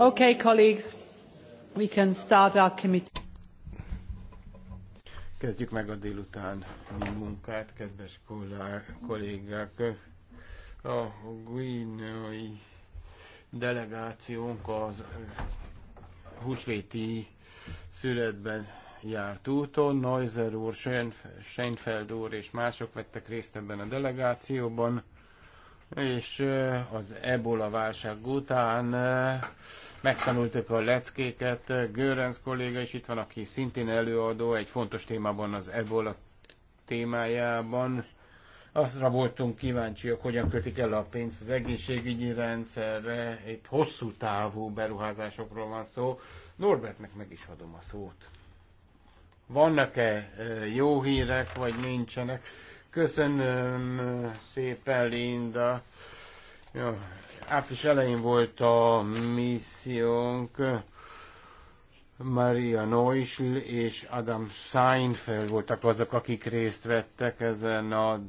Okay, colleagues, we can start our committee. Kezdjük meg a délután mi munkát, kedves kollégák. A guinai delegációnk az húsvéti születben járt úton. Neuser úr, Seinfeld úr és mások vettek részt ebben a delegációban, és az ebola válság után megtanultak a leckéket. Görenc kolléga is itt van, aki szintén előadó egy fontos témában, az ebola témájában. Azra voltunk kíváncsiak, hogyan kötik el a pénzt az egészségügyi rendszerre. Itt hosszú távú beruházásokról van szó. Norbertnek meg is adom a szót. Vannak-e e, jó hírek, vagy nincsenek? Köszönöm e, szépen, Linda. Ja, április elején volt a missziónk Maria Noisl és Adam Seinfeld voltak azok, akik részt vettek ezen a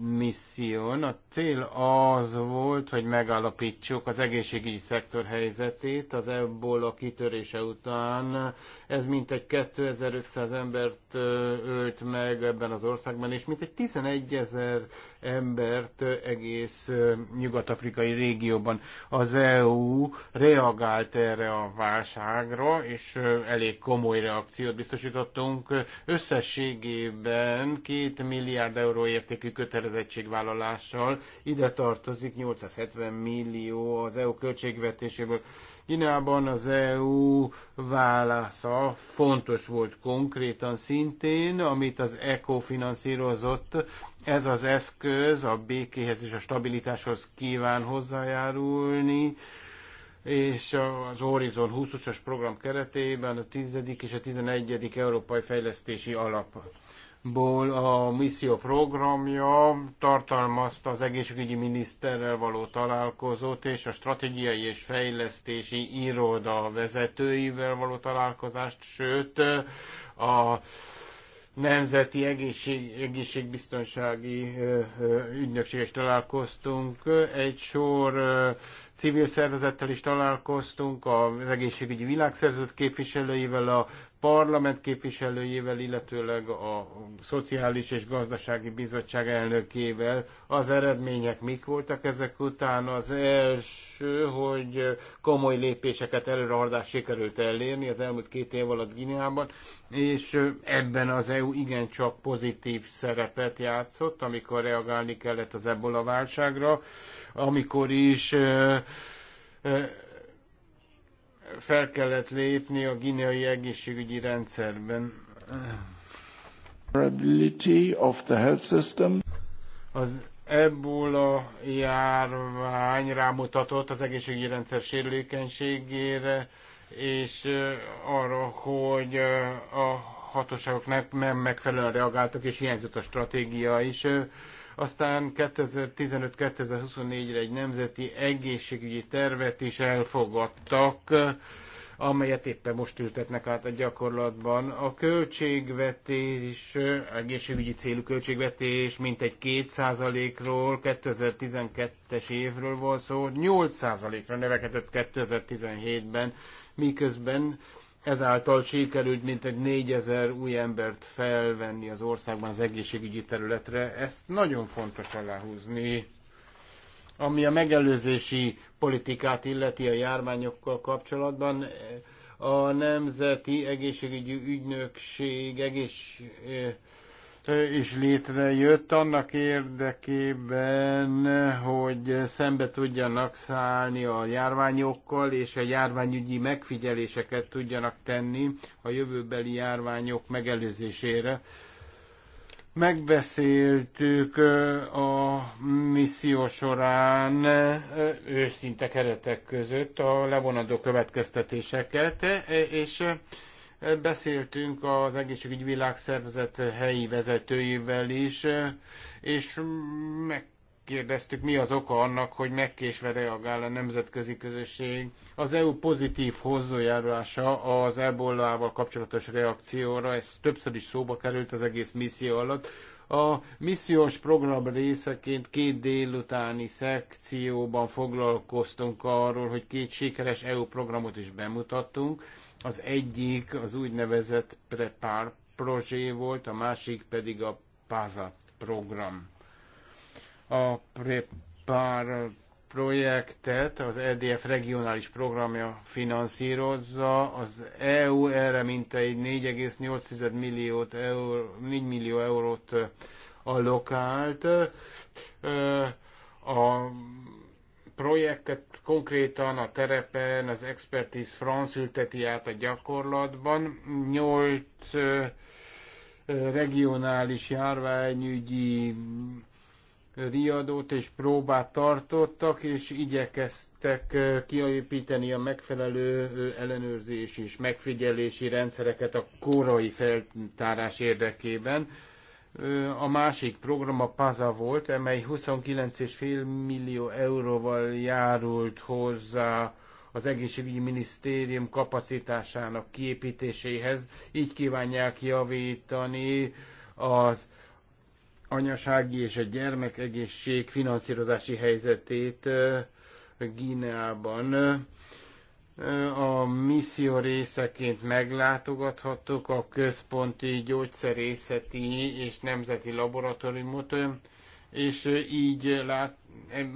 misszión. A cél az volt, hogy megállapítsuk az egészségügyi szektor helyzetét az ebből a kitörése után. Ez mintegy 2500 embert ölt meg ebben az országban, és mintegy 11 ezer embert egész nyugat-afrikai régióban. Az EU reagált erre a válságra, és elég komoly reakciót biztosítottunk. Összességében két milliárd euró értékű kötelezettségvállalással ide tartozik 870 millió az EU költségvetéséből. Kínában az EU válasza fontos volt konkrétan szintén, amit az ECO finanszírozott. Ez az eszköz a békéhez és a stabilitáshoz kíván hozzájárulni és az Horizon 20-as program keretében a 10. és a 11. Európai Fejlesztési Alap ból a misszió programja tartalmazta az egészségügyi miniszterrel való találkozót és a stratégiai és fejlesztési iroda vezetőivel való találkozást, sőt a nemzeti egészség, egészségbiztonsági Ügynökséges is találkoztunk. Egy sor civil szervezettel is találkoztunk, az egészségügyi világszervezet képviselőivel, a parlament képviselőjével, illetőleg a Szociális és Gazdasági Bizottság elnökével. Az eredmények mik voltak ezek után? Az első, hogy komoly lépéseket előrehaladást sikerült elérni az elmúlt két év alatt Gineában, és ebben az EU igencsak pozitív szerepet játszott, amikor reagálni kellett az ebola válságra, amikor is fel kellett lépni a gineai egészségügyi rendszerben. Of the health system. Az ebola járvány rámutatott az egészségügyi rendszer sérülékenységére, és arra, hogy a hatóságok nem megfelelően reagáltak, és hiányzott a stratégia is. Aztán 2015-2024-re egy nemzeti egészségügyi tervet is elfogadtak, amelyet éppen most ültetnek át a gyakorlatban. A költségvetés, egészségügyi célú költségvetés mintegy 2%-ról, 2012-es évről volt szó, 8%-ra növekedett 2017-ben, miközben Ezáltal sikerült mintegy 4000 új embert felvenni az országban az egészségügyi területre. Ezt nagyon fontos aláhúzni. Ami a megelőzési politikát illeti a járványokkal kapcsolatban, a Nemzeti Egészségügyi Ügynökség egész, is létrejött annak érdekében, hogy szembe tudjanak szállni a járványokkal, és a járványügyi megfigyeléseket tudjanak tenni a jövőbeli járványok megelőzésére. Megbeszéltük a misszió során őszinte keretek között a levonadó következtetéseket, és Beszéltünk az egészségügyi világszervezet helyi vezetőjével is, és meg kérdeztük, mi az oka annak, hogy megkésve reagál a nemzetközi közösség. Az EU pozitív hozzájárulása az ebollával kapcsolatos reakcióra, ez többször is szóba került az egész misszió alatt. A missziós program részeként két délutáni szekcióban foglalkoztunk arról, hogy két sikeres EU programot is bemutattunk az egyik az úgynevezett Prepar projé volt, a másik pedig a PASA program. A Prepar projektet az EDF regionális programja finanszírozza. Az EU erre mintegy 4,8 milliót euró, 4 millió eurót allokált. A projektet konkrétan a terepen az Expertise France ülteti át a gyakorlatban. Nyolc regionális járványügyi riadót és próbát tartottak, és igyekeztek kiépíteni a megfelelő ellenőrzés és megfigyelési rendszereket a korai feltárás érdekében. A másik program a PAZA volt, amely 29,5 millió euróval járult hozzá az egészségügyi minisztérium kapacitásának kiépítéséhez. Így kívánják javítani az anyasági és a gyermekegészség finanszírozási helyzetét Gíneában a misszió részeként meglátogathattuk a központi gyógyszerészeti és nemzeti laboratóriumot, és így lát,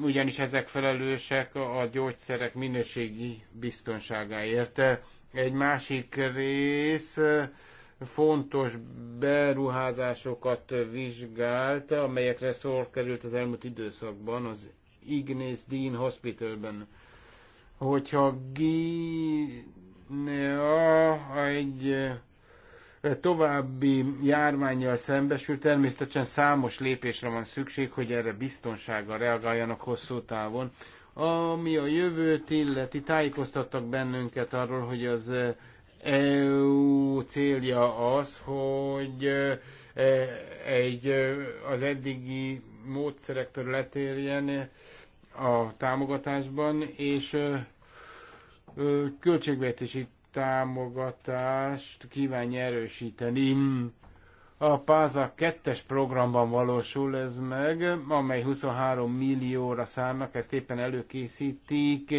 ugyanis ezek felelősek a gyógyszerek minőségi biztonságáért. Egy másik rész fontos beruházásokat vizsgált, amelyekre szor került az elmúlt időszakban az Ignis Dean Hospitalben hogyha Guinea egy eh, további járványjal szembesül, természetesen számos lépésre van szükség, hogy erre biztonsággal reagáljanak hosszú távon. Ami a jövőt illeti, tájékoztattak bennünket arról, hogy az EU eh, e célja az, hogy eh, egy, az eddigi módszerektől letérjen a támogatásban, és költségvetési támogatást kívánja erősíteni. A PÁZA 2-es programban valósul ez meg, amely 23 millióra szárnak, ezt éppen előkészítik.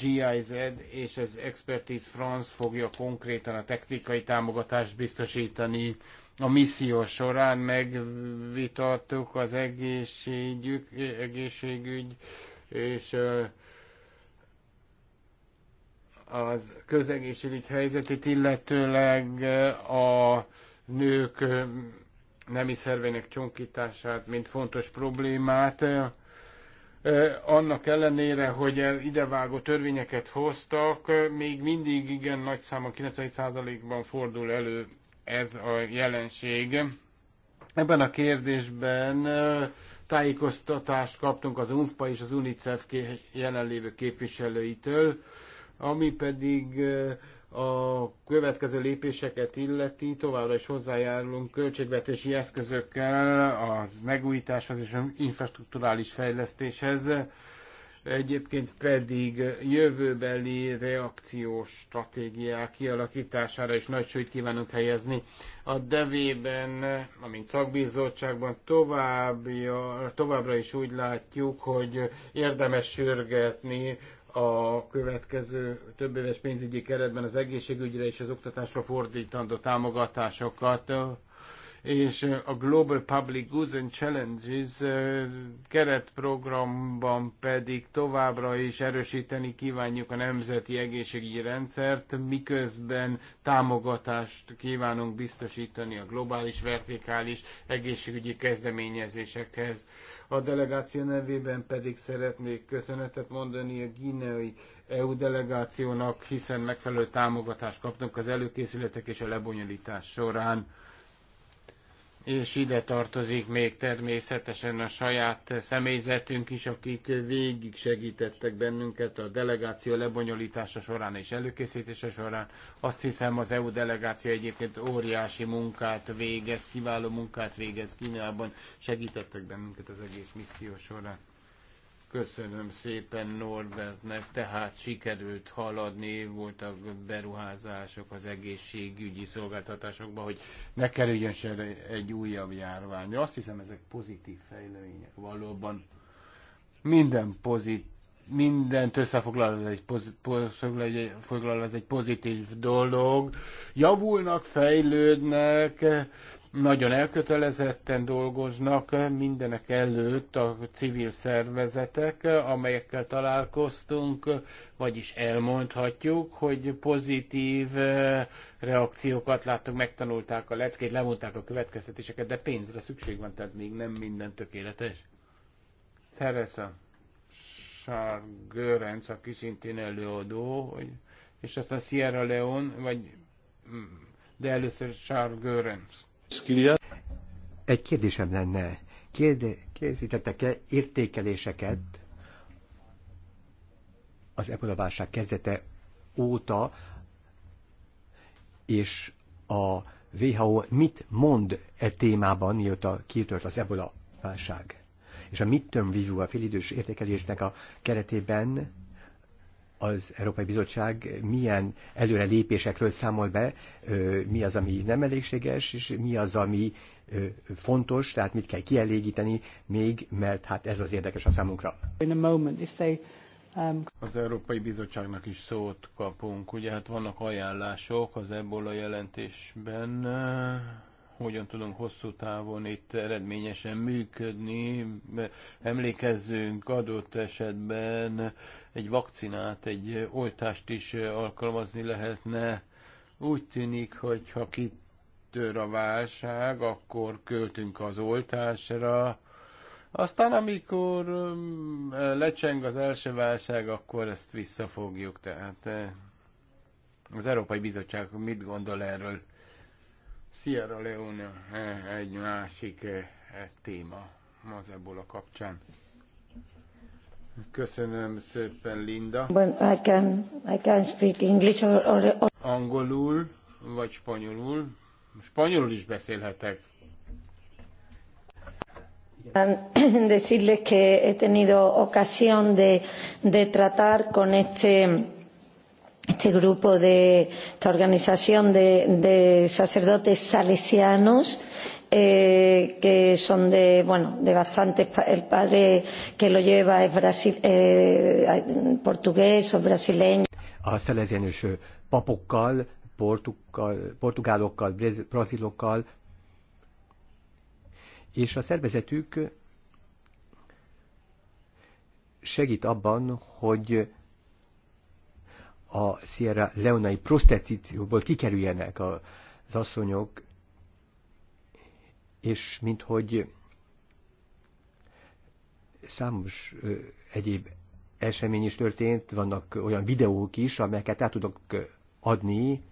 GIZ és az Expertise France fogja konkrétan a technikai támogatást biztosítani. A misszió során megvitattuk az egészségügy, egészségügy és az közegészségügy helyzetét, illetőleg a nők nemi szervének csonkítását, mint fontos problémát. Annak ellenére, hogy idevágó törvényeket hoztak, még mindig igen nagy száma, 91%-ban fordul elő ez a jelenség. Ebben a kérdésben tájékoztatást kaptunk az UNFPA és az UNICEF jelenlévő képviselőitől ami pedig eh, a következő lépéseket illeti, továbbra is hozzájárulunk költségvetési eszközökkel az megújításhoz és az infrastruktúrális fejlesztéshez. Egyébként pedig jövőbeli reakciós stratégiák kialakítására is nagy súlyt kívánunk helyezni. A devében, amint szakbizottságban továbbja, továbbra is úgy látjuk, hogy érdemes sürgetni a következő több éves pénzügyi keretben az egészségügyre és az oktatásra fordítandó támogatásokat és a Global Public Goods and Challenges keretprogramban pedig továbbra is erősíteni kívánjuk a nemzeti egészségügyi rendszert, miközben támogatást kívánunk biztosítani a globális vertikális egészségügyi kezdeményezésekhez. A delegáció nevében pedig szeretnék köszönetet mondani a guineai EU delegációnak, hiszen megfelelő támogatást kaptunk az előkészületek és a lebonyolítás során és ide tartozik még természetesen a saját személyzetünk is, akik végig segítettek bennünket a delegáció lebonyolítása során és előkészítése során. Azt hiszem az EU delegáció egyébként óriási munkát végez, kiváló munkát végez Kínában, segítettek bennünket az egész misszió során. Köszönöm szépen Norbertnek, tehát sikerült haladni, voltak beruházások az egészségügyi szolgáltatásokban hogy ne kerüljön se egy újabb járvány Azt hiszem, ezek pozitív fejlemények valóban. Minden pozit mindent összefoglalva ez egy, pozit, ez egy pozitív dolog. Javulnak, fejlődnek, nagyon elkötelezetten dolgoznak mindenek előtt a civil szervezetek, amelyekkel találkoztunk, vagyis elmondhatjuk, hogy pozitív eh, reakciókat láttunk, megtanulták a leckét, lemondták a következtetéseket, de pénzre szükség van, tehát még nem minden tökéletes. Teresa. Sár Görenc, aki szintén előadó, hogy, és aztán Sierra Leone, vagy, mm, de először Sár Görenc. Egy kérdésem lenne. Kérde, készítettek-e értékeléseket az ebola válság kezdete óta, és a WHO mit mond e témában, mióta kitört az ebola válság? És a term review, a félidős értékelésnek a keretében az Európai Bizottság milyen előre lépésekről számol be, mi az, ami nem elégséges, és mi az, ami fontos, tehát mit kell kielégíteni még, mert hát ez az érdekes a számunkra. Um, az Európai Bizottságnak is szót kapunk. Ugye hát vannak ajánlások az ebből a jelentésben, hogyan tudunk hosszú távon itt eredményesen működni. Emlékezzünk adott esetben egy vakcinát, egy oltást is alkalmazni lehetne. Úgy tűnik, hogy ha kitör a válság, akkor költünk az oltásra, aztán amikor um, lecseng az első válság, akkor ezt visszafogjuk. Tehát eh, az Európai Bizottság mit gondol erről? Sierra Leone eh, egy másik eh, téma az ebola kapcsán. Köszönöm szépen, Linda. Well, I can, I can speak English or, or, or... Angolul vagy spanyolul. Spanyolul is beszélhetek. Decirles que he tenido ocasión de, de tratar con este este grupo de esta organización de, de sacerdotes salesianos eh, que son de bueno de bastante el padre que lo lleva es Brasil, eh, portugués o brasileño a salesianos eh, papokkal, portugal, portugálokkal, brazilokkal, és a szervezetük segít abban, hogy a Sierra Leonai prostitícióból kikerüljenek az asszonyok, és minthogy számos ö, egyéb esemény is történt, vannak olyan videók is, amelyeket át tudok adni,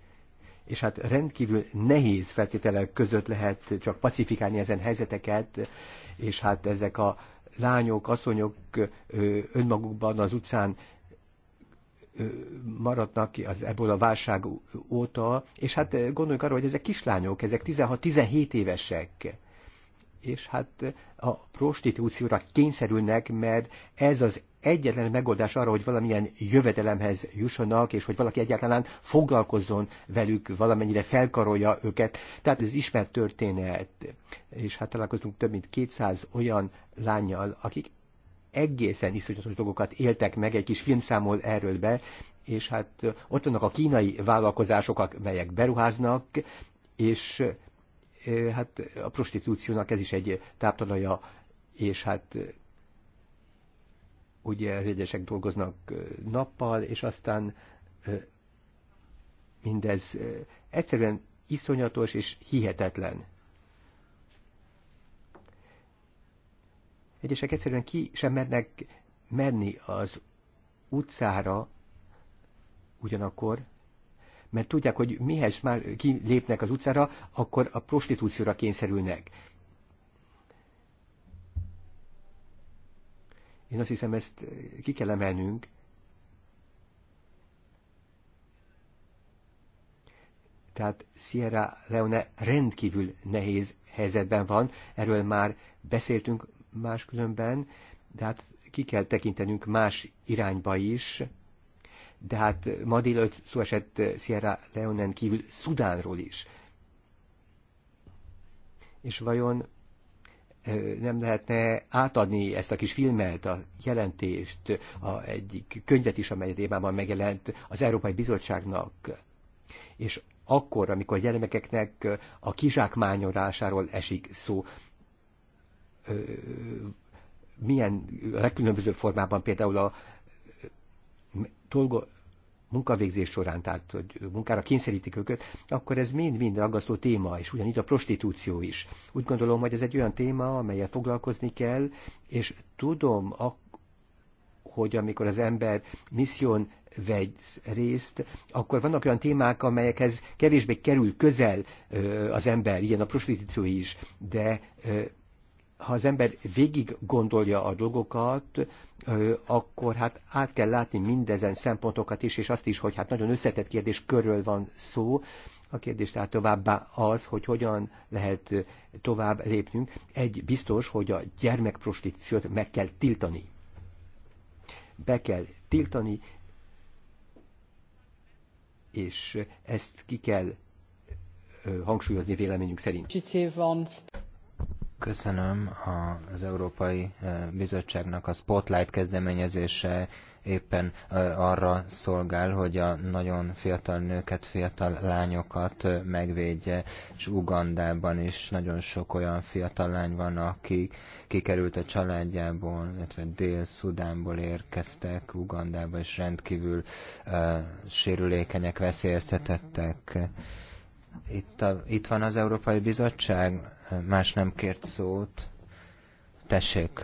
és hát rendkívül nehéz feltételek között lehet csak pacifikálni ezen helyzeteket, és hát ezek a lányok, asszonyok önmagukban az utcán maradnak ki az ebből a válság óta, és hát gondoljunk arra, hogy ezek kislányok, ezek 16-17 évesek és hát a prostitúcióra kényszerülnek, mert ez az egyetlen megoldás arra, hogy valamilyen jövedelemhez jussanak, és hogy valaki egyáltalán foglalkozzon velük, valamennyire felkarolja őket. Tehát ez ismert történet, és hát találkoztunk több mint 200 olyan lányjal, akik egészen iszonyatos dolgokat éltek meg, egy kis film számol erről be, és hát ott vannak a kínai vállalkozások, melyek beruháznak, és hát a prostitúciónak ez is egy táptalaja, és hát ugye az egyesek dolgoznak nappal, és aztán mindez egyszerűen iszonyatos és hihetetlen. Egyesek egyszerűen ki sem mernek menni az utcára ugyanakkor, mert tudják, hogy mihez már kilépnek az utcára, akkor a prostitúcióra kényszerülnek. Én azt hiszem, ezt ki kell emelnünk. Tehát Sierra Leone rendkívül nehéz helyzetben van, erről már beszéltünk máskülönben, de hát ki kell tekintenünk más irányba is, de hát ma délőtt szó esett Sierra Leonen kívül Szudánról is. És vajon nem lehetne átadni ezt a kis filmet, a jelentést, a egyik könyvet is, amelyet már megjelent az Európai Bizottságnak. És akkor, amikor gyermekeknek a kizsákmányolásáról esik szó, milyen a legkülönbözőbb formában például a dolgo, munkavégzés során, tehát hogy munkára kényszerítik őket, akkor ez mind-mind aggasztó téma, és ugyanígy a prostitúció is. Úgy gondolom, hogy ez egy olyan téma, amelyet foglalkozni kell, és tudom, hogy amikor az ember misszión vegy részt, akkor vannak olyan témák, amelyekhez kevésbé kerül közel az ember, ilyen a prostitúció is, de ha az ember végig gondolja a dolgokat, akkor hát át kell látni mindezen szempontokat is, és azt is, hogy hát nagyon összetett kérdés körül van szó, a kérdés tehát továbbá az, hogy hogyan lehet tovább lépnünk. Egy biztos, hogy a gyermekprostitúciót meg kell tiltani. Be kell tiltani, és ezt ki kell hangsúlyozni véleményünk szerint. Köszönöm az Európai eh, Bizottságnak a Spotlight kezdeményezése éppen eh, arra szolgál, hogy a nagyon fiatal nőket, fiatal lányokat eh, megvédje, és Ugandában is nagyon sok olyan fiatal lány van, aki kikerült a családjából, illetve Dél-Szudánból érkeztek Ugandába, és rendkívül uh, sérülékenyek, veszélyeztetettek. Itt, a, itt van az Európai Bizottság, más nem kért szót. Tessék!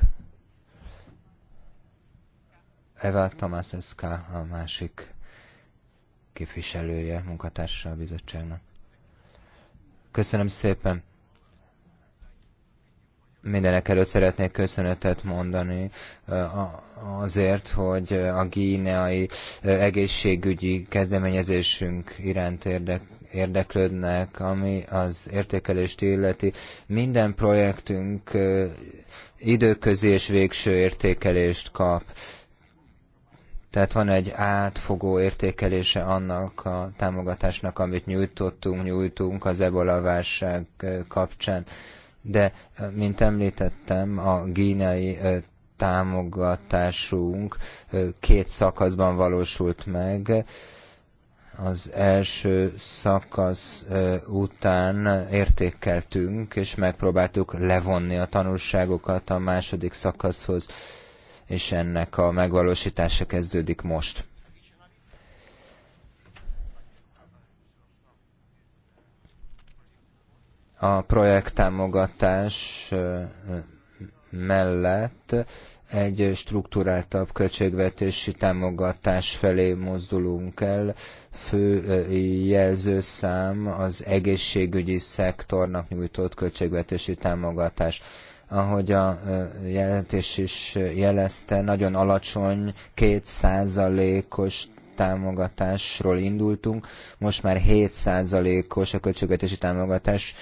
Eva Tomaszewska a másik képviselője, munkatársa a bizottságnak. Köszönöm szépen! Mindenek előtt szeretnék köszönetet mondani azért, hogy a gíneai egészségügyi kezdeményezésünk iránt érdek érdeklődnek, ami az értékelést illeti. Minden projektünk időközi és végső értékelést kap. Tehát van egy átfogó értékelése annak a támogatásnak, amit nyújtottunk, nyújtunk az ebola válság kapcsán. De, mint említettem, a gínai támogatásunk két szakaszban valósult meg az első szakasz után értékeltünk, és megpróbáltuk levonni a tanulságokat a második szakaszhoz, és ennek a megvalósítása kezdődik most. A projekt támogatás mellett egy struktúráltabb költségvetési támogatás felé mozdulunk el. Fő jelzőszám az egészségügyi szektornak nyújtott költségvetési támogatás. Ahogy a jelentés is jelezte, nagyon alacsony, két os támogatásról indultunk, most már 7%-os a költségvetési támogatás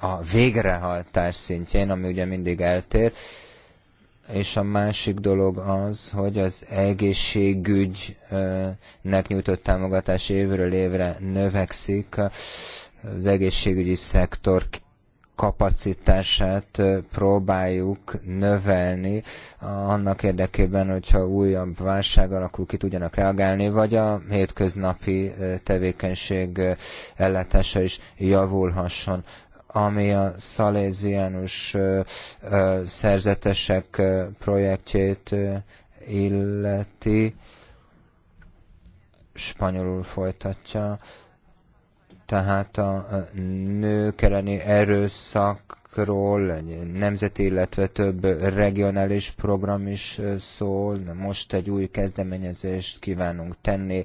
a végrehajtás szintjén, ami ugye mindig eltér és a másik dolog az, hogy az egészségügynek nyújtott támogatás évről évre növekszik, az egészségügyi szektor kapacitását próbáljuk növelni annak érdekében, hogyha újabb válság alakul ki tudjanak reagálni, vagy a hétköznapi tevékenység ellátása is javulhasson ami a szaléziánus szerzetesek projektjét illeti. Spanyolul folytatja. Tehát a nők elleni erőszakról egy nemzeti, illetve több regionális program is szól. Most egy új kezdeményezést kívánunk tenni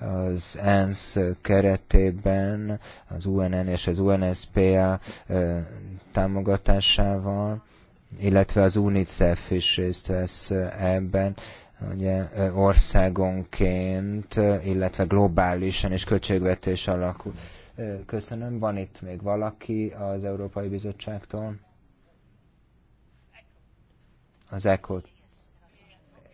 az ENSZ keretében, az UNN és az UNSPA támogatásával, illetve az UNICEF is részt vesz ebben, ugye országonként, illetve globálisan és költségvetés alakul. Köszönöm. Van itt még valaki az Európai Bizottságtól? Az ECO-t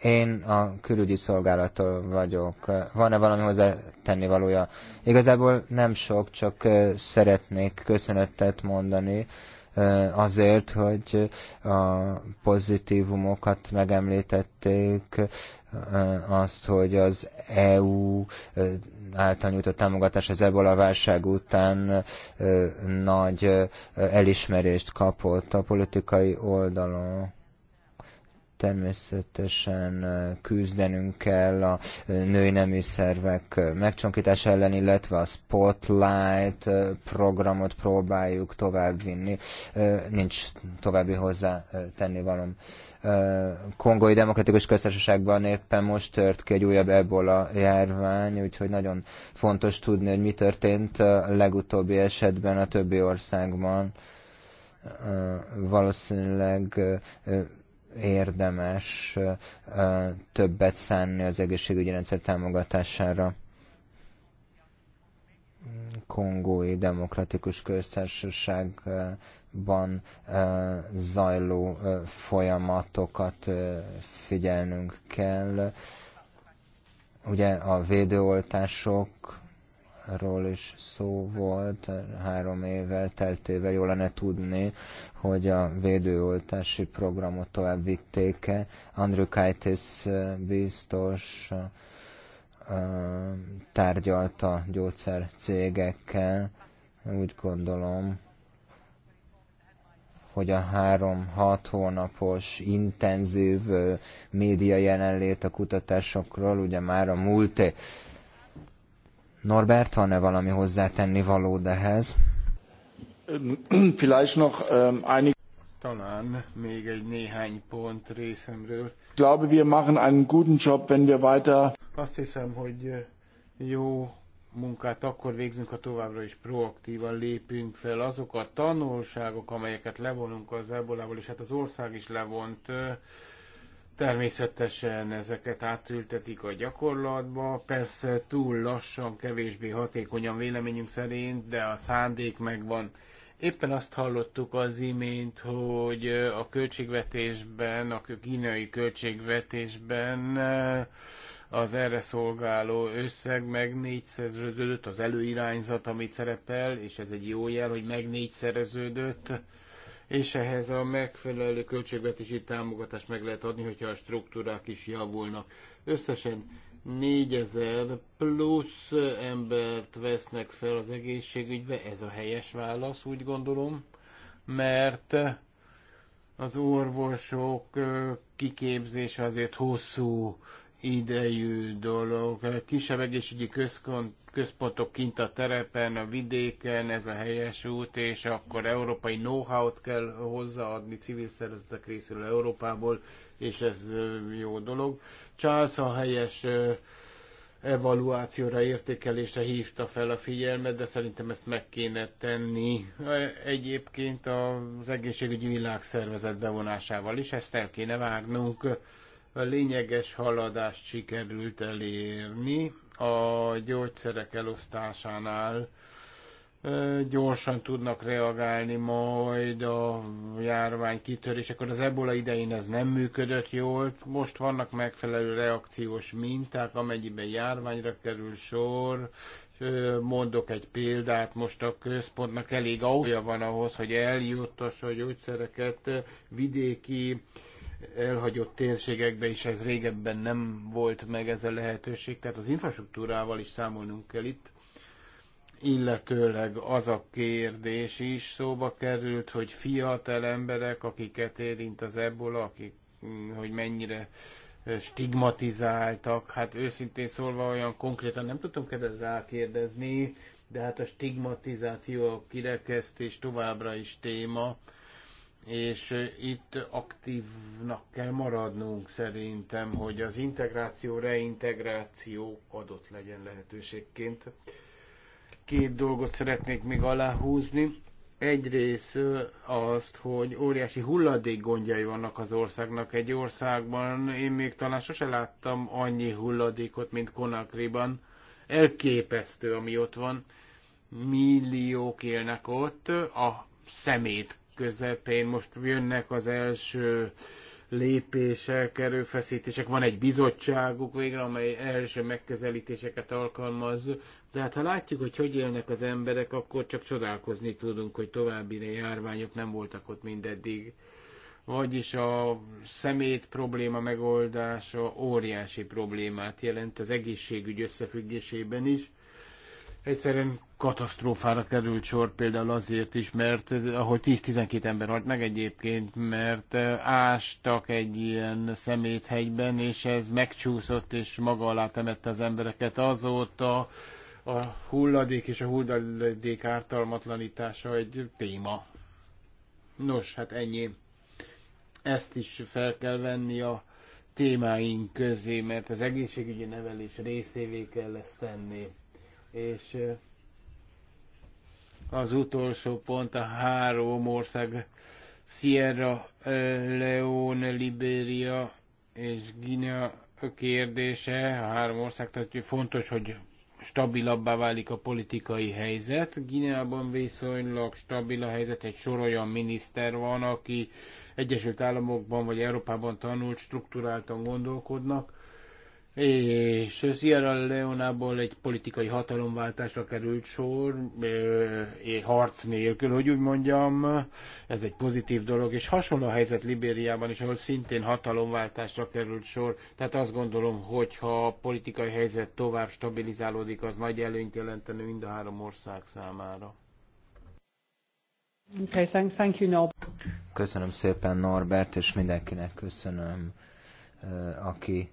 én a külügyi szolgálattól vagyok. Van-e valami hozzá tenni valója? Igazából nem sok, csak szeretnék köszönetet mondani azért, hogy a pozitívumokat megemlítették, azt, hogy az EU által nyújtott támogatás az ebből a válság után nagy elismerést kapott a politikai oldalon természetesen küzdenünk kell a női nemi szervek megcsonkítása ellen, illetve a Spotlight programot próbáljuk továbbvinni. Nincs további hozzá tenni valam. Kongói Demokratikus Köztársaságban éppen most tört ki egy újabb ebola járvány, úgyhogy nagyon fontos tudni, hogy mi történt a legutóbbi esetben a többi országban. Valószínűleg érdemes többet szánni az egészségügyi rendszer támogatására. Kongói Demokratikus Köztársaságban zajló folyamatokat figyelnünk kell. Ugye a védőoltások ról is szó volt, három évvel teltével jó lenne tudni, hogy a védőoltási programot tovább vitték-e. Andrew Kaitis biztos tárgyalt a gyógyszercégekkel. Úgy gondolom, hogy a három-hat hónapos intenzív média jelenlét a kutatásokról ugye már a múlté. Norbert, van-e valami hozzátenni való ehhez? Ähm, talán még egy néhány pont részemről. Glaube, wir machen einen guten Job, wenn wir weiter. Azt hiszem, hogy jó munkát akkor végzünk, ha továbbra is proaktívan lépünk fel. Azok a tanulságok, amelyeket levonunk az ebolából, és hát az ország is levont, Természetesen ezeket átültetik a gyakorlatba, persze túl lassan, kevésbé hatékonyan véleményünk szerint, de a szándék megvan. Éppen azt hallottuk az imént, hogy a költségvetésben, a kínai költségvetésben eh, az erre szolgáló összeg meg négyszerződött, az előirányzat, amit szerepel, és ez egy jó jel, hogy meg négyszereződött és ehhez a megfelelő költségvetési támogatást meg lehet adni, hogyha a struktúrák is javulnak. Összesen 4000 plusz embert vesznek fel az egészségügybe, ez a helyes válasz, úgy gondolom, mert az orvosok kiképzése azért hosszú idejű dolog. Kisebb egészségügyi központ, központok kint a terepen, a vidéken, ez a helyes út, és akkor európai know-how-t kell hozzáadni civil szervezetek részéről Európából, és ez jó dolog. Charles a helyes evaluációra, értékelésre hívta fel a figyelmet, de szerintem ezt meg kéne tenni egyébként az egészségügyi világszervezet bevonásával is, ezt el kéne várnunk lényeges haladást sikerült elérni a gyógyszerek elosztásánál. Gyorsan tudnak reagálni majd a járvány kitörésekor. Az ebola idején ez nem működött jól. Most vannak megfelelő reakciós minták, amennyiben járványra kerül sor. Mondok egy példát, most a központnak elég autója van ahhoz, hogy eljuttassa a gyógyszereket vidéki elhagyott térségekbe is ez régebben nem volt meg ez a lehetőség, tehát az infrastruktúrával is számolnunk kell itt, illetőleg az a kérdés is szóba került, hogy fiatal emberek, akiket érint az ebola, akik, hogy mennyire eh, stigmatizáltak, hát őszintén szólva olyan konkrétan nem tudtunk erre rákérdezni, de hát a stigmatizáció, a kirekesztés továbbra is téma, és itt aktívnak kell maradnunk szerintem, hogy az integráció, reintegráció adott legyen lehetőségként. Két dolgot szeretnék még aláhúzni. Egyrészt azt, hogy óriási hulladék gondjai vannak az országnak egy országban. Én még talán sose láttam annyi hulladékot, mint Konakriban. Elképesztő, ami ott van. Milliók élnek ott a szemét közepén most jönnek az első lépések, erőfeszítések, van egy bizottságuk végre, amely első megközelítéseket alkalmaz, de hát ha látjuk, hogy hogy élnek az emberek, akkor csak csodálkozni tudunk, hogy további járványok nem voltak ott mindeddig. Vagyis a szemét probléma megoldása óriási problémát jelent az egészségügy összefüggésében is egyszerűen katasztrófára került sor például azért is, mert ahogy 10-12 ember halt meg egyébként, mert ástak egy ilyen szeméthegyben, és ez megcsúszott, és maga alá temette az embereket. Azóta a hulladék és a hulladék ártalmatlanítása egy téma. Nos, hát ennyi. Ezt is fel kell venni a témáink közé, mert az egészségügyi nevelés részévé kell ezt tenni és az utolsó pont a három ország Sierra Leone, Liberia és Guinea kérdése, a három ország, tehát fontos, hogy stabilabbá válik a politikai helyzet. Gineában viszonylag stabil a helyzet, egy sor olyan miniszter van, aki Egyesült Államokban vagy Európában tanult, struktúráltan gondolkodnak, és Sierra Leonából egy politikai hatalomváltásra került sor, harc nélkül, hogy úgy mondjam, ez egy pozitív dolog, és hasonló a helyzet Libériában is, ahol szintén hatalomváltásra került sor, tehát azt gondolom, hogy ha a politikai helyzet tovább stabilizálódik, az nagy előnyt jelentene mind a három ország számára. Okay, thank, thank you, Norbert. Köszönöm szépen Norbert, és mindenkinek köszönöm, aki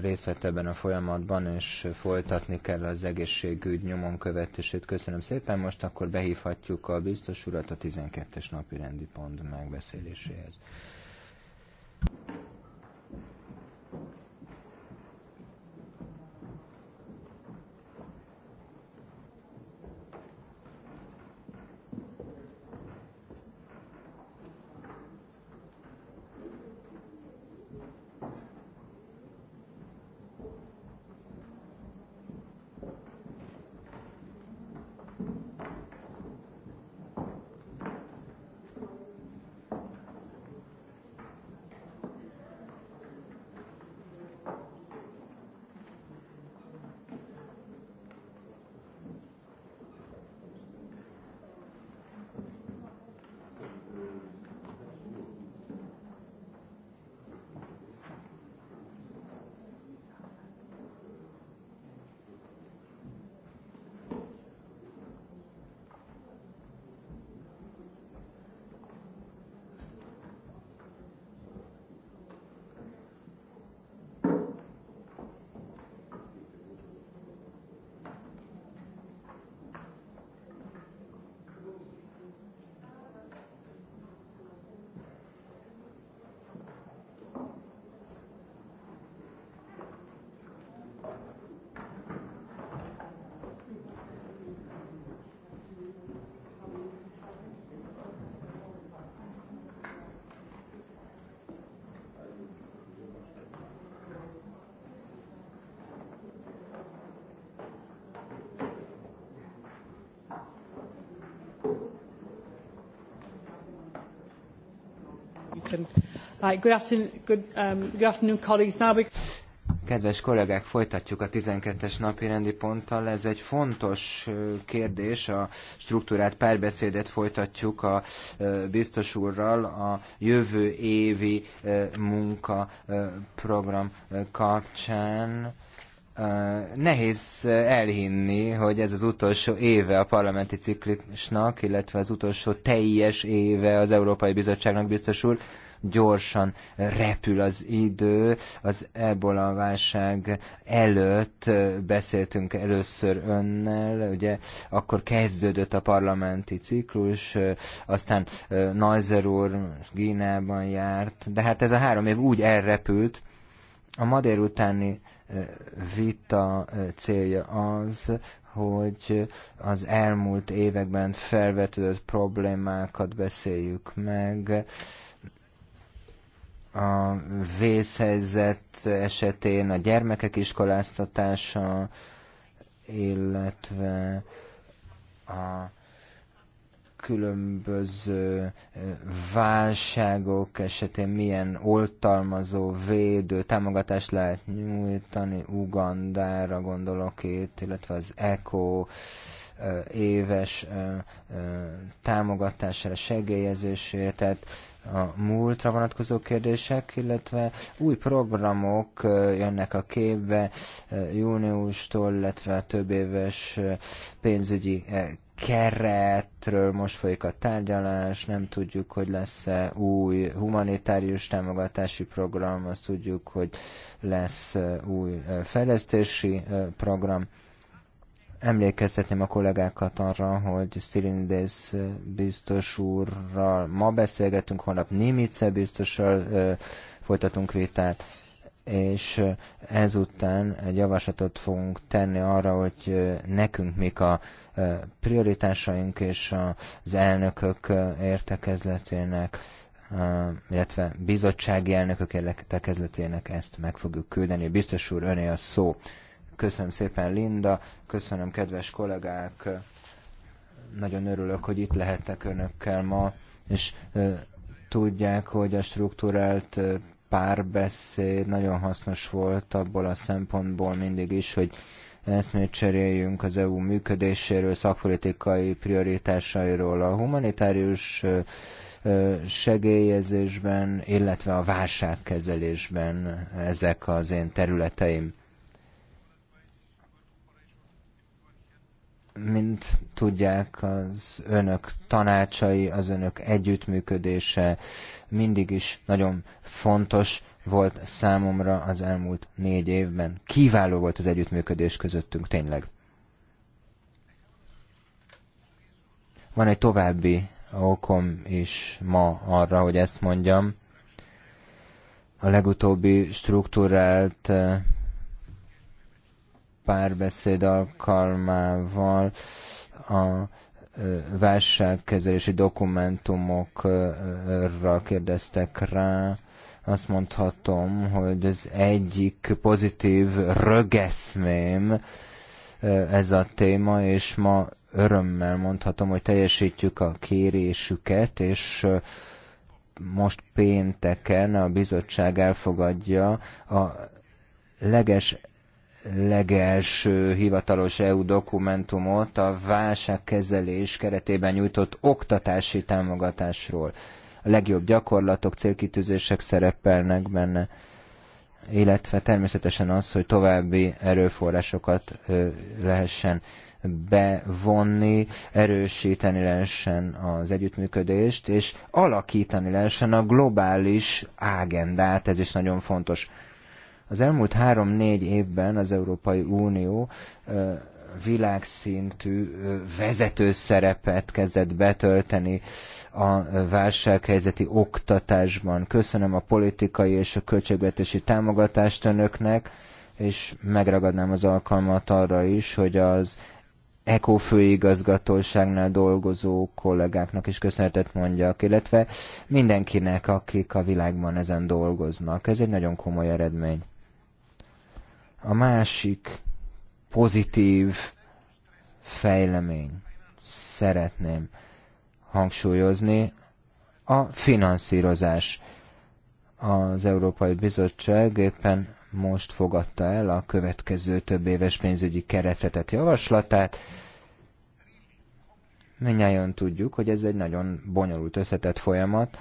részt vett ebben a folyamatban, és folytatni kell az egészségügy nyomon követését. Köszönöm szépen, most akkor behívhatjuk a biztos urat a 12-es napi rendi pont megbeszéléséhez. Kedves kollégák, folytatjuk a 12-es napi rendi ponttal. Ez egy fontos kérdés, a struktúrát párbeszédet folytatjuk a biztos úrral a jövő évi munkaprogram kapcsán Nehéz elhinni, hogy ez az utolsó éve a parlamenti ciklusnak, illetve az utolsó teljes éve az Európai Bizottságnak biztos úr, gyorsan repül az idő. Az ebola válság előtt beszéltünk először önnel, ugye akkor kezdődött a parlamenti ciklus, aztán Neuser úr Gínában járt, de hát ez a három év úgy elrepült, a ma délutáni vita eh, célja az, hogy az elmúlt években felvetődött problémákat beszéljük meg, a vészhelyzet esetén a gyermekek iskoláztatása, illetve a különböző válságok esetén milyen oltalmazó, védő támogatást lehet nyújtani, Ugandára gondolok itt, illetve az ECO éves támogatására, segélyezésére, tehát a múltra vonatkozó kérdések, illetve új programok jönnek a képbe júniustól, illetve a több éves pénzügyi e, keretről most folyik a tárgyalás, nem tudjuk, hogy lesz-e új humanitárius támogatási program, azt tudjuk, hogy lesz új fejlesztési program. Emlékeztetném a kollégákat arra, hogy Szilindész biztos úrral ma beszélgetünk, holnap Nimice biztossal folytatunk vitát és ezután egy javaslatot fogunk tenni arra, hogy nekünk mik a prioritásaink és az elnökök értekezletének, illetve bizottsági elnökök értekezletének ezt meg fogjuk küldeni. Biztos úr, öné a szó. Köszönöm szépen, Linda, köszönöm, kedves kollégák, nagyon örülök, hogy itt lehettek önökkel ma, és tudják, hogy a struktúrált párbeszéd nagyon hasznos volt abból a szempontból mindig is, hogy eszmét cseréljünk az EU működéséről, szakpolitikai prioritásairól, a humanitárius segélyezésben, illetve a válságkezelésben ezek az én területeim. mint tudják, az önök tanácsai, az önök együttműködése mindig is nagyon fontos volt számomra az elmúlt négy évben. Kiváló volt az együttműködés közöttünk, tényleg. Van egy további okom is ma arra, hogy ezt mondjam. A legutóbbi struktúrált eh, párbeszéd alkalmával a válságkezelési dokumentumokra kérdeztek rá. Azt mondhatom, hogy az egyik pozitív rögeszmém ez a téma, és ma örömmel mondhatom, hogy teljesítjük a kérésüket, és most pénteken a bizottság elfogadja a leges legelső hivatalos EU dokumentumot a válságkezelés keretében nyújtott oktatási támogatásról. A legjobb gyakorlatok, célkitűzések szerepelnek benne, illetve természetesen az, hogy további erőforrásokat lehessen bevonni, erősíteni lehessen az együttműködést, és alakítani lehessen a globális ágendát, ez is nagyon fontos. Az elmúlt három-négy évben az Európai Unió világszintű vezető szerepet kezdett betölteni a válsághelyzeti oktatásban. Köszönöm a politikai és a költségvetési támogatást önöknek, és megragadnám az alkalmat arra is, hogy az ECO főigazgatóságnál dolgozó kollégáknak is köszönetet mondjak, illetve mindenkinek, akik a világban ezen dolgoznak. Ez egy nagyon komoly eredmény. A másik pozitív fejlemény szeretném hangsúlyozni a finanszírozás. Az Európai Bizottság éppen most fogadta el a következő több éves pénzügyi keretetet javaslatát. Mindjárt tudjuk, hogy ez egy nagyon bonyolult összetett folyamat,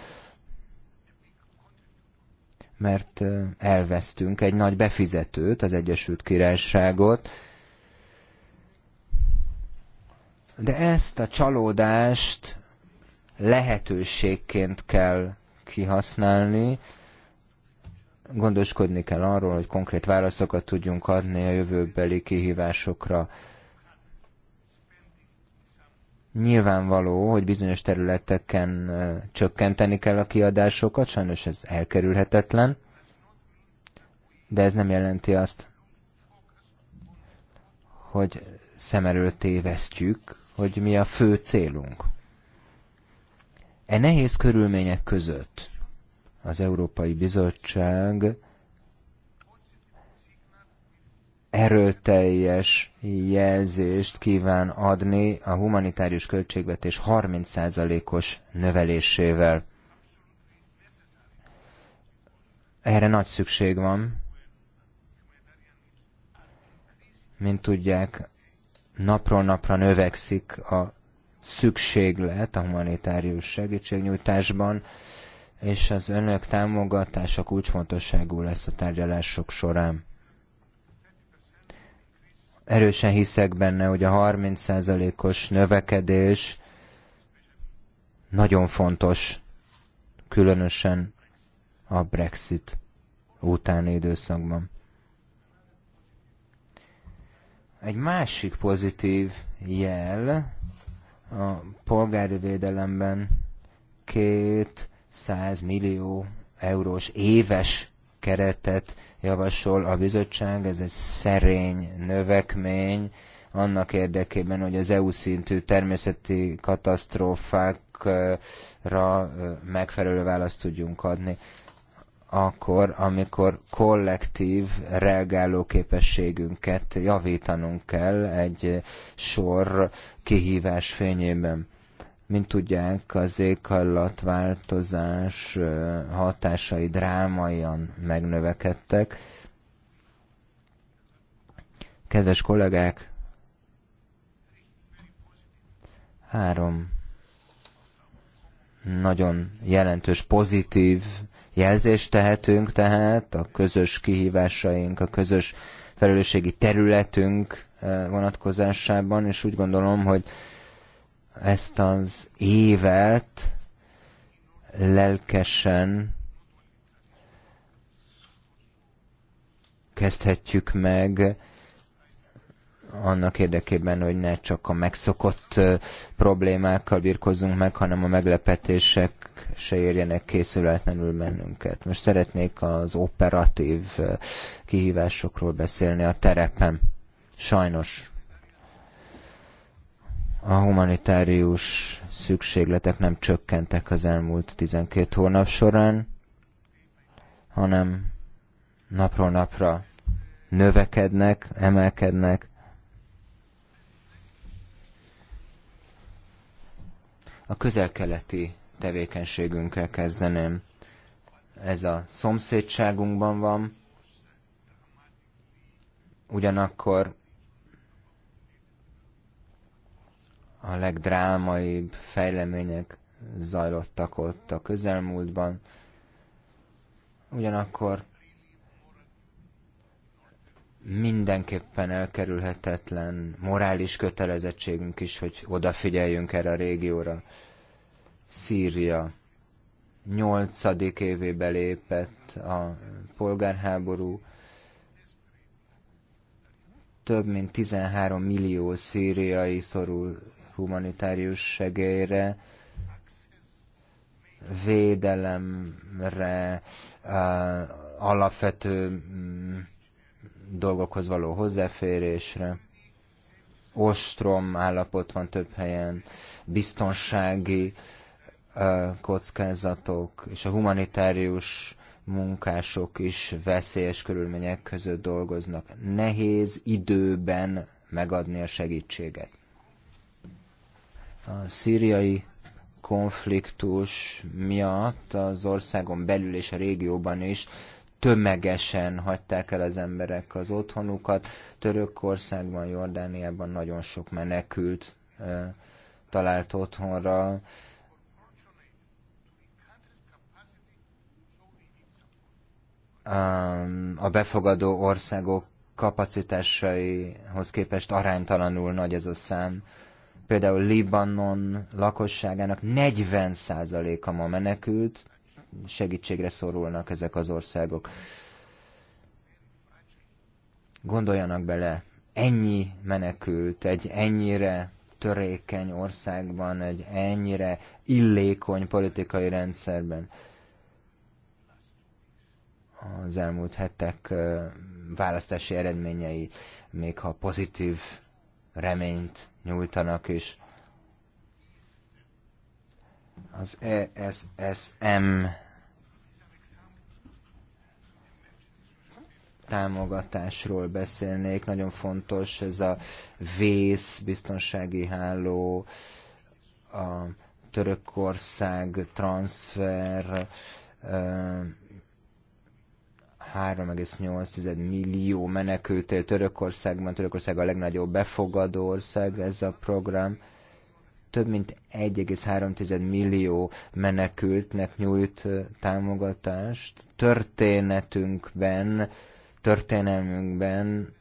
mert elvesztünk egy nagy befizetőt, az Egyesült Királyságot, de ezt a csalódást lehetőségként kell kihasználni, gondoskodni kell arról, hogy konkrét válaszokat tudjunk adni a jövőbeli kihívásokra. Nyilvánvaló, hogy bizonyos területeken csökkenteni kell a kiadásokat, sajnos ez elkerülhetetlen de ez nem jelenti azt, hogy szem előtt tévesztjük, hogy mi a fő célunk. E nehéz körülmények között az Európai Bizottság erőteljes jelzést kíván adni a humanitárius költségvetés 30%-os növelésével. Erre nagy szükség van, Mint tudják, napról napra növekszik a szükséglet a humanitárius segítségnyújtásban, és az önök támogatása kulcsfontosságú lesz a tárgyalások során. Erősen hiszek benne, hogy a 30%-os növekedés nagyon fontos, különösen a Brexit utáni időszakban. Egy másik pozitív jel a polgári védelemben két 100 millió eurós éves keretet javasol a bizottság, ez egy szerény növekmény, annak érdekében, hogy az EU szintű természeti katasztrófákra megfelelő választ tudjunk adni akkor, amikor kollektív reagáló képességünket javítanunk kell egy sor kihívás fényében. Mint tudják, az éghajlatváltozás hatásai drámaian megnövekedtek. Kedves kollégák, három nagyon jelentős pozitív jelzést tehetünk tehát a közös kihívásaink, a közös felelősségi területünk eh, vonatkozásában, és úgy gondolom, hogy ezt az évet lelkesen kezdhetjük meg annak érdekében, hogy ne csak a megszokott eh, problémákkal birkozzunk meg, hanem a meglepetések se érjenek készületlenül mennünket. Most szeretnék az operatív kihívásokról beszélni a terepen. Sajnos a humanitárius szükségletek nem csökkentek az elmúlt 12 hónap során, hanem napról napra növekednek, emelkednek, a közelkeleti tevékenységünkkel kezdeném. Ez a szomszédságunkban van, ugyanakkor a legdrámaibb fejlemények zajlottak ott a közelmúltban, ugyanakkor mindenképpen elkerülhetetlen morális kötelezettségünk is, hogy odafigyeljünk erre a régióra. Szíria nyolcadik évébe lépett a polgárháború. Több mint 13 millió szíriai szorul humanitárius segélyre, védelemre, alapvető mm, dolgokhoz való hozzáférésre. Ostrom állapot van több helyen, biztonsági uh, kockázatok és a humanitárius munkások is veszélyes körülmények között dolgoznak. Nehéz időben megadni a segítséget. A szíriai konfliktus miatt az országon belül és a régióban is tömegesen hagyták el az emberek az otthonukat. Törökországban, Jordániában nagyon sok menekült e, talált otthonra. Um, a befogadó országok kapacitásaihoz képest aránytalanul nagy ez a szám. Például Libanon lakosságának 40%-a ma menekült, segítségre szorulnak ezek az országok. Gondoljanak bele, ennyi menekült egy ennyire törékeny országban, egy ennyire illékony politikai rendszerben az elmúlt hetek választási eredményei, még ha pozitív reményt nyújtanak is. Az ESSM támogatásról beszélnék. Nagyon fontos ez a vész, biztonsági háló, a Törökország transfer, 3,8 millió menekült él Törökországban. Törökország a legnagyobb befogadó ország ez a program. Több mint 1,3 millió menekültnek nyújt támogatást. Történetünkben, történelmünkben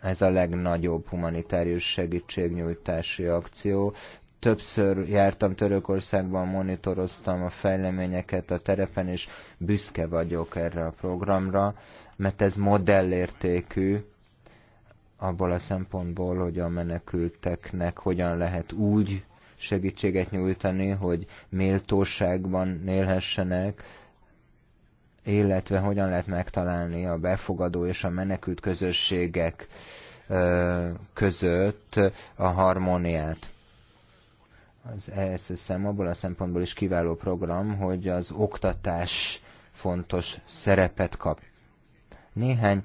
ez a legnagyobb humanitárius segítségnyújtási akció. Többször jártam Törökországban, monitoroztam a fejleményeket a terepen, és büszke vagyok erre a programra, mert ez modellértékű, abból a szempontból, hogy a menekülteknek hogyan lehet úgy segítséget nyújtani, hogy méltóságban élhessenek, illetve hogyan lehet megtalálni a befogadó és a menekült közösségek között a harmóniát. Az ESSM abból a szempontból is kiváló program, hogy az oktatás fontos szerepet kap. Néhány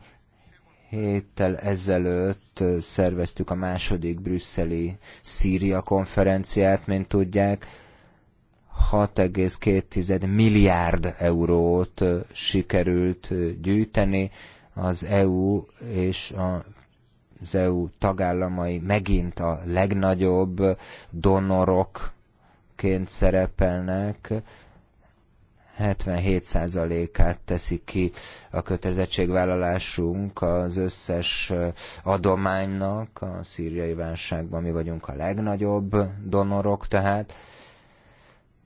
héttel ezelőtt szerveztük a második brüsszeli Szíria konferenciát, mint tudják. 6,2 milliárd eurót sikerült gyűjteni az EU és a az EU tagállamai megint a legnagyobb donorokként szerepelnek, 77%-át teszi ki a kötelezettségvállalásunk az összes adománynak. A szíriai válságban mi vagyunk a legnagyobb donorok tehát,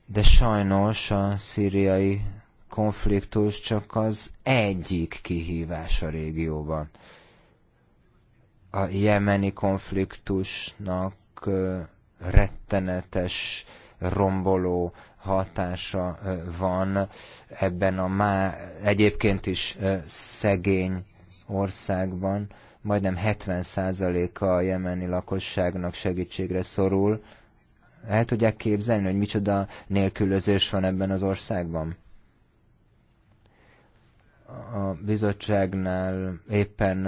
de sajnos a szíriai konfliktus csak az egyik kihívás a régióban a jemeni konfliktusnak rettenetes, romboló hatása van ebben a má egyébként is szegény országban. Majdnem 70%-a a jemeni lakosságnak segítségre szorul. El tudják képzelni, hogy micsoda nélkülözés van ebben az országban? A bizottságnál éppen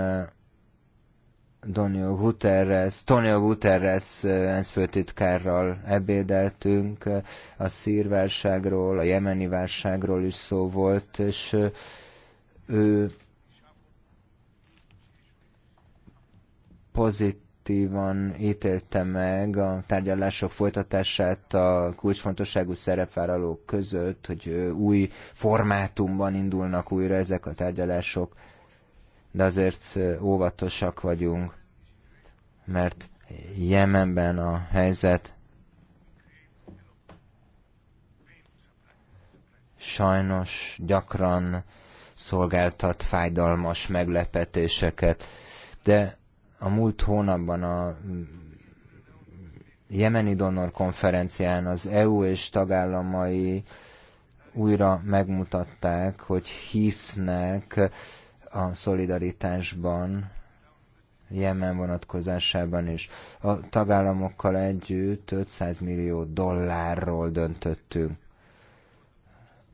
Donio Guterres, Tonio Guterres ENSZ főtitkárral ebédeltünk, a szírválságról, a jemeni válságról is szó volt, és ő pozitívan ítélte meg a tárgyalások folytatását a kulcsfontosságú szerepvállalók között, hogy új formátumban indulnak újra ezek a tárgyalások de azért óvatosak vagyunk, mert Jemenben a helyzet sajnos gyakran szolgáltat fájdalmas meglepetéseket, de a múlt hónapban a jemeni donor konferencián az EU és tagállamai újra megmutatták, hogy hisznek a szolidaritásban, Jemen vonatkozásában is. A tagállamokkal együtt 500 millió dollárról döntöttünk.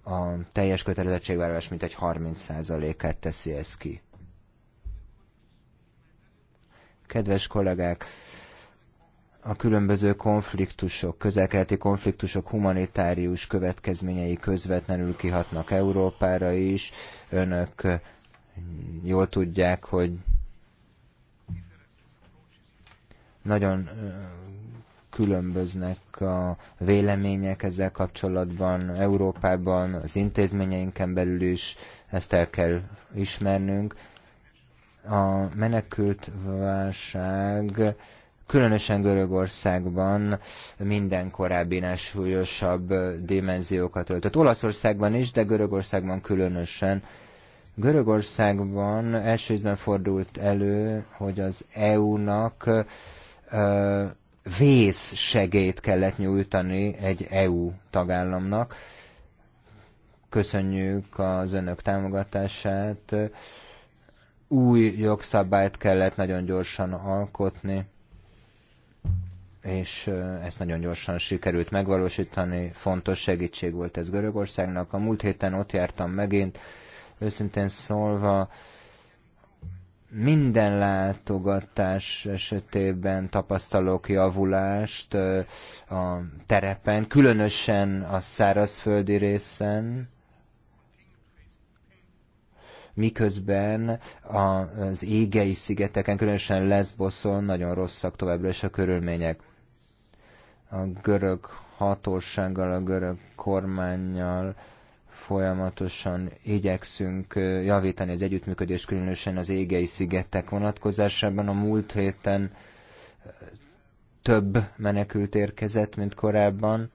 A teljes kötelezettségvállalás mintegy 30%-át teszi ez ki. Kedves kollégák, a különböző konfliktusok, közelkeleti konfliktusok humanitárius következményei közvetlenül kihatnak Európára is. Önök jól tudják, hogy nagyon különböznek a vélemények ezzel kapcsolatban Európában, az intézményeinken belül is, ezt el kell ismernünk. A menekült válság különösen Görögországban minden korábbinál súlyosabb dimenziókat öltött. Olaszországban is, de Görögországban különösen Görögországban első fordult elő, hogy az EU-nak vészsegélyt kellett nyújtani egy EU tagállamnak. Köszönjük az önök támogatását. Új jogszabályt kellett nagyon gyorsan alkotni, és ezt nagyon gyorsan sikerült megvalósítani. Fontos segítség volt ez Görögországnak. A múlt héten ott jártam megint, Őszintén szólva, minden látogatás esetében tapasztalok javulást a terepen, különösen a szárazföldi részen, miközben az égei szigeteken, különösen Lesboszon nagyon rosszak továbbra is a körülmények. A görög hatósággal, a görög kormányjal Folyamatosan igyekszünk javítani az együttműködést, különösen az égei szigetek vonatkozásában. A múlt héten több menekült érkezett, mint korábban.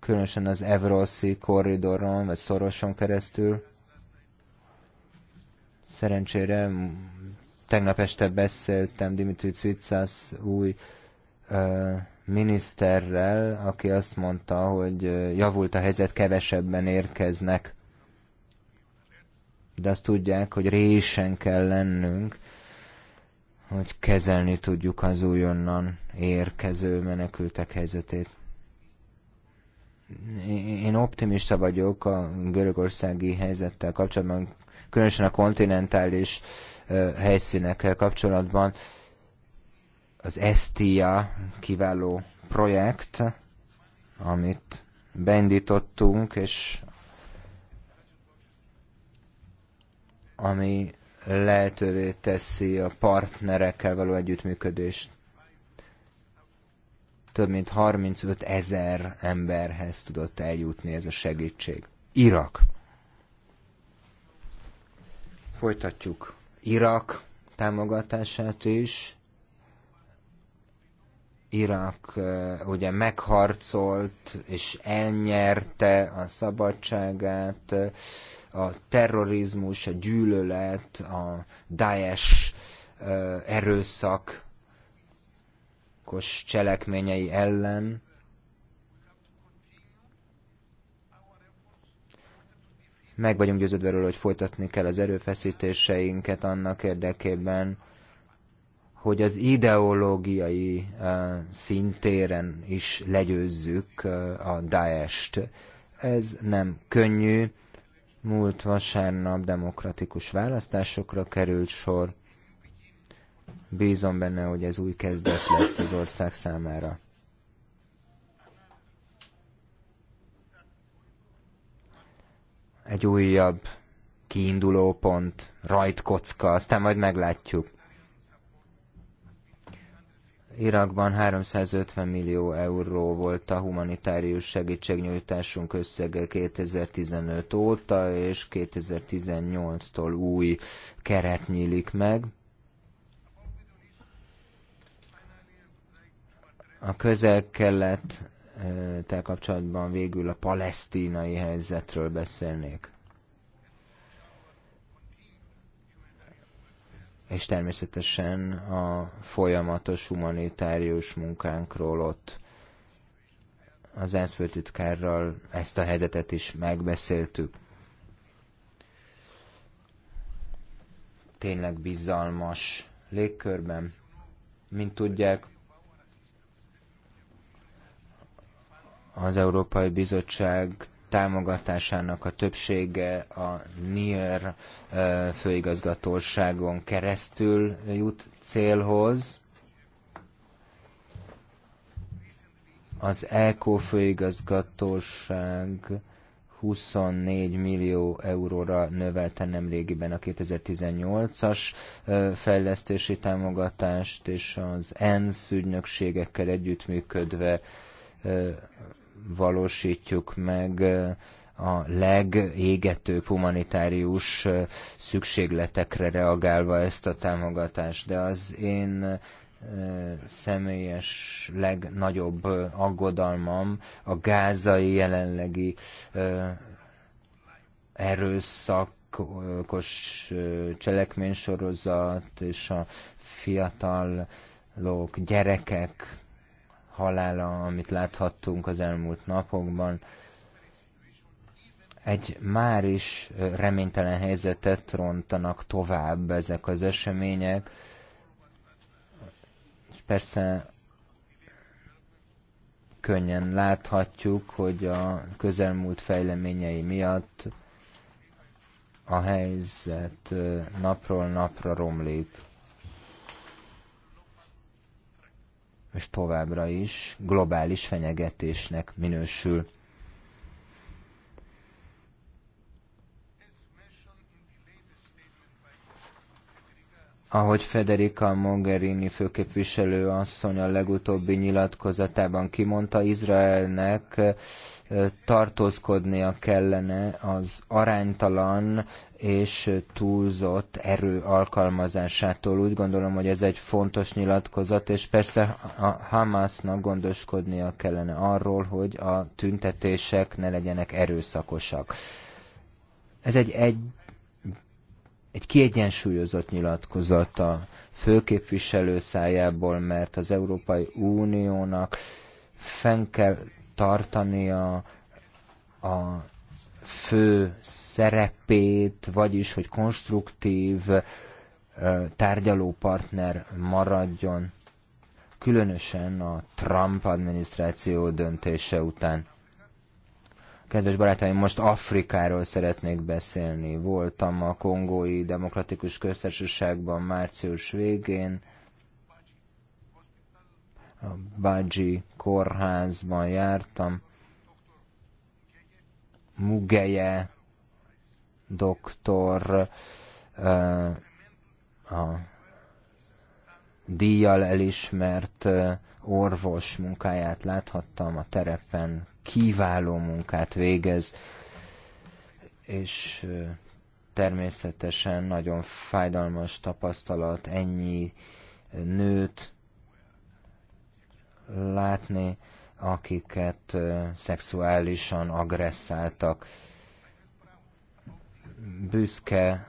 Különösen az Evroszi korridoron, vagy szoroson keresztül. Szerencsére tegnap este beszéltem Dimitri Cvicász új miniszterrel, aki azt mondta, hogy javult a helyzet, kevesebben érkeznek. De azt tudják, hogy résen kell lennünk, hogy kezelni tudjuk az újonnan érkező menekültek helyzetét. Én optimista vagyok a görögországi helyzettel kapcsolatban, különösen a kontinentális helyszínekkel kapcsolatban az Estia kiváló projekt, amit beindítottunk, és ami lehetővé teszi a partnerekkel való együttműködést. Több mint 35 ezer emberhez tudott eljutni ez a segítség. Irak. Folytatjuk. Irak támogatását is Irak eh, ugye megharcolt és elnyerte a szabadságát, eh, a terrorizmus, a gyűlölet, a Daesh eh, erőszak cselekményei ellen. Meg vagyunk győződve róla, hogy folytatni kell az erőfeszítéseinket annak érdekében, hogy az ideológiai eh, szintéren is legyőzzük eh, a Daest. Ez nem könnyű. Múlt vasárnap demokratikus választásokra került sor. Bízom benne, hogy ez új kezdet lesz az ország számára. Egy újabb kiinduló pont, rajtkocka, aztán majd meglátjuk. Irakban 350 millió euró volt a humanitárius segítségnyújtásunk összege 2015 óta, és 2018-tól új keret nyílik meg. A közel-kelettel kapcsolatban végül a palesztínai helyzetről beszélnék. és természetesen a folyamatos humanitárius munkánkról ott az ENSZ főtitkárral ezt a helyzetet is megbeszéltük. Tényleg bizalmas légkörben. Mint tudják, az Európai Bizottság támogatásának a többsége a NIR főigazgatóságon keresztül jut célhoz. Az ECO főigazgatóság 24 millió euróra növelte nemrégiben a 2018-as fejlesztési támogatást, és az ENSZ ügynökségekkel együttműködve valósítjuk meg a legégetőbb humanitárius szükségletekre reagálva ezt a támogatást. De az én személyes legnagyobb aggodalmam a gázai jelenlegi erőszakos cselekménysorozat és a fiatalok, gyerekek halála, amit láthattunk az elmúlt napokban, egy már is reménytelen helyzetet rontanak tovább ezek az események. És persze könnyen láthatjuk, hogy a közelmúlt fejleményei miatt a helyzet napról napra romlik. és továbbra is globális fenyegetésnek minősül. ahogy Federica Mogherini főképviselő asszony a legutóbbi nyilatkozatában kimondta, Izraelnek eh, tartózkodnia kellene az aránytalan és túlzott erő alkalmazásától. Úgy gondolom, hogy ez egy fontos nyilatkozat, és persze a Hamásznak gondoskodnia kellene arról, hogy a tüntetések ne legyenek erőszakosak. Ez egy, egy, egy kiegyensúlyozott nyilatkozat a főképviselő szájából, mert az Európai Uniónak fenn kell tartania a fő szerepét, vagyis hogy konstruktív tárgyalópartner maradjon, különösen a Trump adminisztráció döntése után. Kedves barátaim, most Afrikáról szeretnék beszélni. Voltam a Kongói Demokratikus Köztársaságban március végén, a Bágyi kórházban jártam, Mugeje doktor eh, a díjjal elismert eh, orvos munkáját láthattam a terepen, kiváló munkát végez, és eh, természetesen nagyon fájdalmas tapasztalat ennyi nőt látni, akiket szexuálisan agresszáltak. Büszke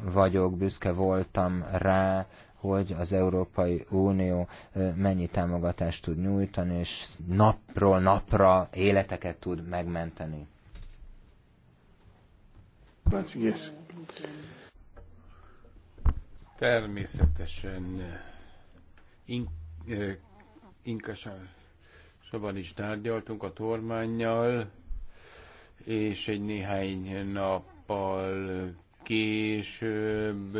vagyok, büszke voltam rá, hogy az Európai Unió mennyi támogatást tud nyújtani, és napról napra életeket tud megmenteni. Természetesen in, Moszkvában is tárgyaltunk a tormányjal, és egy néhány nappal később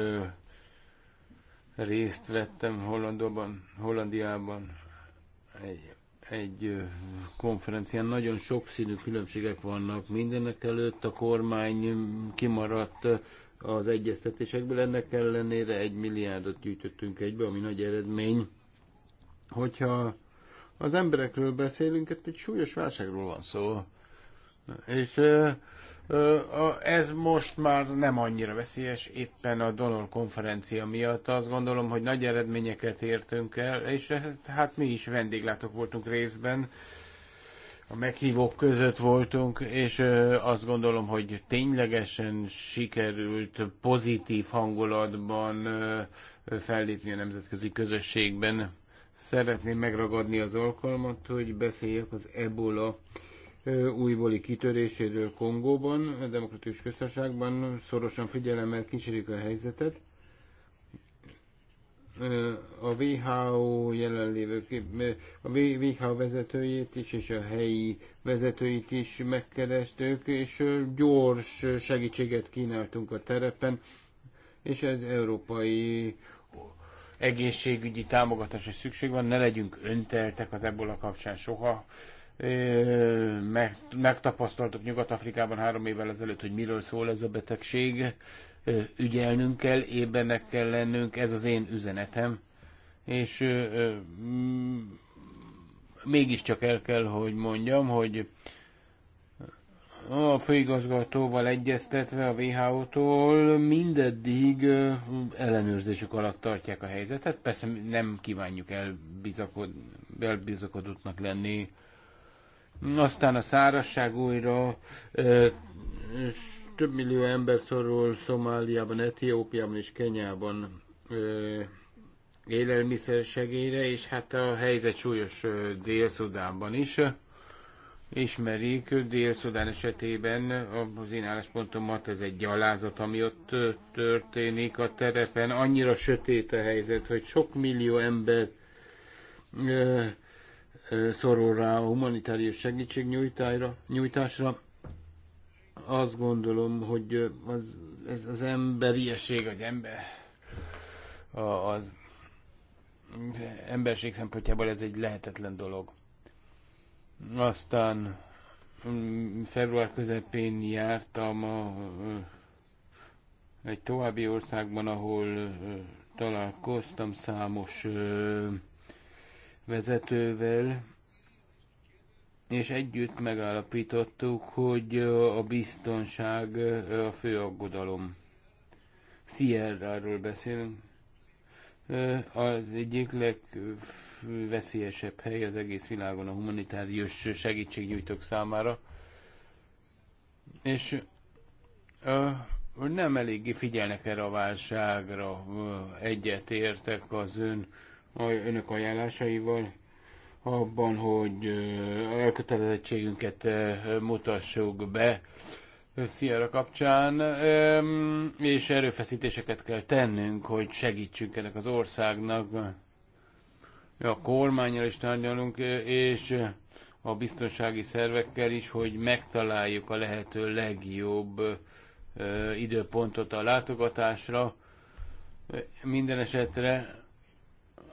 részt vettem Hollandóban, Hollandiában egy, egy konferencián. Nagyon sokszínű különbségek vannak. Mindenek előtt a kormány kimaradt az egyeztetésekből. Ennek ellenére egy milliárdot gyűjtöttünk egybe, ami nagy eredmény. Hogyha az emberekről beszélünk, itt egy súlyos válságról van szó. És ez most már nem annyira veszélyes, éppen a Donald konferencia miatt azt gondolom, hogy nagy eredményeket értünk el, és hát mi is vendéglátok voltunk részben, a meghívók között voltunk, és azt gondolom, hogy ténylegesen sikerült pozitív hangulatban fellépni a nemzetközi közösségben Szeretném megragadni az alkalmat, hogy beszéljek az ebola újbóli kitöréséről Kongóban, a Demokratikus Köztársaságban. Szorosan figyelemmel kísérjük a helyzetet. A WHO jelenlévő, a WHO vezetőjét is, és a helyi vezetőit is megkerestük, és gyors segítséget kínáltunk a terepen, és az európai egészségügyi támogatásra szükség van, ne legyünk önteltek az ebola kapcsán soha. Meg, megtapasztaltuk Nyugat-Afrikában három évvel ezelőtt, hogy miről szól ez a betegség. Ügyelnünk kell, ébenek kell lennünk, ez az én üzenetem. És mégiscsak el kell, hogy mondjam, hogy a főigazgatóval egyeztetve a WHO-tól mindeddig ellenőrzésük alatt tartják a helyzetet. Persze nem kívánjuk elbizakod, elbizakodottnak lenni. Aztán a szárazság újra több millió ember szorul Szomáliában, Etiópiában és Kenyában élelmiszer segélyre, és hát a helyzet súlyos Dél-Szudánban is ismerik, Dél-Szudán esetében az én álláspontomat, ez egy gyalázat, ami ott történik a terepen. Annyira sötét a helyzet, hogy sok millió ember ö, ö, szorul rá a humanitárius segítségnyújtásra. Azt gondolom, hogy az, ez az emberiesség, hogy ember, az, az emberség szempontjából ez egy lehetetlen dolog aztán mm, február közepén jártam a, egy további országban, ahol találkoztam számos vezetővel, és együtt megállapítottuk, hogy a biztonság a fő aggodalom. Sierra-ról beszélünk. Az egyik legfőbb legveszélyesebb hely az egész világon a humanitárius segítségnyújtók számára. És hogy nem eléggé figyelnek erre a válságra, egyet értek az ön, a, önök ajánlásaival abban, hogy elkötelezettségünket mutassuk be Sierra kapcsán, és erőfeszítéseket kell tennünk, hogy segítsünk ennek az országnak a kormányra is tárgyalunk, és a biztonsági szervekkel is, hogy megtaláljuk a lehető legjobb időpontot a látogatásra. Minden esetre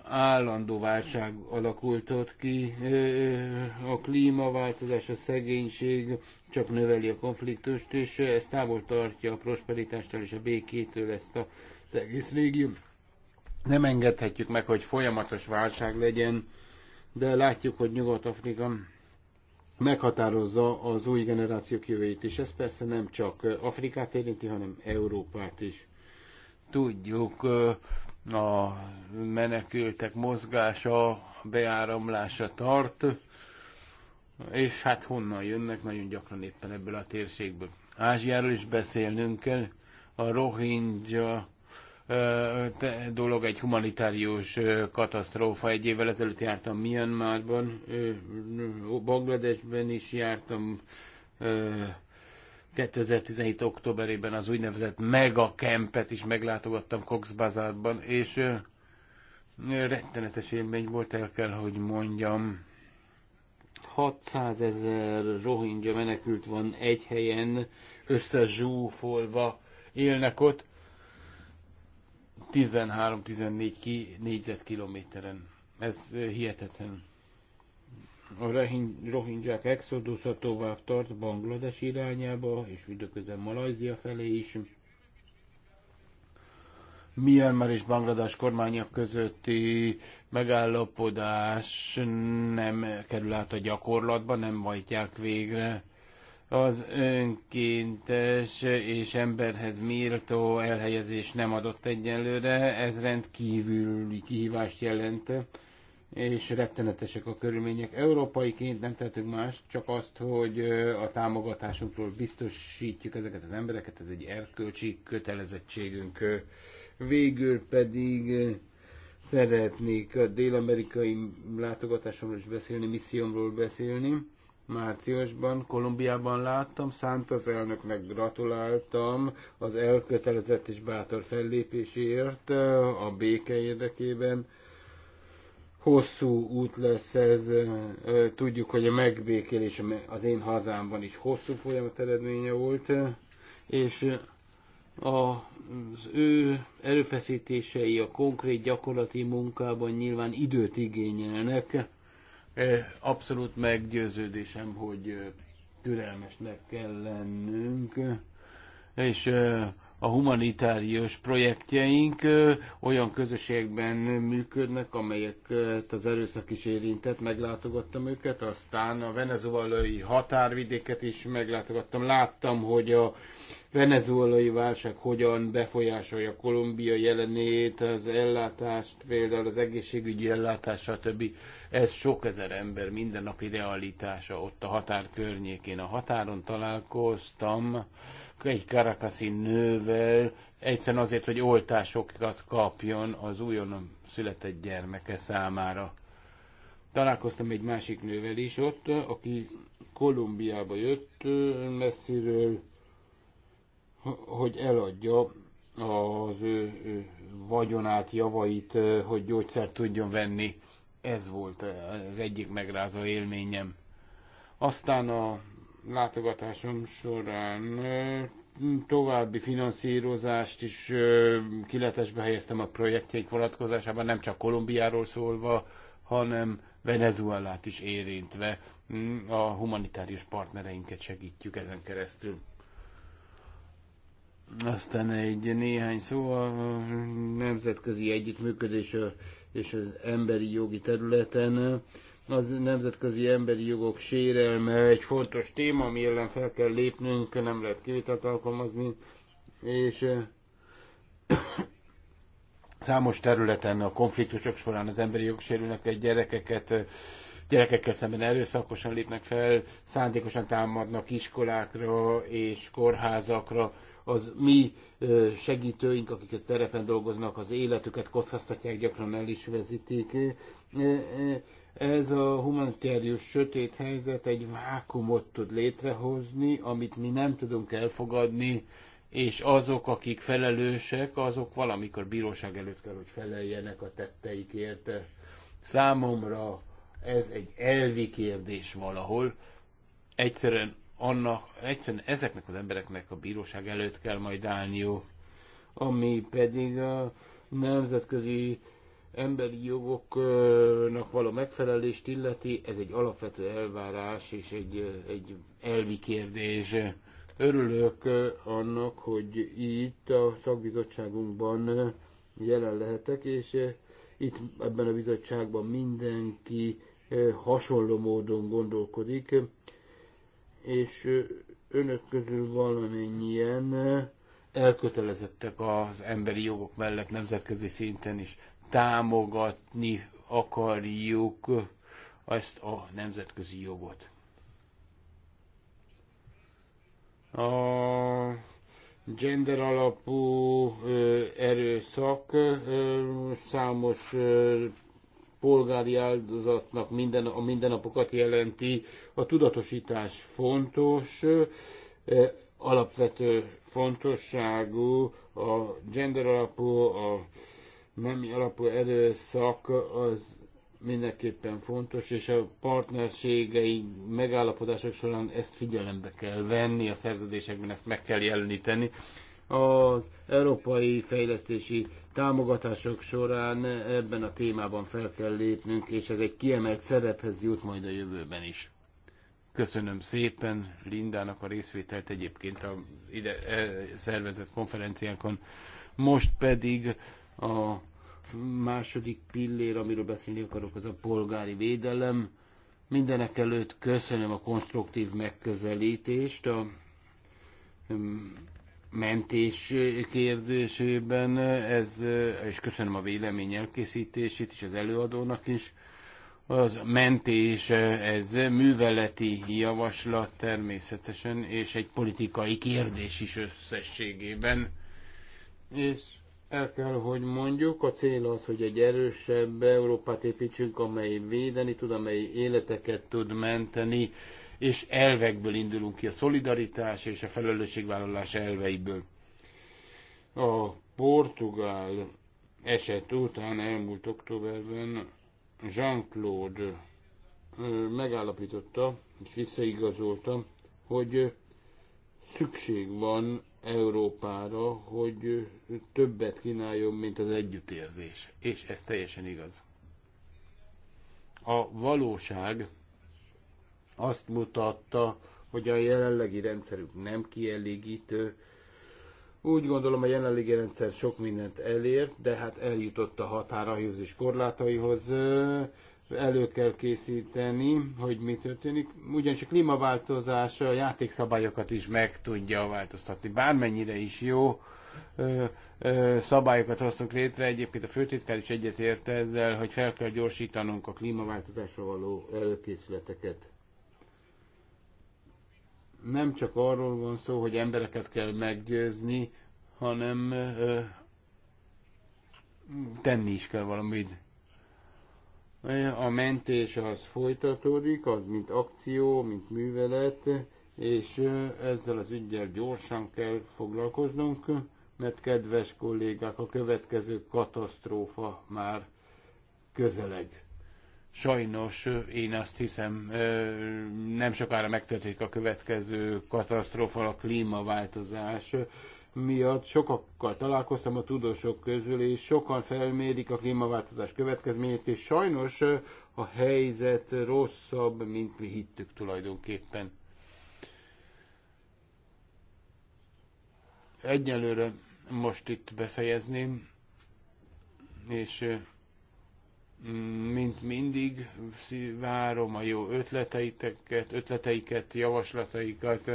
állandó válság alakult ott ki, a klímaváltozás, a szegénység csak növeli a konfliktust, és ez távol tartja a prosperitástól és a békétől ezt az egész régiót. Nem engedhetjük meg, hogy folyamatos válság legyen, de látjuk, hogy Nyugat-Afrika meghatározza az új generációk jövőjét is. Ez persze nem csak Afrikát érinti, hanem Európát is. Tudjuk, a menekültek mozgása, beáramlása tart, és hát honnan jönnek, nagyon gyakran éppen ebből a térségből. Ázsiáról is beszélnünk kell, a Rohingya dolog, egy humanitárius katasztrófa. Egy évvel ezelőtt jártam Myanmarban, Bangladesben is jártam, 2017. októberében az úgynevezett mega kempet is meglátogattam Cox Bazarban, és rettenetes élmény volt, el kell, hogy mondjam. 600 ezer rohingya menekült van egy helyen, összezsúfolva élnek ott, 13-14 négyzetkilométeren. Ez hihetetlen. A rohingyák exodusza tovább tart Banglades irányába, és üdöközben Malajzia felé is. Myanmar és Banglades kormányok közötti megállapodás nem kerül át a gyakorlatba, nem vajtják végre az önkéntes és emberhez méltó elhelyezés nem adott egyelőre, ez rendkívüli kihívást jelent, és rettenetesek a körülmények. Európaiként nem tehetünk más, csak azt, hogy a támogatásunkról biztosítjuk ezeket az embereket, ez egy erkölcsi kötelezettségünk. Végül pedig szeretnék a dél-amerikai látogatásomról is beszélni, missziómról beszélni márciusban Kolumbiában láttam, szánt az elnöknek gratuláltam az elkötelezett és bátor fellépésért eh, a béke érdekében. Hosszú út lesz ez, eh, tudjuk, hogy a megbékélés az én hazámban is hosszú folyamat eredménye volt, eh, és az ő erőfeszítései a konkrét gyakorlati munkában nyilván időt igényelnek, Abszolút meggyőződésem, hogy türelmesnek kell lennünk, és a humanitárius projektjeink olyan közösségben működnek, amelyeket az erőszak is érintett, meglátogattam őket, aztán a venezuelai határvidéket is meglátogattam, láttam, hogy a venezuelai válság hogyan befolyásolja Kolumbia jelenét, az ellátást, például az egészségügyi ellátást, stb. Ez sok ezer ember mindennapi realitása ott a határ környékén. A határon találkoztam egy karakaszi nővel, egyszerűen azért, hogy oltásokat kapjon az újonnan született gyermeke számára. Találkoztam egy másik nővel is ott, aki Kolumbiába jött messziről, hogy eladja az ő, ő vagyonát, javait, hogy gyógyszert tudjon venni. Ez volt az egyik megrázó élményem. Aztán a látogatásom során további finanszírozást is kiletesbe helyeztem a projektjeik vonatkozásában, nem csak Kolumbiáról szólva, hanem Venezuelát is érintve. Mm, a humanitárius partnereinket segítjük ezen keresztül. Aztán egy néhány szó a nemzetközi együttműködésről és az emberi jogi területen. Az nemzetközi emberi jogok sérelme egy fontos téma, ami ellen fel kell lépnünk, nem lehet kivételt alkalmazni, és számos területen a konfliktusok során az emberi jogok sérülnek, egy gyerekeket gyerekekkel szemben erőszakosan lépnek fel, szándékosan támadnak iskolákra és kórházakra, az mi segítőink, akik a terepen dolgoznak, az életüket kockáztatják, gyakran el is vezítik. Ez a humanitárius sötét helyzet egy vákumot tud létrehozni, amit mi nem tudunk elfogadni, és azok, akik felelősek, azok valamikor bíróság előtt kell, hogy feleljenek a tetteikért. Számomra ez egy elvi kérdés valahol. Egyszerűen annak, egyszerűen ezeknek az embereknek a bíróság előtt kell majd állniuk, ami pedig a nemzetközi emberi jogoknak való megfelelést illeti, ez egy alapvető elvárás és egy, egy elvi kérdés. Örülök annak, hogy itt a szakbizottságunkban jelen lehetek, és itt ebben a bizottságban mindenki hasonló módon gondolkodik és önök közül valamennyien elkötelezettek az emberi jogok mellett nemzetközi szinten is. Támogatni akarjuk ezt a nemzetközi jogot. A gender alapú erőszak számos polgári áldozatnak minden, a mindennapokat jelenti. A tudatosítás fontos, alapvető fontosságú, a gender alapú, a nemi alapú erőszak az mindenképpen fontos, és a partnerségei megállapodások során ezt figyelembe kell venni, a szerződésekben ezt meg kell jeleníteni az európai fejlesztési támogatások során ebben a témában fel kell lépnünk, és ez egy kiemelt szerephez jut majd a jövőben is. Köszönöm szépen Lindának a részvételt egyébként a ide e, szervezett konferenciánkon. Most pedig a második pillér, amiről beszélni akarok, az a polgári védelem. Mindenek előtt köszönöm a konstruktív megközelítést, a mentés kérdésében, ez, és köszönöm a vélemény elkészítését is az előadónak is, az mentés, ez műveleti javaslat természetesen, és egy politikai kérdés is összességében. És el kell, hogy mondjuk, a cél az, hogy egy erősebb Európát építsünk, amely védeni tud, amely életeket tud menteni, és elvekből indulunk ki, a szolidaritás és a felelősségvállalás elveiből. A portugál eset után elmúlt októberben Jean-Claude megállapította és visszaigazolta, hogy szükség van Európára, hogy többet kínáljon, mint az együttérzés. És ez teljesen igaz. A valóság azt mutatta, hogy a jelenlegi rendszerünk nem kielégítő. Úgy gondolom, a jelenlegi rendszer sok mindent elért, de hát eljutott a határaihoz és korlátaihoz. Elő kell készíteni, hogy mi történik. Ugyanis a klímaváltozás a játékszabályokat is meg tudja változtatni. Bármennyire is jó, ö, ö, szabályokat hoztunk létre. Egyébként a főtitkár is egyetért ezzel, hogy fel kell gyorsítanunk a klímaváltozásra való előkészületeket nem csak arról van szó, hogy embereket kell meggyőzni, hanem ö, tenni is kell valamit. A mentés az folytatódik, az mint akció, mint művelet, és ezzel az ügyel gyorsan kell foglalkoznunk, mert kedves kollégák, a következő katasztrófa már közeleg. Sajnos én azt hiszem, nem sokára megtörténik a következő katasztrófa, a klímaváltozás miatt sokakkal találkoztam a tudósok közül, és sokan felmérik a klímaváltozás következményét, és sajnos a helyzet rosszabb, mint mi hittük tulajdonképpen. Egyelőre most itt befejezném, és mint mindig várom a jó ötleteiteket, ötleteiket, javaslataikat.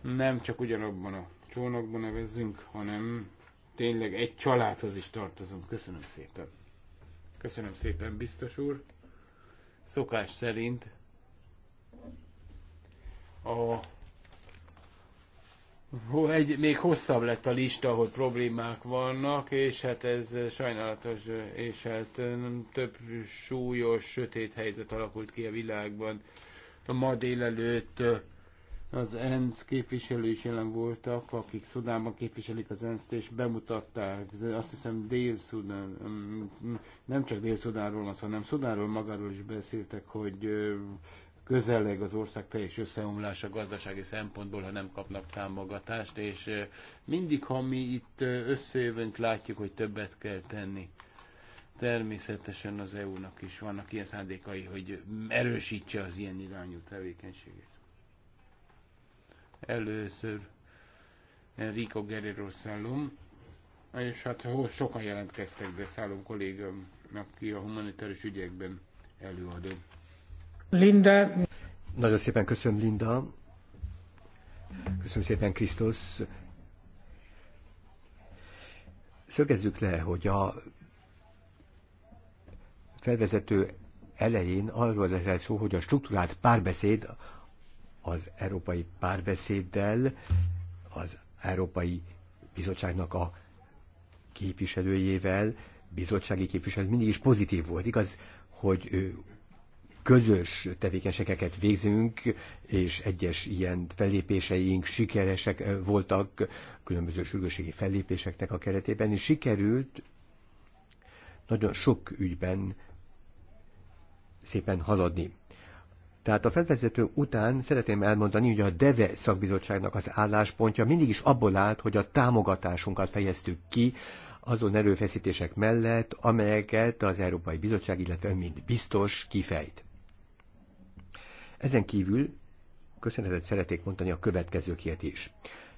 Nem csak ugyanabban a csónakban nevezzünk, hanem tényleg egy családhoz is tartozunk. Köszönöm szépen. Köszönöm szépen, biztos úr. Szokás szerint a egy, még hosszabb lett a lista, hogy problémák vannak, és hát ez sajnálatos, és hát több súlyos, sötét helyzet alakult ki a világban. A ma délelőtt az ENSZ képviselő is jelen voltak, akik Szudánban képviselik az ENSZ-t, és bemutatták, azt hiszem Dél-Szudán, nem csak Dél-Szudánról van szó, hanem Szudánról magáról is beszéltek, hogy közelleg az ország teljes összeomlása gazdasági szempontból, ha nem kapnak támogatást, és mindig, ha mi itt összejövünk, látjuk, hogy többet kell tenni. Természetesen az EU-nak is vannak ilyen szándékai, hogy erősítse az ilyen irányú tevékenységét. Először Enrico Guerrero Szellum, és hát sokan jelentkeztek, de szállom kollégám, aki a humanitárius ügyekben előadó. Linda. Nagyon szépen köszönöm, Linda. Köszönöm szépen, Krisztus. Szögezzük le, hogy a felvezető elején arról lesz szó, hogy a struktúrált párbeszéd az európai párbeszéddel, az Európai Bizottságnak a képviselőjével, bizottsági képviselő mindig is pozitív volt. Igaz, hogy ő közös tevékenységeket végzünk, és egyes ilyen fellépéseink sikeresek voltak, különböző sürgőségi fellépéseknek a keretében, és sikerült nagyon sok ügyben szépen haladni. Tehát a felvezető után szeretném elmondani, hogy a DEVE szakbizottságnak az álláspontja mindig is abból állt, hogy a támogatásunkat fejeztük ki azon erőfeszítések mellett, amelyeket az Európai Bizottság, illetve mind biztos kifejt. Ezen kívül köszönetet szeretnék mondani a következőkért is.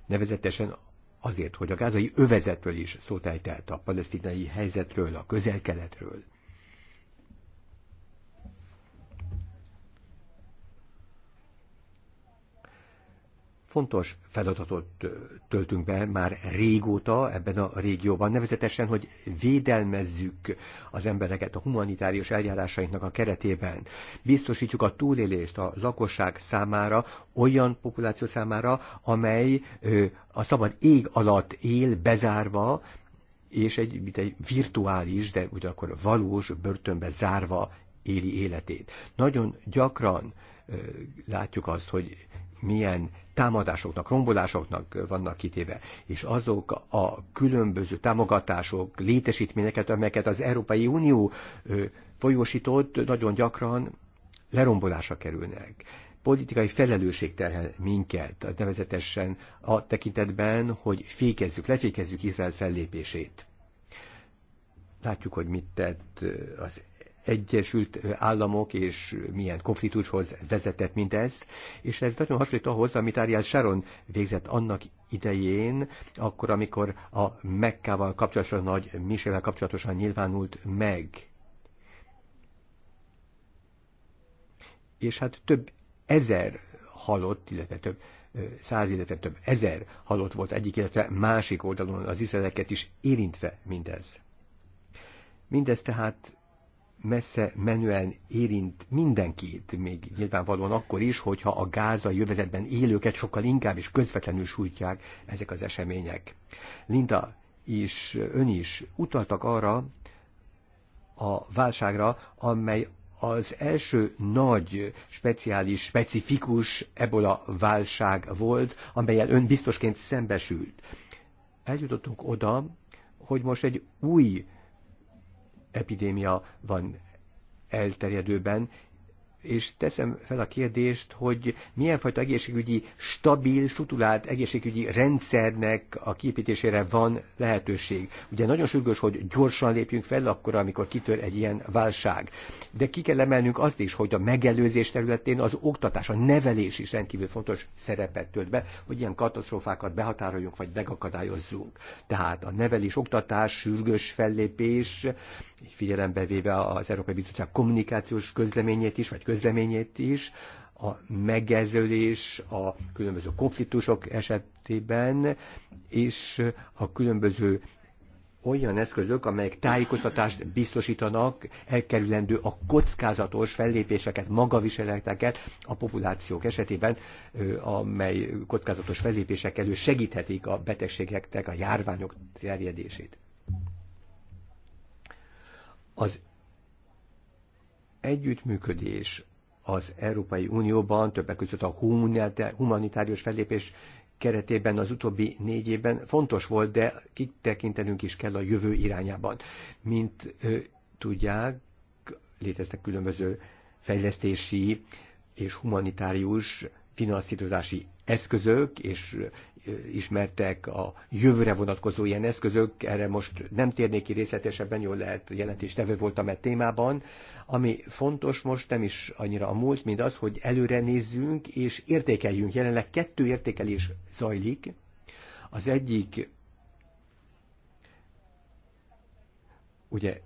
Nevezetesen azért, hogy a gázai övezetről is szótájtelt a palesztinai helyzetről, a közelkeletről. fontos feladatot töltünk be már régóta ebben a régióban, nevezetesen, hogy védelmezzük az embereket a humanitárius eljárásainknak a keretében. Biztosítjuk a túlélést a lakosság számára, olyan populáció számára, amely a szabad ég alatt él bezárva, és egy, mint egy virtuális, de ugyanakkor valós börtönbe zárva éli életét. Nagyon gyakran látjuk azt, hogy milyen támadásoknak, rombolásoknak vannak kitéve, és azok a különböző támogatások, létesítményeket, amelyeket az Európai Unió folyósított, nagyon gyakran lerombolásra kerülnek politikai felelősség terhel minket, nevezetesen a tekintetben, hogy fékezzük, lefékezzük Izrael fellépését. Látjuk, hogy mit tett az Egyesült Államok és milyen konfliktushoz vezetett mindez, és ez nagyon hasonlít ahhoz, amit Ariel Sharon végzett annak idején, akkor, amikor a Mekkával kapcsolatosan, nagy Misével kapcsolatosan nyilvánult meg. És hát több ezer halott, illetve több száz, illetve több ezer halott volt egyik, illetve másik oldalon az izraeleket is érintve mindez. Mindez tehát messze menően érint mindenkit, még nyilvánvalóan akkor is, hogyha a gázai jövezetben élőket sokkal inkább és közvetlenül sújtják ezek az események. Linda is, ön is utaltak arra a válságra, amely az első nagy, speciális, specifikus ebola válság volt, amelyel ön biztosként szembesült. Eljutottunk oda, hogy most egy új epidémia van elterjedőben, és teszem fel a kérdést, hogy milyen fajta egészségügyi, stabil, struktúrált egészségügyi rendszernek a kiépítésére van lehetőség. Ugye nagyon sürgős, hogy gyorsan lépjünk fel akkor, amikor kitör egy ilyen válság. De ki kell emelnünk azt is, hogy a megelőzés területén az oktatás, a nevelés is rendkívül fontos szerepet tölt be, hogy ilyen katasztrófákat behatároljunk vagy megakadályozzunk. Tehát a nevelés, oktatás, sürgős fellépés, figyelembe véve az Európai Bizottság kommunikációs közleményét is, vagy közleményét is, a megezelés, a különböző konfliktusok esetében, és a különböző olyan eszközök, amelyek tájékoztatást biztosítanak, elkerülendő a kockázatos fellépéseket, magaviseleteket a populációk esetében, amely kockázatos fellépések elő segíthetik a betegségeknek, a járványok terjedését. Az együttműködés az Európai Unióban, többek között a humanitárius fellépés keretében az utóbbi négy évben fontos volt, de kitekintenünk is kell a jövő irányában. Mint ö, tudják, léteznek különböző fejlesztési és humanitárius finanszírozási eszközök, és ismertek a jövőre vonatkozó ilyen eszközök, erre most nem térnék ki részletesebben, jól lehet jelentéstevő voltam e témában. Ami fontos most nem is annyira a múlt, mint az, hogy előre nézzünk és értékeljünk. Jelenleg kettő értékelés zajlik. Az egyik ugye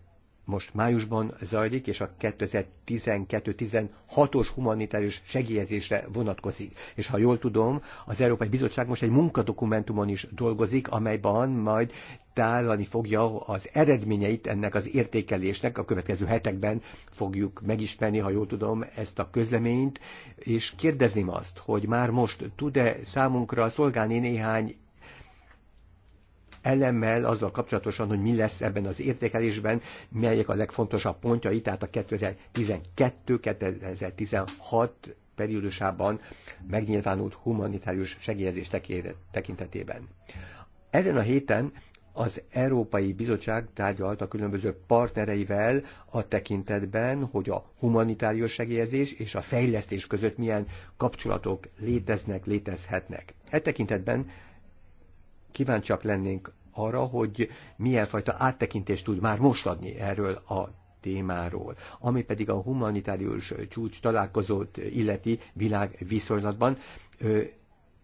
most májusban zajlik, és a 2012-16-os humanitárius segélyezésre vonatkozik. És ha jól tudom, az Európai Bizottság most egy munkadokumentumon is dolgozik, amelyben majd tárlani fogja az eredményeit ennek az értékelésnek. A következő hetekben fogjuk megismerni, ha jól tudom, ezt a közleményt, és kérdezném azt, hogy már most tud-e számunkra szolgálni néhány elemmel azzal kapcsolatosan, hogy mi lesz ebben az értékelésben, melyek a legfontosabb pontjai, tehát a 2012-2016 periódusában megnyilvánult humanitárius segélyezés tekintetében. Ezen a héten az Európai Bizottság tárgyalt a különböző partnereivel a tekintetben, hogy a humanitárius segélyezés és a fejlesztés között milyen kapcsolatok léteznek, létezhetnek. E tekintetben kíváncsiak lennénk arra, hogy milyen fajta áttekintést tud már most adni erről a témáról. Ami pedig a humanitárius csúcs találkozót illeti világviszonylatban,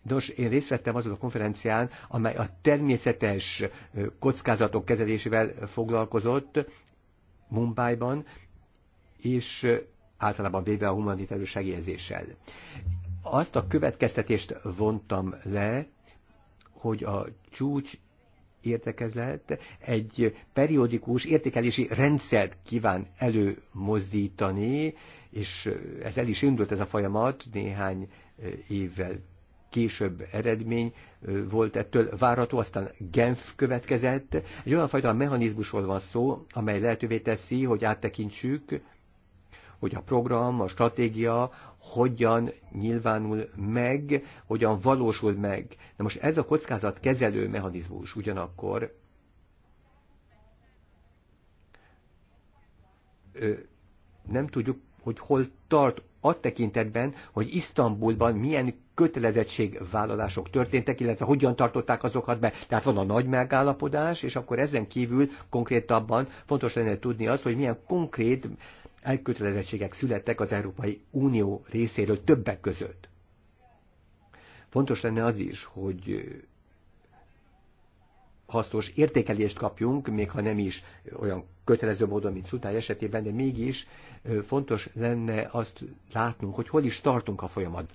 Nos, én részt vettem azon a konferencián, amely a természetes kockázatok kezelésével foglalkozott Mumbai-ban, és általában véve a humanitárius segélyezéssel. Azt a következtetést vontam le, hogy a csúcs értekezett egy periódikus értékelési rendszert kíván előmozdítani, és ez el is indult ez a folyamat néhány eh, évvel később eredmény eh, volt ettől várható, aztán Genf következett. Egy olyan fajta mechanizmusról van szó, amely lehetővé teszi, hogy áttekintsük hogy a program, a stratégia hogyan nyilvánul meg, hogyan valósul meg. Na most ez a kockázat kezelő mechanizmus ugyanakkor nem tudjuk, hogy hol tart a tekintetben, hogy Isztambulban milyen kötelezettségvállalások történtek, illetve hogyan tartották azokat be. Tehát van a nagy megállapodás, és akkor ezen kívül konkrétabban fontos lenne tudni az, hogy milyen konkrét elkötelezettségek születtek az Európai Unió részéről többek között. Fontos lenne az is, hogy hasznos értékelést kapjunk, még ha nem is olyan kötelező módon, mint Szutály esetében, de mégis fontos lenne azt látnunk, hogy hol is tartunk a folyamat.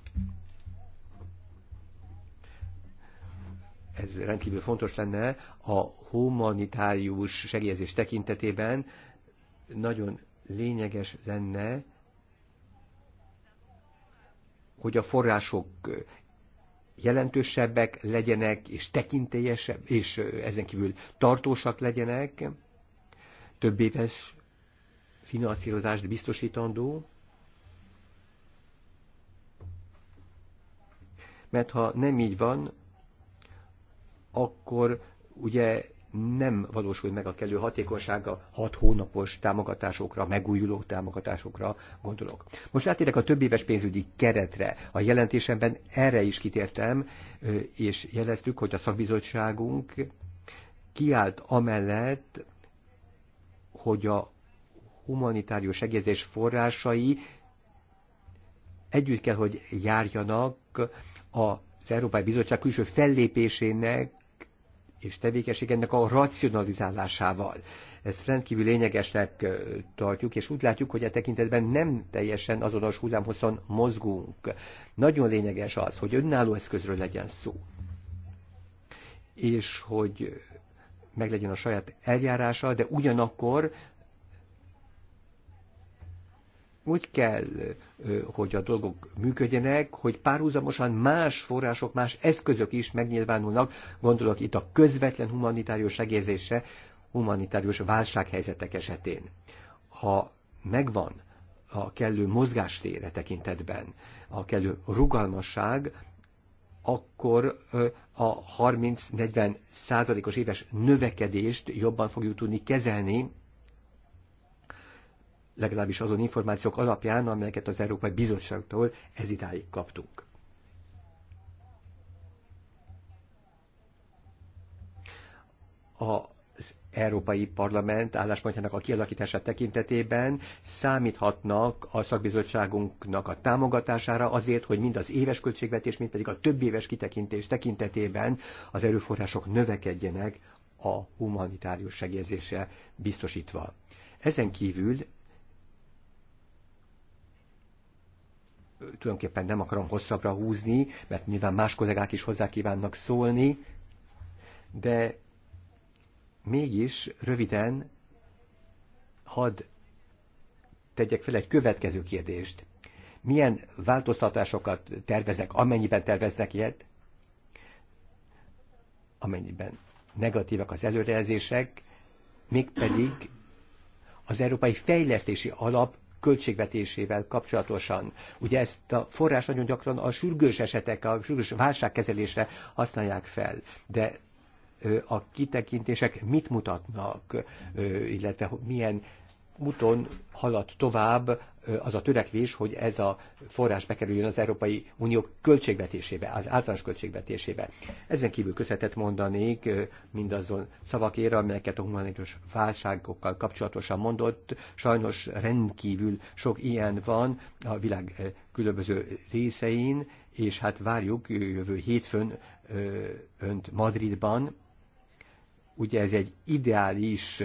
Ez rendkívül fontos lenne a humanitárius segélyezés tekintetében. Nagyon lényeges lenne, hogy a források jelentősebbek legyenek, és tekintélyesebb, és ezen kívül tartósak legyenek, több éves finanszírozást biztosítandó, mert ha nem így van, akkor ugye nem valósul meg a kellő hatékonysága hat hónapos támogatásokra, megújuló támogatásokra gondolok. Most látérek a több éves pénzügyi keretre. A jelentésemben erre is kitértem, és jeleztük, hogy a szakbizottságunk kiállt amellett, hogy a humanitárius segélyezés forrásai együtt kell, hogy járjanak az Európai Bizottság külső fellépésének és tevékenységének a racionalizálásával. Ezt rendkívül lényegesnek tartjuk, és úgy látjuk, hogy a e tekintetben nem teljesen azonos hullámhosszon mozgunk. Nagyon lényeges az, hogy önálló eszközről legyen szó, és hogy meglegyen a saját eljárása, de ugyanakkor úgy kell, hogy a dolgok működjenek, hogy párhuzamosan más források, más eszközök is megnyilvánulnak, gondolok itt a közvetlen humanitárius segélyzésre, humanitárius válsághelyzetek esetén. Ha megvan a kellő mozgástére tekintetben, a kellő rugalmasság, akkor a 30-40 százalékos éves növekedést jobban fogjuk tudni kezelni, legalábbis azon információk alapján, amelyeket az Európai Bizottságtól ez idáig kaptunk. Az Európai Parlament álláspontjának a kialakítása tekintetében számíthatnak a szakbizottságunknak a támogatására azért, hogy mind az éves költségvetés, mind pedig a több éves kitekintés tekintetében az erőforrások növekedjenek a humanitárius segélyezése biztosítva. Ezen kívül tulajdonképpen nem akarom hosszabbra húzni, mert nyilván más kollégák is hozzá kívánnak szólni, de mégis röviden hadd tegyek fel egy következő kérdést. Milyen változtatásokat terveznek, amennyiben terveznek ilyet? Amennyiben negatívak az előrejelzések, mégpedig az Európai Fejlesztési Alap költségvetésével kapcsolatosan. Ugye ezt a forrás nagyon gyakran a sürgős esetek, a sürgős válságkezelésre használják fel, de a kitekintések mit mutatnak, illetve milyen úton halad tovább az a törekvés, hogy ez a forrás bekerüljön az Európai Unió költségvetésébe, az általános költségvetésébe. Ezen kívül köszönetet mondanék mindazon szavakért, amelyeket a humanitárius válságokkal kapcsolatosan mondott. Sajnos rendkívül sok ilyen van a világ különböző részein, és hát várjuk jövő hétfőn önt Madridban. Ugye ez egy ideális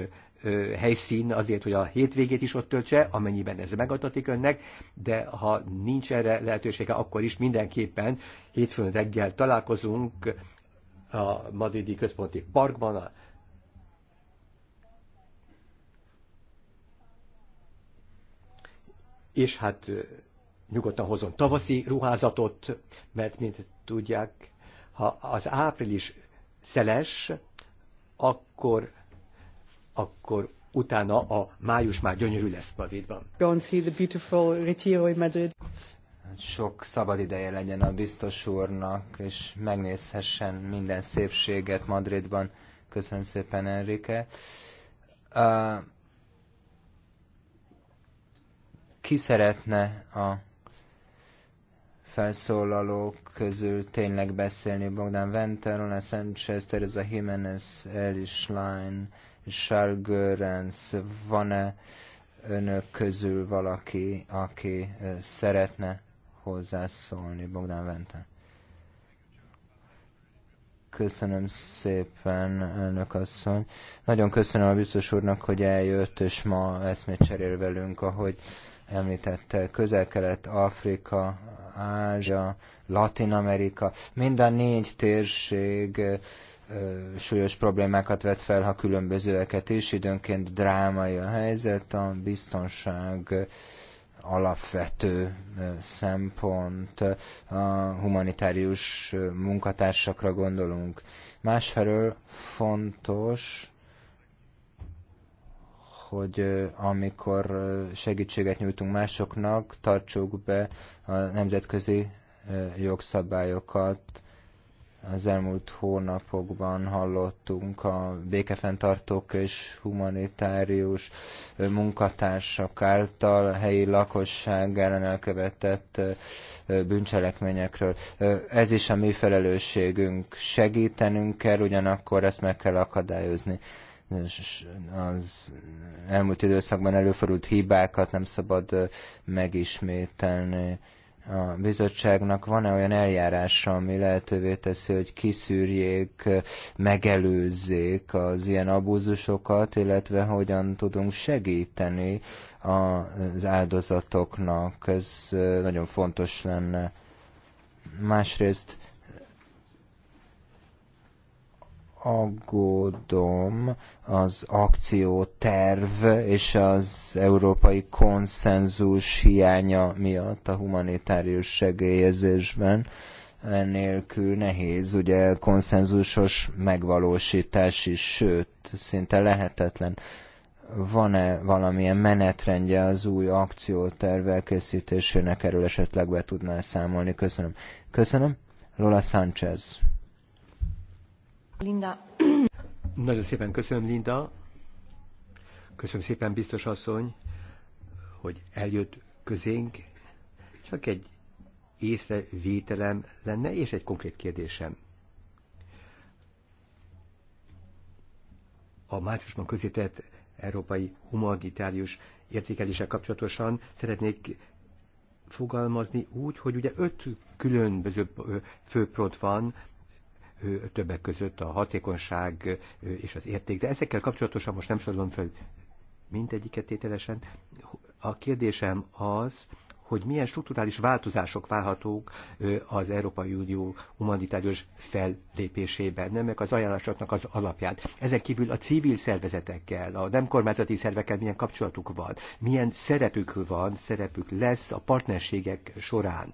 helyszín azért, hogy a hétvégét is ott töltse, amennyiben ez megadatik önnek, de ha nincs erre lehetősége, akkor is mindenképpen hétfőn reggel találkozunk a Madridi Központi Parkban, és hát nyugodtan hozom tavaszi ruházatot, mert mint tudják, ha az április szeles, akkor akkor utána a május már gyönyörű lesz Madridban. Go and see the beautiful Retiro in Madrid. Hát sok szabad ideje legyen a biztos úrnak, és megnézhessen minden szépséget Madridban. Köszönöm szépen, Enrique. Uh, ki szeretne a felszólalók közül tényleg beszélni? Bogdan Venter, a Sanchez, Teresa Jimenez, Elish Line, Charles van-e önök közül valaki, aki szeretne hozzászólni Bogdán Vente? Köszönöm szépen, elnök asszony. Nagyon köszönöm a biztos úrnak, hogy eljött, és ma eszmét cserél velünk, ahogy említette, közel-kelet, Afrika, Ázsia, Latin Amerika, mind a négy térség súlyos problémákat vet fel, ha különbözőeket is. Időnként drámai a helyzet, a biztonság alapvető szempont, a humanitárius munkatársakra gondolunk. Másfelől fontos, hogy amikor segítséget nyújtunk másoknak, tartsuk be a nemzetközi jogszabályokat, az elmúlt hónapokban hallottunk a békefenntartók és humanitárius munkatársak által a helyi lakosság ellen elkövetett bűncselekményekről. Ez is a mi felelősségünk. Segítenünk kell, ugyanakkor ezt meg kell akadályozni az elmúlt időszakban előfordult hibákat nem szabad megismételni a bizottságnak van-e olyan eljárása, ami lehetővé teszi, hogy kiszűrjék, megelőzzék az ilyen abúzusokat, illetve hogyan tudunk segíteni az áldozatoknak. Ez nagyon fontos lenne. Másrészt aggódom az akcióterv és az európai konszenzus hiánya miatt a humanitárius segélyezésben. Ennélkül nehéz, ugye konszenzusos megvalósítás is, sőt, szinte lehetetlen. Van-e valamilyen menetrendje az új akcióterv elkészítésének? Erről esetleg be tudnál számolni. Köszönöm. Köszönöm. Lola Sanchez Linda. Nagyon szépen köszönöm, Linda. Köszönöm szépen, biztos asszony, hogy eljött közénk. Csak egy észrevételem lenne, és egy konkrét kérdésem. A márciusban közített európai humanitárius értékelése kapcsolatosan szeretnék fogalmazni úgy, hogy ugye öt különböző főpront van, többek között a hatékonyság és az érték. De ezekkel kapcsolatosan most nem sorolom fel mindegyiket tételesen. A kérdésem az, hogy milyen strukturális változások várhatók az Európai Unió humanitárius fellépésében, nem meg az ajánlásoknak az alapját. Ezen kívül a civil szervezetekkel, a nem kormányzati szervekkel milyen kapcsolatuk van, milyen szerepük van, szerepük lesz a partnerségek során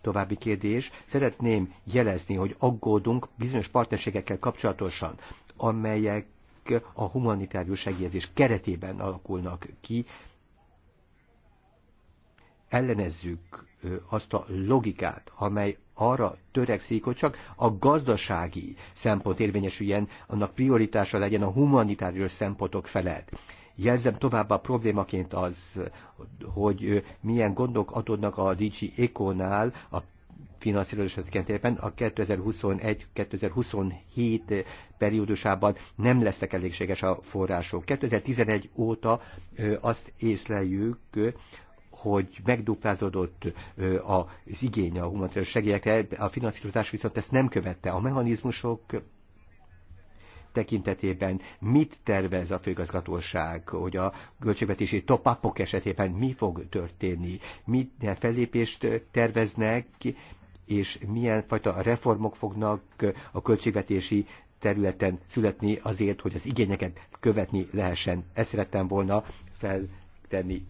További kérdés, szeretném jelezni, hogy aggódunk bizonyos partnerségekkel kapcsolatosan, amelyek a humanitárius segélyezés keretében alakulnak ki. Ellenezzük azt a logikát, amely arra törekszik, hogy csak a gazdasági szempont érvényesüljen, annak prioritása legyen a humanitárius szempontok felett. Jelzem tovább a problémaként az, hogy milyen gondok adódnak a DG Econál a finanszírozás tekintetében a 2021-2027 periódusában nem lesznek elégséges a források. 2011 óta azt észleljük, hogy megduplázódott az igény a humanitárius segélyekre, a finanszírozás viszont ezt nem követte. A mechanizmusok tekintetében mit tervez a főigazgatóság, hogy a költségvetési topapok esetében mi fog történni, milyen fellépést terveznek, és milyen fajta reformok fognak a költségvetési területen születni azért, hogy az igényeket követni lehessen. Ezt szerettem volna feltenni.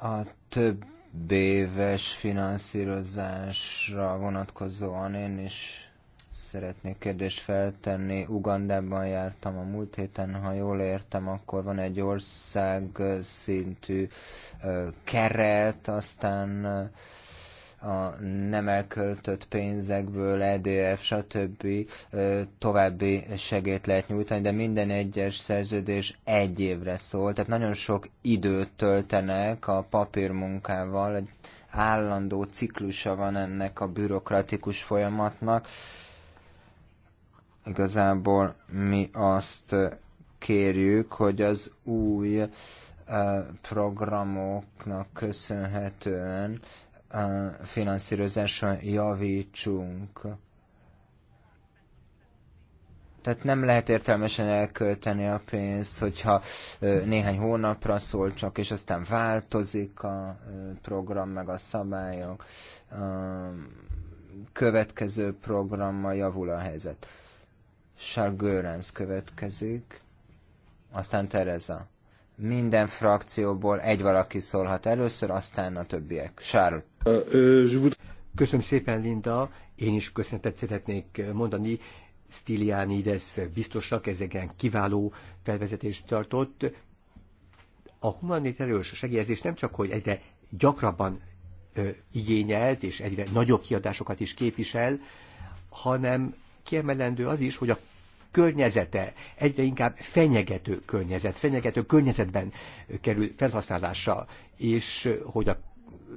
A több több éves finanszírozásra vonatkozóan én is szeretnék kérdést feltenni. Ugandában jártam a múlt héten, ha jól értem, akkor van egy ország szintű keret, aztán a nem elköltött pénzekből, EDF, stb. további segét lehet nyújtani, de minden egyes szerződés egy évre szól, tehát nagyon sok időt töltenek a papírmunkával, egy állandó ciklusa van ennek a bürokratikus folyamatnak. Igazából mi azt kérjük, hogy az új programoknak köszönhetően finanszírozáson javítsunk. Tehát nem lehet értelmesen elkölteni a pénzt, hogyha néhány hónapra szól csak, és aztán változik a program, meg a szabályok. A következő programmal javul a helyzet. Charles Görens következik, aztán Tereza. Minden frakcióból egy valaki szólhat először, aztán a többiek. Charles. Köszönöm szépen, Linda. Én is köszönetet szeretnék mondani Stilianides biztosnak, ezeken kiváló felvezetést tartott. A humanitárius segélyezés nem csak, hogy egyre gyakrabban ö, igényelt és egyre nagyobb kiadásokat is képvisel, hanem kiemelendő az is, hogy a környezete egyre inkább fenyegető környezet, fenyegető környezetben kerül felhasználásra, és hogy a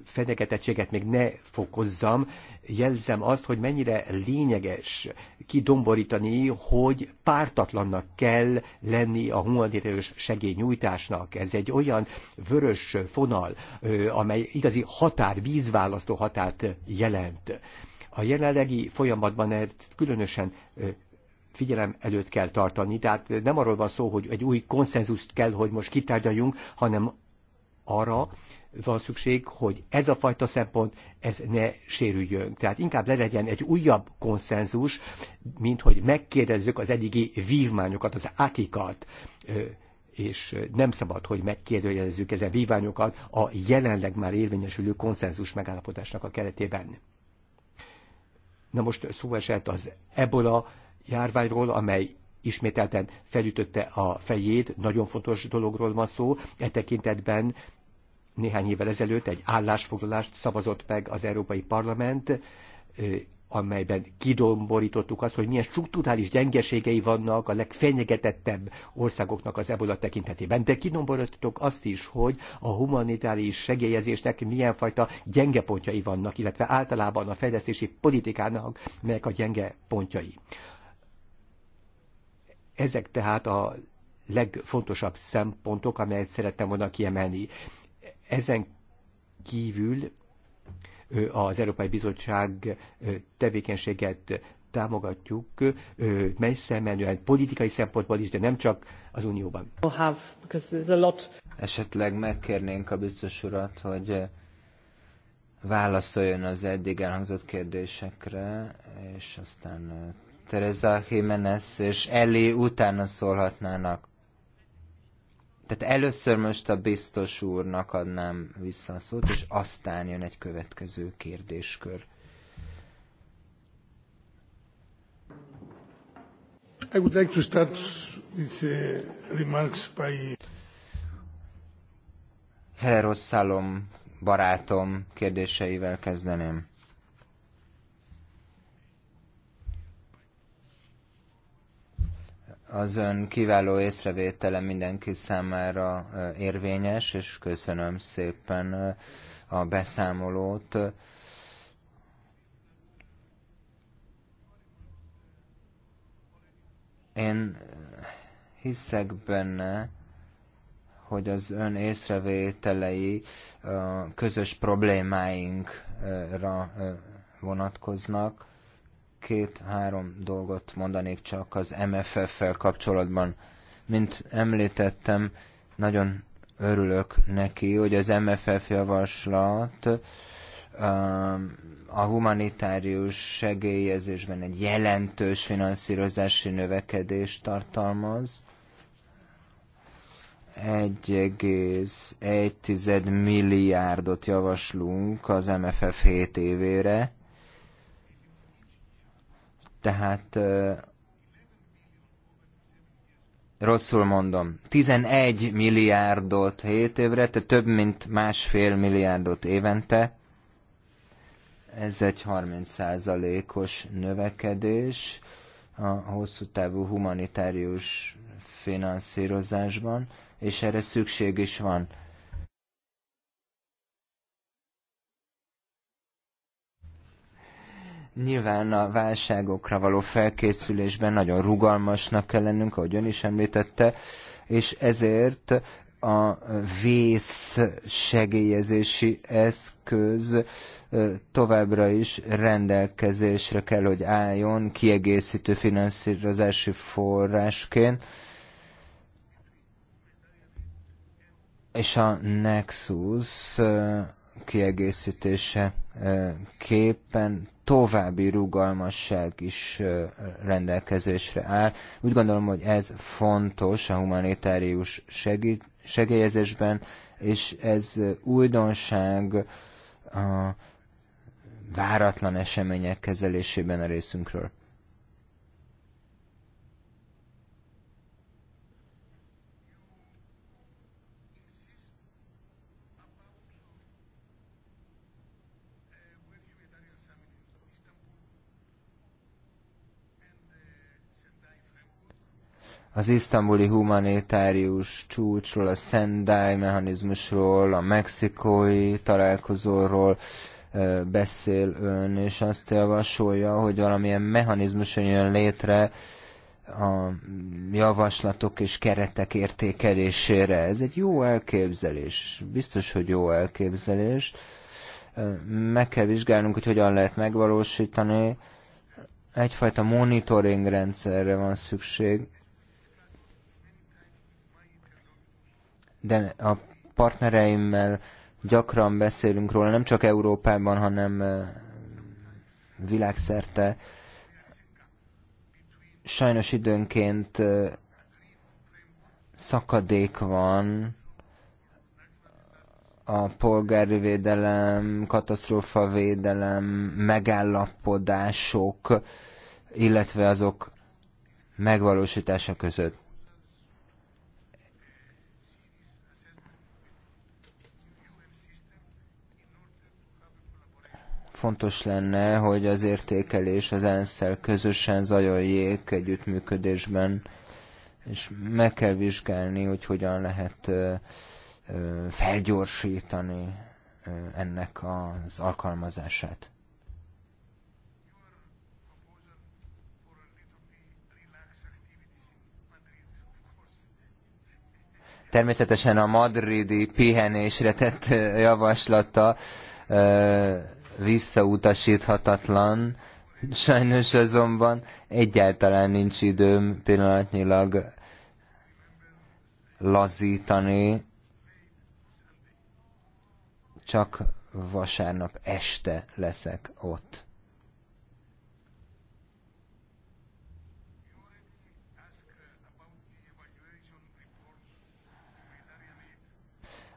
fenyegetettséget még ne fokozzam, jelzem azt, hogy mennyire lényeges kidomborítani, hogy pártatlannak kell lenni a humanitárius segélynyújtásnak. Ez egy olyan vörös fonal, amely igazi határ, vízválasztó határt jelent. A jelenlegi folyamatban ezt különösen figyelem előtt kell tartani. Tehát nem arról van szó, hogy egy új konszenzust kell, hogy most kitárgyaljunk, hanem arra, van szükség, hogy ez a fajta szempont ez ne sérüljön. Tehát inkább le legyen egy újabb konszenzus, mint hogy megkérdezzük az eddigi vívmányokat, az akikat, és nem szabad, hogy megkérdőjelezzük ezen vívmányokat a jelenleg már érvényesülő konszenzus megállapodásnak a keretében. Na most szó esett az ebola járványról, amely ismételten felütötte a fejét, nagyon fontos dologról van szó, e tekintetben néhány évvel ezelőtt egy állásfoglalást szavazott meg az Európai Parlament, amelyben kidomborítottuk azt, hogy milyen strukturális gyengeségei vannak a legfenyegetettebb országoknak az ebola tekintetében. De kidomborítottuk azt is, hogy a humanitárius segélyezésnek milyen fajta gyenge pontjai vannak, illetve általában a fejlesztési politikának melyek a gyenge pontjai. Ezek tehát a legfontosabb szempontok, amelyet szerettem volna kiemelni. Ezen kívül az Európai Bizottság tevékenységet támogatjuk, messze menően politikai szempontból is, de nem csak az Unióban. Esetleg megkérnénk a biztos urat, hogy válaszoljon az eddig elhangzott kérdésekre, és aztán Teresa Jiménez és Eli utána szólhatnának. Tehát először most a biztos úrnak adnám vissza a szót, és aztán jön egy következő kérdéskör. I would like to start with uh, remarks by... Herreros barátom kérdéseivel kezdeném. az ön kiváló észrevétele mindenki számára érvényes, és köszönöm szépen a beszámolót. Én hiszek benne, hogy az ön észrevételei közös problémáinkra vonatkoznak Két-három dolgot mondanék csak az MFF-fel kapcsolatban. Mint említettem, nagyon örülök neki, hogy az MFF javaslat um, a humanitárius segélyezésben egy jelentős finanszírozási növekedést tartalmaz. 1,1 milliárdot javaslunk az MFF 7 évére. Tehát rosszul mondom, 11 milliárdot 7 évre, tehát több mint másfél milliárdot évente. Ez egy 30%-os növekedés a hosszú távú humanitárius finanszírozásban, és erre szükség is van. Nyilván a válságokra való felkészülésben nagyon rugalmasnak kell lennünk, ahogy ön is említette, és ezért a vész segélyezési eszköz továbbra is rendelkezésre kell, hogy álljon kiegészítő finanszírozási forrásként, és a Nexus kiegészítése képen további rugalmasság is rendelkezésre áll. Úgy gondolom, hogy ez fontos a humanitárius segélyezésben, és ez újdonság a váratlan események kezelésében a részünkről. az isztambuli humanitárius csúcsról, a Sendai mechanizmusról, a mexikói találkozóról beszél ön, és azt javasolja, hogy valamilyen mechanizmus jön létre a javaslatok és keretek értékelésére. Ez egy jó elképzelés, biztos, hogy jó elképzelés. Meg kell vizsgálnunk, hogy hogyan lehet megvalósítani. Egyfajta monitoring rendszerre van szükség, de a partnereimmel gyakran beszélünk róla, nem csak Európában, hanem világszerte. Sajnos időnként szakadék van a polgári védelem, védelem, megállapodások, illetve azok megvalósítása között. Fontos lenne, hogy az értékelés az ensz közösen zajoljék együttműködésben, és meg kell vizsgálni, hogy hogyan lehet felgyorsítani ennek az alkalmazását. Természetesen a madridi pihenésre tett javaslata visszautasíthatatlan, sajnos azonban egyáltalán nincs időm pillanatnyilag lazítani, csak vasárnap este leszek ott.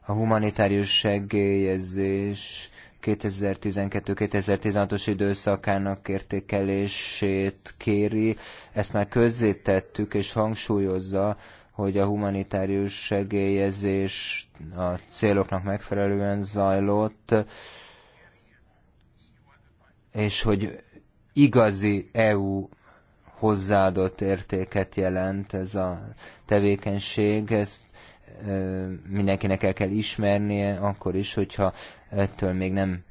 a humanitárius segélyezés 2012-2016-os időszakának értékelését kéri. Ezt már közzétettük és hangsúlyozza, hogy a humanitárius segélyezés a céloknak megfelelően zajlott, és hogy igazi EU hozzáadott értéket jelent ez a tevékenység, ezt mindenkinek el kell ismernie, akkor is, hogyha ettől még nem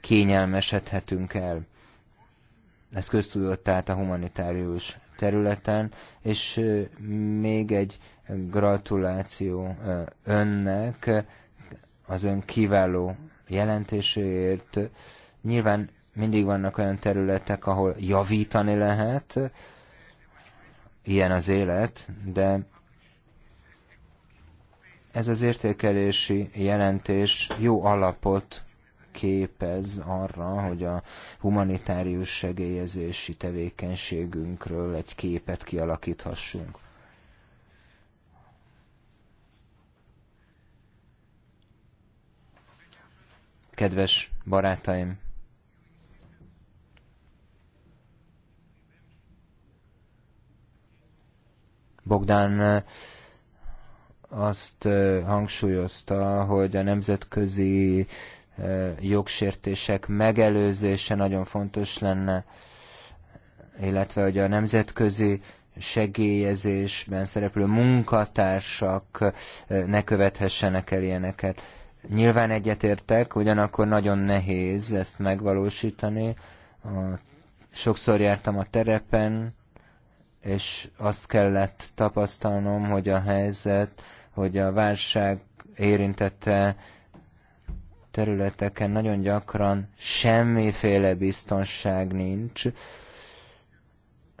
kényelmesedhetünk el. Ez köztudott tehát a humanitárius területen, és még egy gratuláció önnek az ön kiváló jelentéséért. Nyilván mindig vannak olyan területek, ahol javítani lehet, ilyen az élet, de ez az értékelési jelentés jó alapot képez arra, hogy a humanitárius segélyezési tevékenységünkről egy képet kialakíthassunk. Kedves barátaim! Bogdán azt hangsúlyozta, hogy a nemzetközi jogsértések megelőzése nagyon fontos lenne, illetve hogy a nemzetközi segélyezésben szereplő munkatársak ne követhessenek el ilyeneket. Nyilván egyetértek, ugyanakkor nagyon nehéz ezt megvalósítani. Sokszor jártam a terepen, és azt kellett tapasztalnom, hogy a helyzet hogy a válság érintette területeken nagyon gyakran semmiféle biztonság nincs,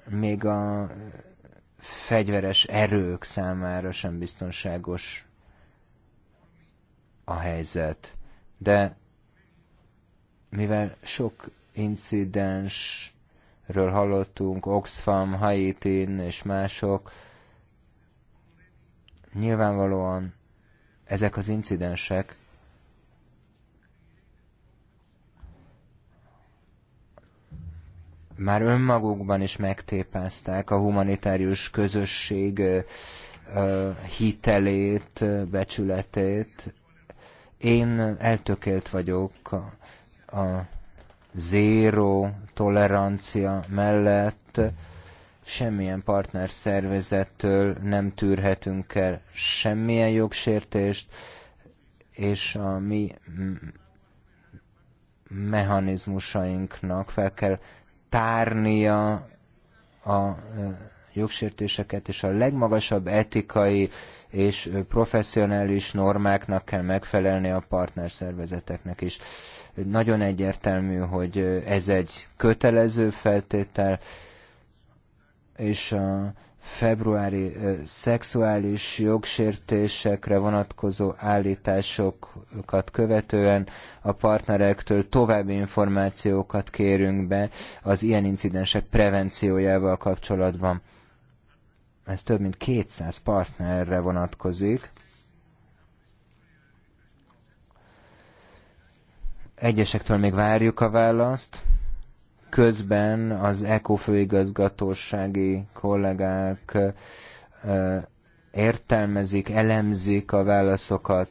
még a fegyveres erők számára sem biztonságos a helyzet. De mivel sok incidensről hallottunk, Oxfam, Haitin és mások, Nyilvánvalóan ezek az incidensek már önmagukban is megtépázták a humanitárius közösség hitelét, becsületét. Én eltökélt vagyok a, a zéró tolerancia mellett, semmilyen partner szervezettől nem tűrhetünk el semmilyen jogsértést, és a mi mechanizmusainknak fel kell tárnia a jogsértéseket, és a legmagasabb etikai és professzionális normáknak kell megfelelni a partnerszervezeteknek is. Nagyon egyértelmű, hogy ez egy kötelező feltétel, és a februári szexuális jogsértésekre vonatkozó állításokat követően a partnerektől további információkat kérünk be az ilyen incidensek prevenciójával kapcsolatban. Ez több mint 200 partnerre vonatkozik. Egyesektől még várjuk a választ Közben az ECO főigazgatósági kollégák értelmezik, elemzik a válaszokat,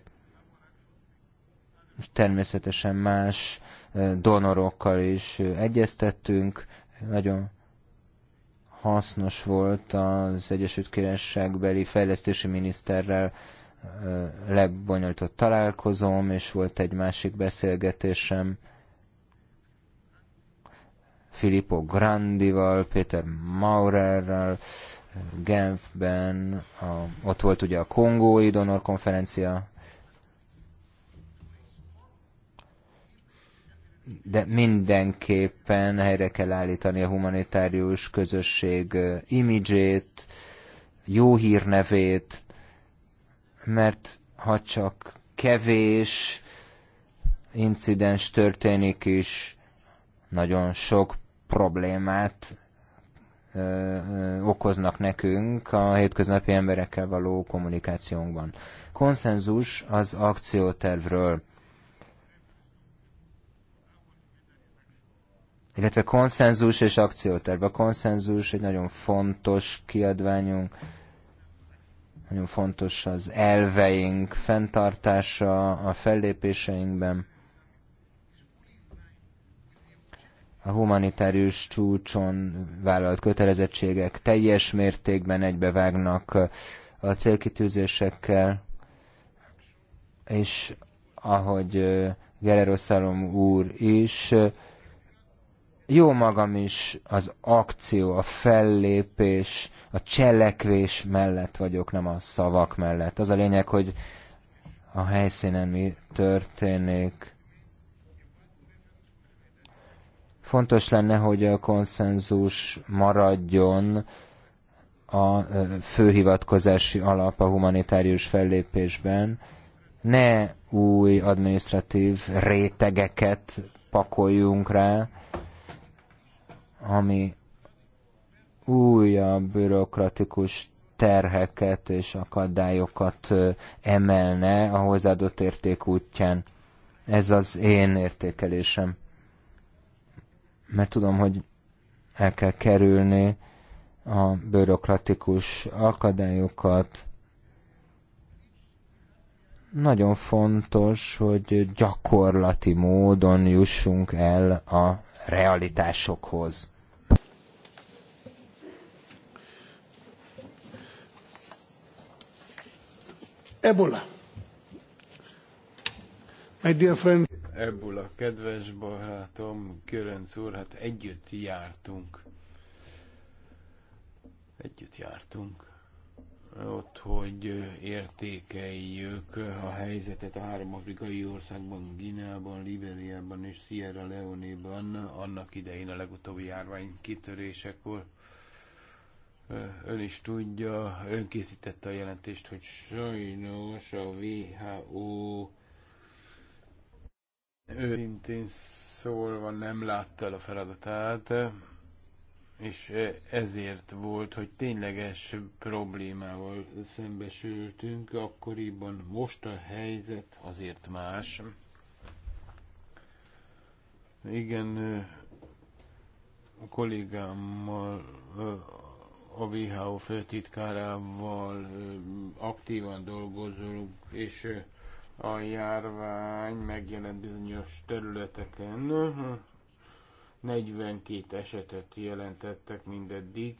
természetesen más donorokkal is egyeztettünk. Nagyon hasznos volt az Egyesült Királyságbeli fejlesztési miniszterrel lebonyolított találkozóm, és volt egy másik beszélgetésem Filippo Grandival, Peter Maurerrel, Genfben, a, ott volt ugye a kongói donorkonferencia, konferencia, de mindenképpen helyre kell állítani a humanitárius közösség imidzsét, jó hírnevét, mert ha csak kevés incidens történik is, nagyon sok problémát okoznak nekünk a hétköznapi emberekkel való kommunikációnkban. Konszenzus az akciótervről. Illetve konszenzus és akcióterv. A konszenzus egy nagyon fontos kiadványunk, nagyon fontos az elveink fenntartása a fellépéseinkben. a humanitárius csúcson vállalt kötelezettségek teljes mértékben egybevágnak a célkitűzésekkel, és ahogy Gerero Szalom úr is, jó magam is az akció, a fellépés, a cselekvés mellett vagyok, nem a szavak mellett. Az a lényeg, hogy a helyszínen mi történik. Fontos lenne, hogy a konszenzus maradjon a főhivatkozási alap a humanitárius fellépésben. Ne új administratív rétegeket pakoljunk rá, ami újabb bürokratikus terheket és akadályokat emelne a hozzáadott érték útján. Ez az én értékelésem mert tudom, hogy el kell kerülni a bürokratikus akadályokat. Nagyon fontos, hogy gyakorlati módon jussunk el a realitásokhoz. Ebola. My dear friend ebből a kedves barátom, Körenc úr, hát együtt jártunk. Együtt jártunk. Ott, hogy értékeljük a helyzetet a három afrikai országban, Gineában, Liberiában és Sierra Leone-ban, annak idején a legutóbbi járvány kitörésekor. Ön is tudja, ön készítette a jelentést, hogy sajnos a WHO őszintén szólva nem látta el a feladatát, és ezért volt, hogy tényleges problémával szembesültünk, akkoriban most a helyzet azért más. Igen, a kollégámmal, a WHO főtitkárával aktívan dolgozunk, és a járvány megjelent bizonyos területeken. 42 esetet jelentettek mindeddig,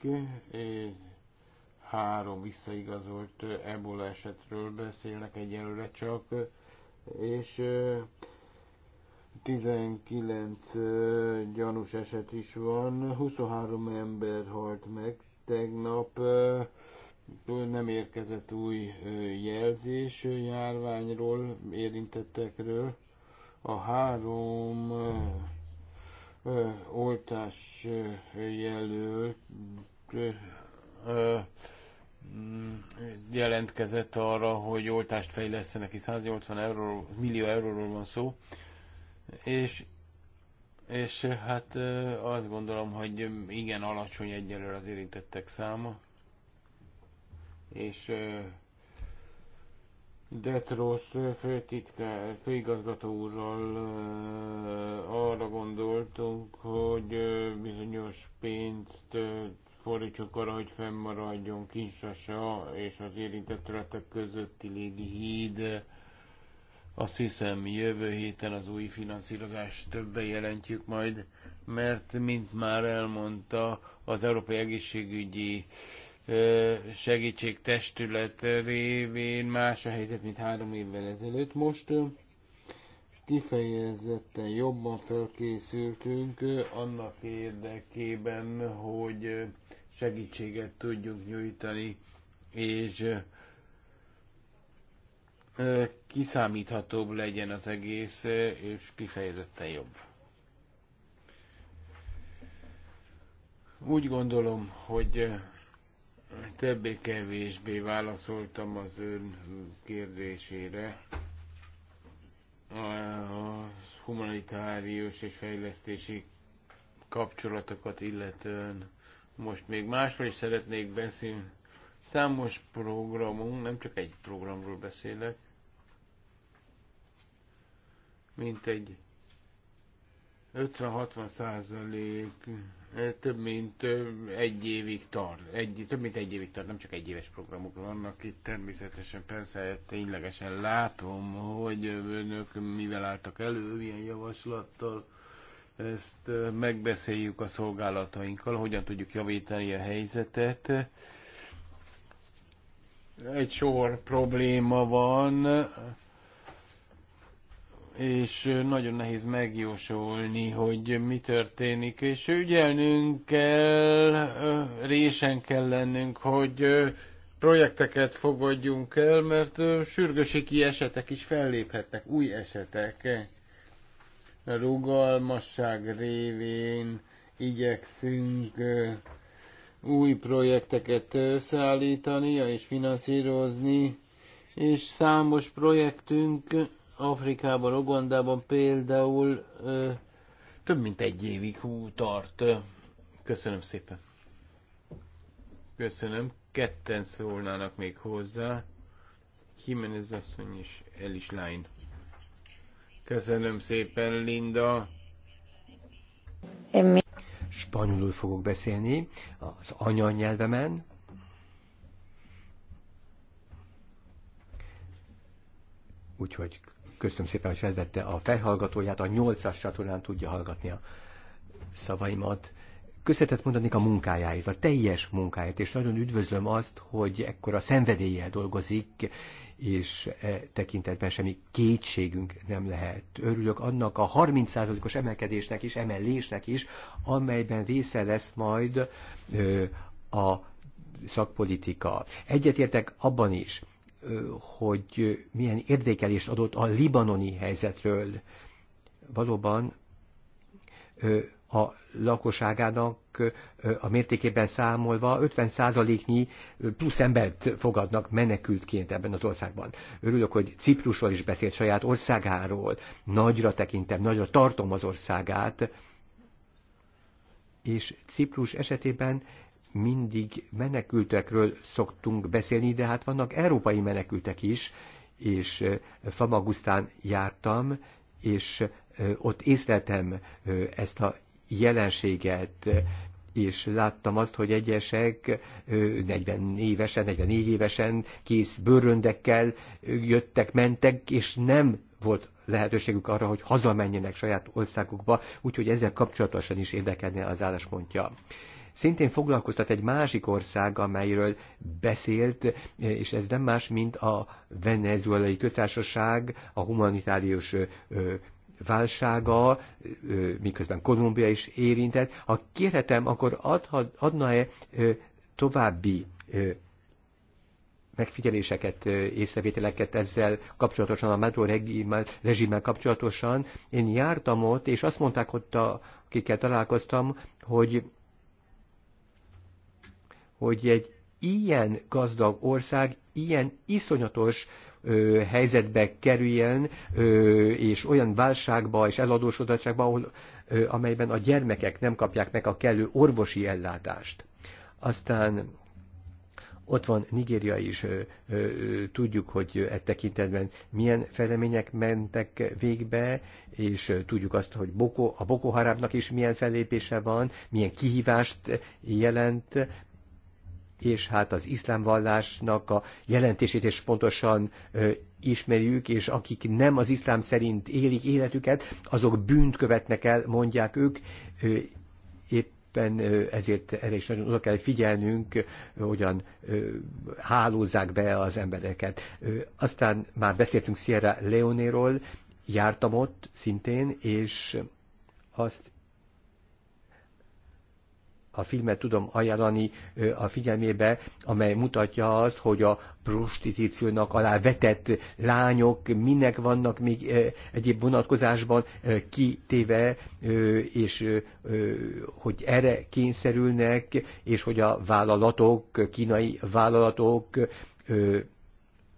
három visszaigazolt ebola esetről beszélnek egyelőre csak, és 19 gyanús eset is van, 23 ember halt meg tegnap, nem érkezett új jelzés járványról, érintettekről. A három oltás jelölt mm, jelentkezett arra, hogy oltást fejlesztenek, ki 180 euró, millió euróról van szó, és, és hát azt gondolom, hogy igen alacsony egyelőre az érintettek száma és Detros főigazgató úrral arra gondoltunk, hogy bizonyos pénzt fordítsuk arra, hogy fennmaradjon Kinsasa és az érintett területek közötti légi híd. Azt hiszem, jövő héten az új finanszírozást többen jelentjük majd, mert, mint már elmondta, az Európai Egészségügyi testület révén más a helyzet, mint három évvel ezelőtt. Most kifejezetten jobban felkészültünk annak érdekében, hogy segítséget tudjunk nyújtani, és kiszámíthatóbb legyen az egész, és kifejezetten jobb. Úgy gondolom, hogy többé-kevésbé válaszoltam az ön kérdésére. A humanitárius és fejlesztési kapcsolatokat illetően most még másról is szeretnék beszélni. Számos programunk, nem csak egy programról beszélek, mint egy 50-60 százalék több mint egy évig tart, egy, több mint egy évig tart, nem csak egy éves programok vannak itt, természetesen persze ténylegesen látom, hogy önök mivel álltak elő, milyen javaslattal, ezt megbeszéljük a szolgálatainkkal, hogyan tudjuk javítani a helyzetet. Egy sor probléma van, és nagyon nehéz megjósolni, hogy mi történik, és ügyelnünk kell, résen kell lennünk, hogy projekteket fogadjunk el, mert sürgősiki esetek is felléphetnek, új esetek. A rugalmasság révén igyekszünk új projekteket szállítani és finanszírozni, és számos projektünk Afrikában, Ugandában például ö, több mint egy évig hú tart. Köszönöm szépen. Köszönöm. Ketten szólnának még hozzá. Jimenez asszony és Elis Line. Köszönöm szépen, Linda. Spanyolul fogok beszélni, az anyanyelvemen. Úgyhogy Köszönöm szépen, hogy felvette a felhallgatóját, a nyolcas csatornán tudja hallgatni a szavaimat. Köszönetet mondanék a munkájáért, a teljes munkáért, és nagyon üdvözlöm azt, hogy ekkora szenvedéllyel dolgozik, és e tekintetben semmi kétségünk nem lehet. Örülök annak a 30%-os emelkedésnek is, emelésnek is, amelyben része lesz majd ö, a szakpolitika. Egyetértek abban is, hogy milyen érdékelést adott a libanoni helyzetről. Valóban a lakosságának a mértékében számolva 50%-nyi plusz embert fogadnak menekültként ebben az országban. Örülök, hogy Ciprusról is beszélt saját országáról. Nagyra tekintem, nagyra tartom az országát. És Ciprus esetében mindig menekültekről szoktunk beszélni, de hát vannak európai menekültek is, és Famagusztán jártam, és ott észleltem ezt a jelenséget, és láttam azt, hogy egyesek 40 évesen, 44 évesen kész bőröndekkel jöttek, mentek, és nem volt lehetőségük arra, hogy hazamenjenek saját országukba, úgyhogy ezzel kapcsolatosan is érdekelne az álláspontja szintén foglalkoztat egy másik ország, amelyről beszélt, és ez nem más, mint a venezuelai köztársaság, a humanitárius válsága, miközben Kolumbia is érintett. Ha kérhetem, akkor adna-e további megfigyeléseket, észrevételeket ezzel kapcsolatosan, a Maduro rezsimmel, rezsimmel kapcsolatosan. Én jártam ott, és azt mondták ott, a, akikkel találkoztam, hogy hogy egy ilyen gazdag ország ilyen iszonyatos ö, helyzetbe kerüljen, ö, és olyan válságba és eladósodatságba, ahol, ö, amelyben a gyermekek nem kapják meg a kellő orvosi ellátást. Aztán ott van Nigéria is, ö, ö, tudjuk, hogy e tekintetben milyen felemények mentek végbe, és tudjuk azt, hogy Boko, a Boko Haramnak is milyen fellépése van, milyen kihívást jelent, és hát az iszlám vallásnak a jelentését is pontosan ö, ismerjük, és akik nem az iszlám szerint élik életüket, azok bűnt követnek el, mondják ők, ö, éppen ö, ezért erre is nagyon oda kell figyelnünk, ö, hogyan ö, hálózzák be az embereket. Ö, aztán már beszéltünk Sierra Leonéról, jártam ott szintén, és azt a filmet tudom ajánlani a figyelmébe, amely mutatja azt, hogy a prostitúciónak alá vetett lányok minek vannak még egyéb vonatkozásban kitéve, és hogy erre kényszerülnek, és hogy a vállalatok, kínai vállalatok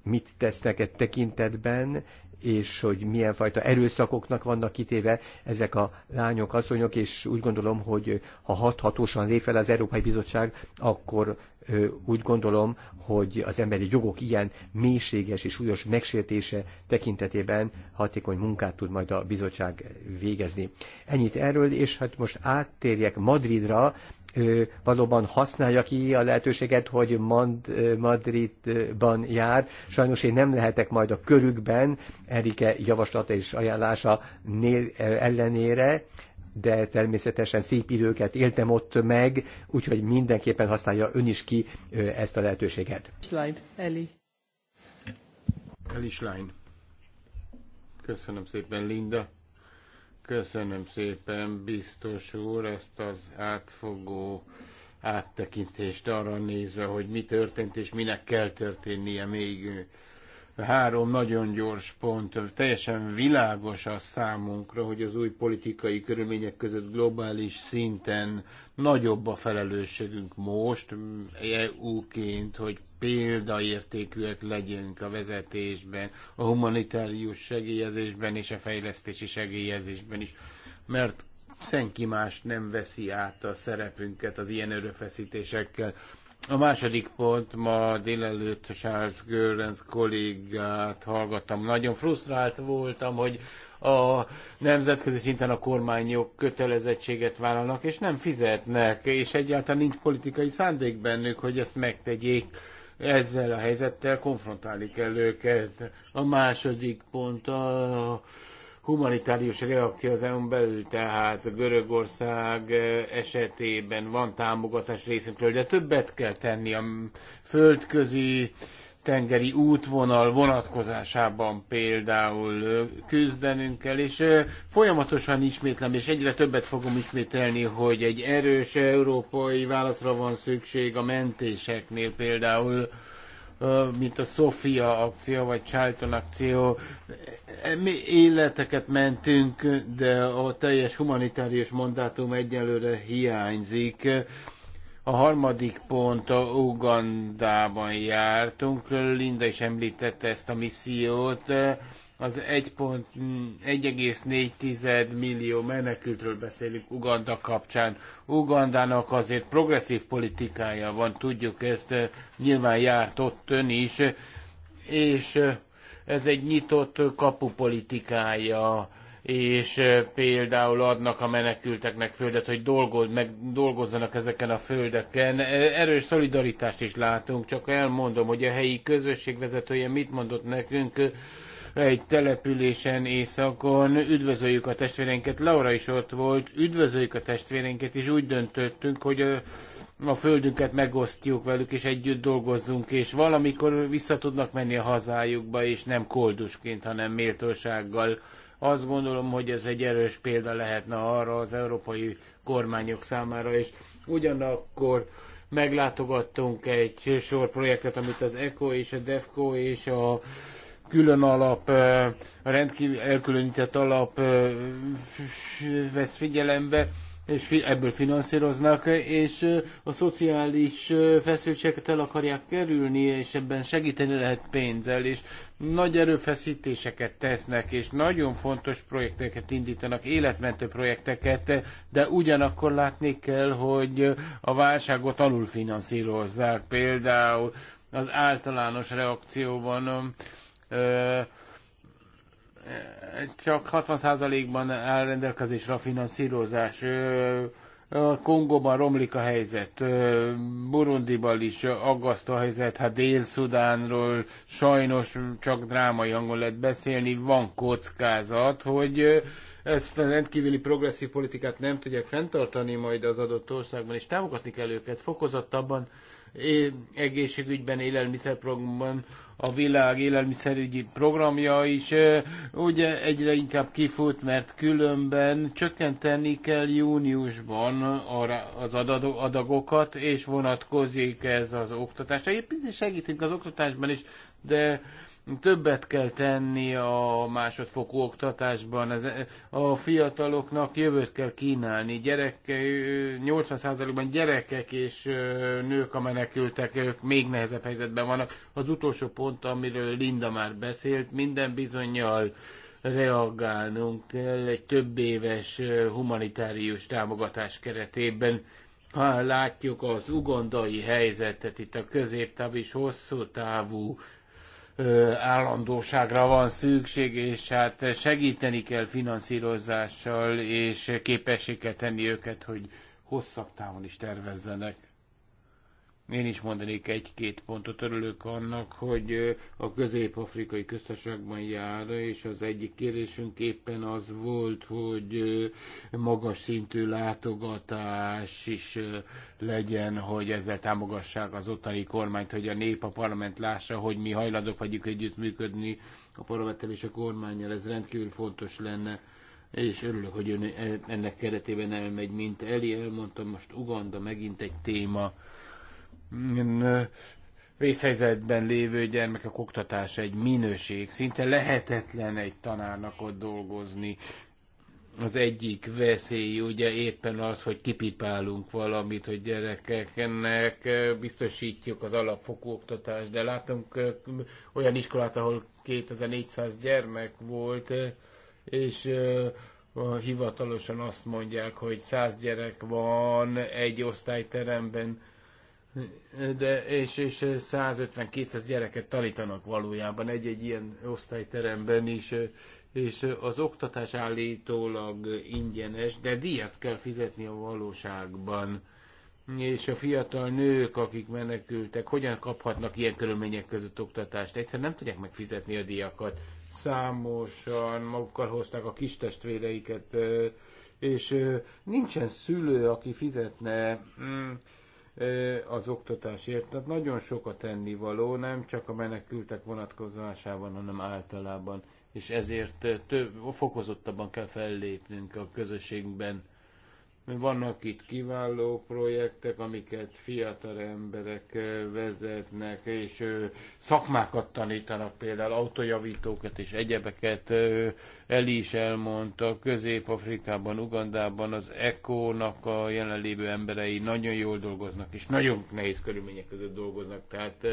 mit tesznek egy tekintetben, és hogy milyen fajta erőszakoknak vannak kitéve ezek a lányok, asszonyok, és úgy gondolom, hogy ha hathatósan lép fel az Európai Bizottság, akkor úgy gondolom, hogy az emberi jogok ilyen mélységes és súlyos megsértése tekintetében hatékony munkát tud majd a bizottság végezni. Ennyit erről, és hát most áttérjek Madridra, valóban használja ki a lehetőséget, hogy Madridban jár. Sajnos én nem lehetek majd a körükben Erike javaslata és ajánlása ellenére, de természetesen szép időket éltem ott meg, úgyhogy mindenképpen használja ön is ki ezt a lehetőséget. Slide, Eli. Eli Schlein. Köszönöm szépen, Linda. Köszönöm szépen, biztos úr, ezt az átfogó áttekintést arra nézve, hogy mi történt és minek kell történnie még Három nagyon gyors pont. Teljesen világos a számunkra, hogy az új politikai körülmények között globális szinten nagyobb a felelősségünk most EU-ként, hogy példaértékűek legyünk a vezetésben, a humanitárius segélyezésben és a fejlesztési segélyezésben is. Mert senki más nem veszi át a szerepünket az ilyen erőfeszítésekkel. A második pont, ma délelőtt Charles Görens kollégát hallgattam. Nagyon frusztrált voltam, hogy a nemzetközi szinten a kormányok kötelezettséget vállalnak, és nem fizetnek, és egyáltalán nincs politikai szándék bennük, hogy ezt megtegyék. Ezzel a helyzettel konfrontálni kell őket. A második pont a humanitárius reakció az EU-n belül, tehát Görögország eh, esetében van támogatás részünkről, de többet kell tenni a földközi tengeri útvonal vonatkozásában például eh, küzdenünk kell, és eh, folyamatosan ismétlem, és egyre többet fogom ismételni, hogy egy erős európai válaszra van szükség a mentéseknél például, mint a Sofia akció, vagy Charlton akció. Mi életeket mentünk, de a teljes humanitárius mandátum egyelőre hiányzik. A harmadik pont a Ugandában jártunk, Linda is említette ezt a missziót, az 1,4 millió menekültről beszélünk Uganda kapcsán. Ugandának azért progresszív politikája van, tudjuk ezt, eh, nyilván járt ott ön is, és eh, ez egy nyitott kapu politikája, és eh, például adnak a menekülteknek földet, hogy dolgoz, meg dolgozzanak ezeken a földeken. Erős szolidaritást is látunk, csak elmondom, hogy a helyi közösség vezetője mit mondott nekünk, egy településen északon. Üdvözöljük a testvéreinket, Laura is ott volt, üdvözöljük a testvéreinket, és úgy döntöttünk, hogy a, a földünket megosztjuk velük, és együtt dolgozzunk, és valamikor vissza tudnak menni a hazájukba, és nem koldusként, hanem méltósággal. Azt gondolom, hogy ez egy erős példa lehetne arra az európai kormányok számára, és ugyanakkor meglátogattunk egy sor projektet, amit az ECO és a DEFCO és a külön alap, a rendkívül elkülönített alap vesz figyelembe, és ebből finanszíroznak, és a szociális feszültségeket el akarják kerülni, és ebben segíteni lehet pénzzel, és nagy erőfeszítéseket tesznek, és nagyon fontos projekteket indítanak, életmentő projekteket, de ugyanakkor látni kell, hogy a válságot alulfinanszírozzák, például az általános reakcióban csak 60%-ban áll rendelkezésre a finanszírozás. Kongóban romlik a helyzet, Burundiban is aggasztó a helyzet, hát Dél-Szudánról sajnos csak drámai hangon lehet beszélni, van kockázat, hogy ezt a rendkívüli progresszív politikát nem tudják fenntartani majd az adott országban, és támogatni kell őket fokozottabban egészségügyben, élelmiszerprogramban, a világ élelmiszerügyi programja is ugye egyre inkább kifut, mert különben csökkenteni kell júniusban az adagokat, és vonatkozik ez az oktatásra. Épp segítünk az oktatásban is, de Többet kell tenni a másodfokú oktatásban, ez, a fiataloknak jövőt kell kínálni. Gyerekek, 80%-ban gyerekek és nők a menekültek, ők még nehezebb helyzetben vannak. Az utolsó pont, amiről Linda már beszélt, minden bizonyal reagálnunk kell egy több éves humanitárius támogatás keretében. Ha látjuk az ugandai helyzetet, itt a középtáv és hosszú távú állandóságra van szükség, és hát segíteni kell finanszírozással, és képessé kell tenni őket, hogy hosszabb távon is tervezzenek. Én is mondanék egy-két pontot. Örülök annak, hogy a közép-afrikai köztársaságban jár, és az egyik kérdésünk éppen az volt, hogy magas szintű látogatás is legyen, hogy ezzel támogassák az ottani kormányt, hogy a nép, a parlament lássa, hogy mi hajlandók vagyunk együttműködni a parlamenttel és a kormányjal. Ez rendkívül fontos lenne és örülök, hogy ön e-, ennek keretében elmegy, mint Eli elmondta, most Uganda megint egy téma, vészhelyzetben lévő gyermekek oktatása egy minőség. Szinte lehetetlen egy tanárnak ott dolgozni. Az egyik veszély ugye éppen az, hogy kipipálunk valamit, hogy gyerekeknek biztosítjuk az alapfokú oktatást, de látunk olyan iskolát, ahol 2400 gyermek volt, és hivatalosan azt mondják, hogy 100 gyerek van egy osztályteremben, de, és, és 150-200 gyereket tanítanak valójában egy-egy ilyen osztályteremben is, és az oktatás állítólag ingyenes, de díjat kell fizetni a valóságban. És a fiatal nők, akik menekültek, hogyan kaphatnak ilyen körülmények között oktatást? Egyszerűen nem tudják megfizetni a diakat. Számosan magukkal hozták a kis testvéreiket, és nincsen szülő, aki fizetne. Mm, az oktatásért. Tehát nagyon sok a tennivaló, nem csak a menekültek vonatkozásában, hanem általában. És ezért több, fokozottabban kell fellépnünk a közösségben. Vannak itt kiváló projektek, amiket fiatal emberek vezetnek, és szakmákat tanítanak, például autójavítókat és egyebeket. Eli is elmondta, Közép-Afrikában, Ugandában az ECO-nak a jelenlévő emberei nagyon jól dolgoznak, és nagyon nehéz körülmények között dolgoznak. Tehát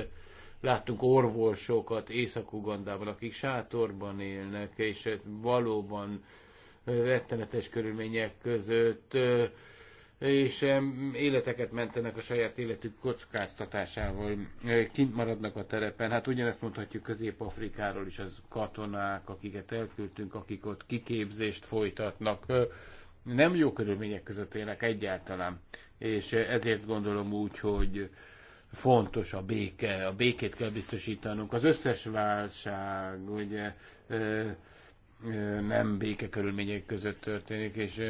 láttunk orvosokat Észak-Ugandában, akik sátorban élnek, és valóban rettenetes körülmények között, és életeket mentenek a saját életük kockáztatásával, kint maradnak a terepen. Hát ugyanezt mondhatjuk Közép-Afrikáról is, az katonák, akiket elküldtünk, akik ott kiképzést folytatnak, nem jó körülmények között élnek egyáltalán, és ezért gondolom úgy, hogy fontos a béke, a békét kell biztosítanunk. Az összes válság, ugye, nem béke körülmények között történik, és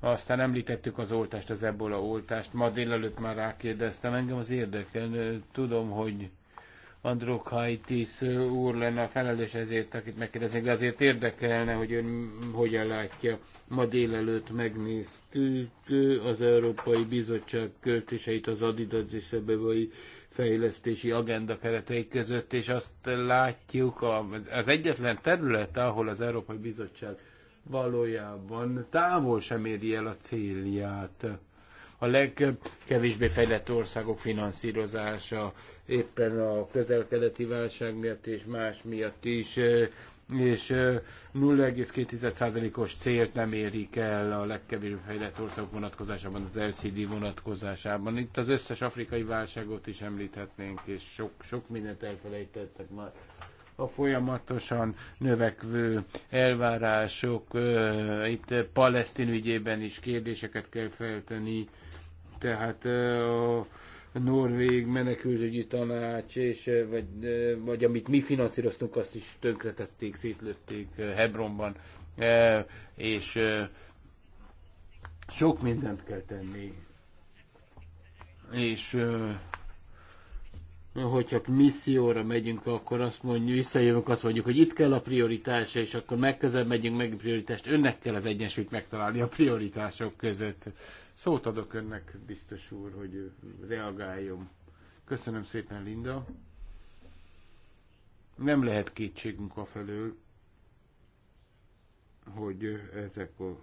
aztán említettük az oltást, az ebola oltást. Ma délelőtt már rákérdeztem, engem az érdekel. Tudom, hogy Haitis úr lenne a felelős ezért, akit megkérdeznék, de azért érdekelne, hogy ön hogyan látja. Ma délelőtt megnéztük az Európai Bizottság költéseit az Adidas és Bevai fejlesztési agenda keretei között, és azt látjuk, az egyetlen terület, ahol az Európai Bizottság valójában távol sem éri el a célját. A legkevésbé fejlett országok finanszírozása éppen a közel-keleti válság miatt és más miatt is és 0,2%-os célt nem érik el a legkevésbé fejlett országok vonatkozásában, az LCD vonatkozásában. Itt az összes afrikai válságot is említhetnénk, és sok, sok mindent elfelejtettek már. A folyamatosan növekvő elvárások, itt palesztin ügyében is kérdéseket kell feltenni, tehát norvég menekültügyi tanács, és, eh, vagy, eh, vagy amit mi finanszíroztunk, azt is tönkretették, szétlőtték eh, Hebronban, és sok mindent kell tenni. És hogyha misszióra megyünk, akkor azt mondjuk, visszajövünk, azt mondjuk, hogy itt kell a prioritás, és akkor megközelebb megyünk meg a prioritást. Önnek kell az egyensúlyt megtalálni a prioritások között. Szót adok önnek, biztos úr, hogy reagáljon. Köszönöm szépen, Linda. Nem lehet kétségünk a felől, hogy ezek a,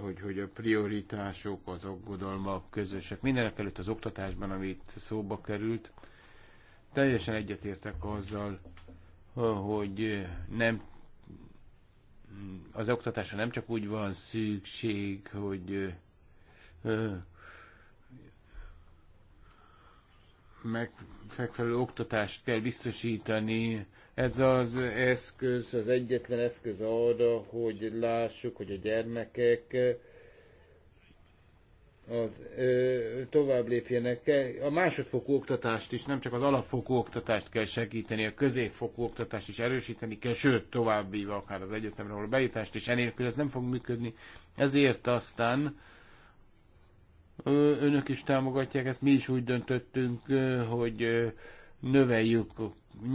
hogy, hogy a prioritások, az aggodalmak közösek. Mindenek előtt az oktatásban, amit szóba került, teljesen egyetértek azzal, hogy nem az oktatásra nem csak úgy van szükség, hogy megfelelő oktatást kell biztosítani. Ez az eszköz, az egyetlen eszköz arra, hogy lássuk, hogy a gyermekek az, ö, tovább lépjenek. A másodfokú oktatást is, nem csak az alapfokú oktatást kell segíteni, a középfokú oktatást is erősíteni kell, sőt, tovább akár az egyetemre való bejutást, és enélkül ez nem fog működni. Ezért aztán Önök is támogatják ezt, mi is úgy döntöttünk, hogy növeljük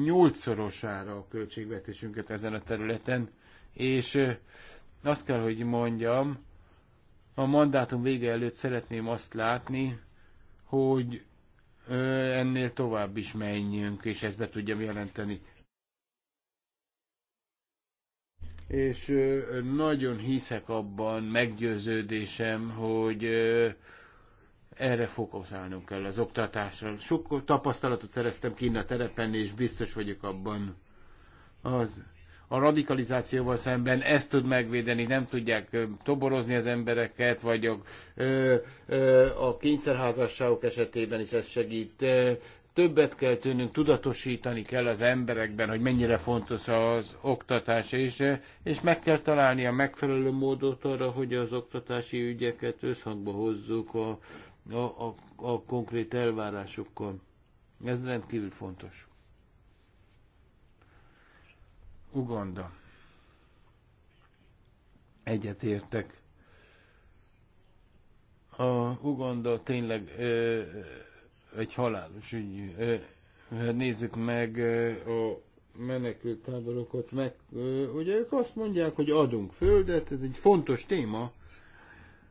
nyolcszorosára a költségvetésünket ezen a területen, és azt kell, hogy mondjam, a mandátum vége előtt szeretném azt látni, hogy ennél tovább is menjünk, és ezt be tudjam jelenteni. És nagyon hiszek abban, meggyőződésem, hogy erre fokozálnunk kell az oktatásra. Sok tapasztalatot szereztem kint a terepen, és biztos vagyok abban, az a radikalizációval szemben ezt tud megvédeni, nem tudják toborozni az embereket, vagy a, a kényszerházasságok esetében is ez segít. Többet kell tőlünk, tudatosítani kell az emberekben, hogy mennyire fontos az oktatás, és, és meg kell találni a megfelelő módot arra, hogy az oktatási ügyeket összhangba hozzuk a a, a, a konkrét elvárásokkal. Ez rendkívül fontos. Uganda. Egyetértek. A Uganda tényleg ö, egy halálos ügy. Hát nézzük meg ö, a menekült táborokat, meg ö, ugye ők azt mondják, hogy adunk földet, ez egy fontos téma,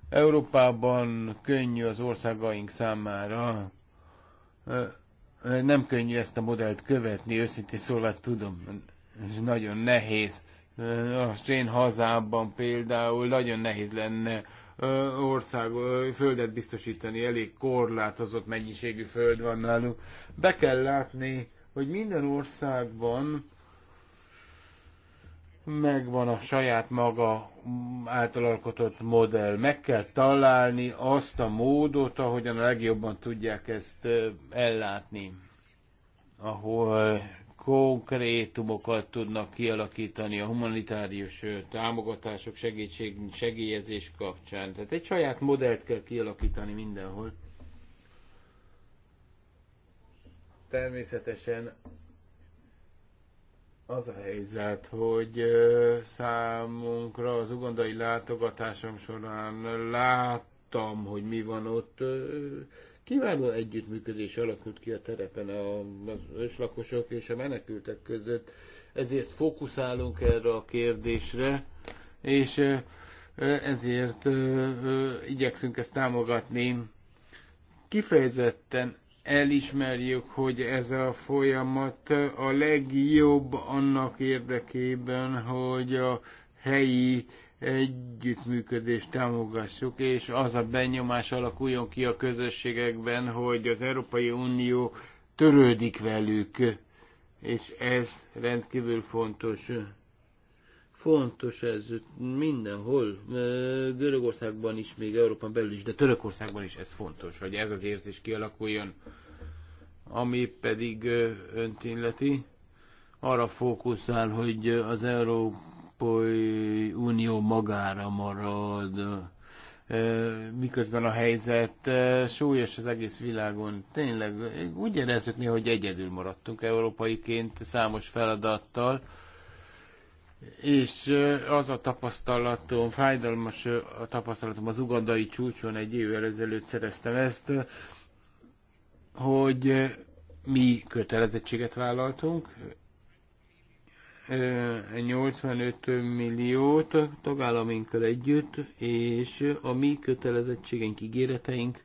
Európában könnyű az országaink számára, nem könnyű ezt a modellt követni, őszintén szólva tudom, nagyon nehéz. A én hazámban például nagyon nehéz lenne ország, földet biztosítani, elég korlátozott mennyiségű föld van nálunk. Be kell látni, hogy minden országban megvan a saját maga átalakított modell. Meg kell találni azt a módot, ahogyan a legjobban tudják ezt ellátni, ahol konkrétumokat tudnak kialakítani a humanitárius támogatások, segítség, segélyezés kapcsán. Tehát egy saját modellt kell kialakítani mindenhol. Természetesen az a helyzet, hogy számunkra az ugandai látogatásom során láttam, hogy mi van ott. Kiváló együttműködés alakult ki a terepen az őslakosok és a menekültek között, ezért fókuszálunk erre a kérdésre, és ezért igyekszünk ezt támogatni. Kifejezetten elismerjük, hogy ez a folyamat a legjobb annak érdekében, hogy a helyi együttműködést támogassuk, és az a benyomás alakuljon ki a közösségekben, hogy az Európai Unió törődik velük, és ez rendkívül fontos. Fontos ez mindenhol, Görögországban is, még Európán belül is, de Törökországban is ez fontos, hogy ez az érzés kialakuljon. Ami pedig önt illeti, arra fókuszál, hogy az Európai Unió magára marad, miközben a helyzet súlyos az egész világon. Tényleg úgy érezzük mi, hogy egyedül maradtunk európaiként számos feladattal, és az a tapasztalatom, fájdalmas a tapasztalatom az ugandai csúcson egy évvel ezelőtt szereztem ezt, hogy mi kötelezettséget vállaltunk, 85 milliót tagállaminkkal együtt, és a mi kötelezettségeink, ígéreteink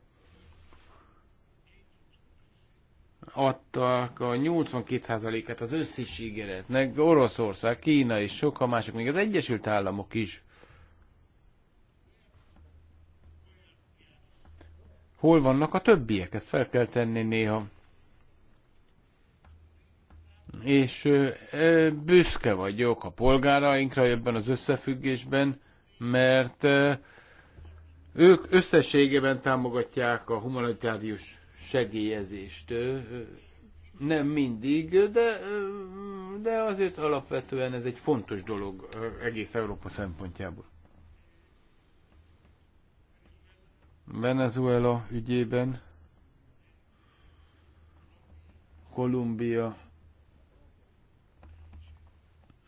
adtak a 82 et az összes ígéretnek, Oroszország, Kína és sokan mások, még az Egyesült Államok is. Hol vannak a többiek? Ezt fel kell tenni néha. És ö, ö, büszke vagyok a polgárainkra ebben az összefüggésben, mert ö, ők összességében támogatják a humanitárius segélyezést. Nem mindig, de, de azért alapvetően ez egy fontos dolog egész Európa szempontjából. Venezuela ügyében, Kolumbia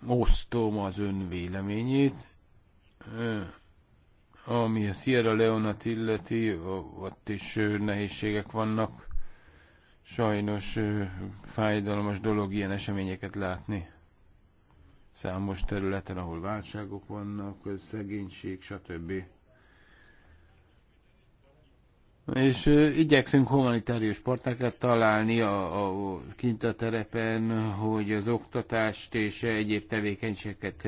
osztom az ön véleményét. Ami a Sierra Leonat illeti, ott is nehézségek vannak. Sajnos fájdalmas dolog ilyen eseményeket látni. Számos területen, ahol válságok vannak, szegénység, stb. És igyekszünk humanitárius partnereket találni a, a, kint a terepen, hogy az oktatást és egyéb tevékenységeket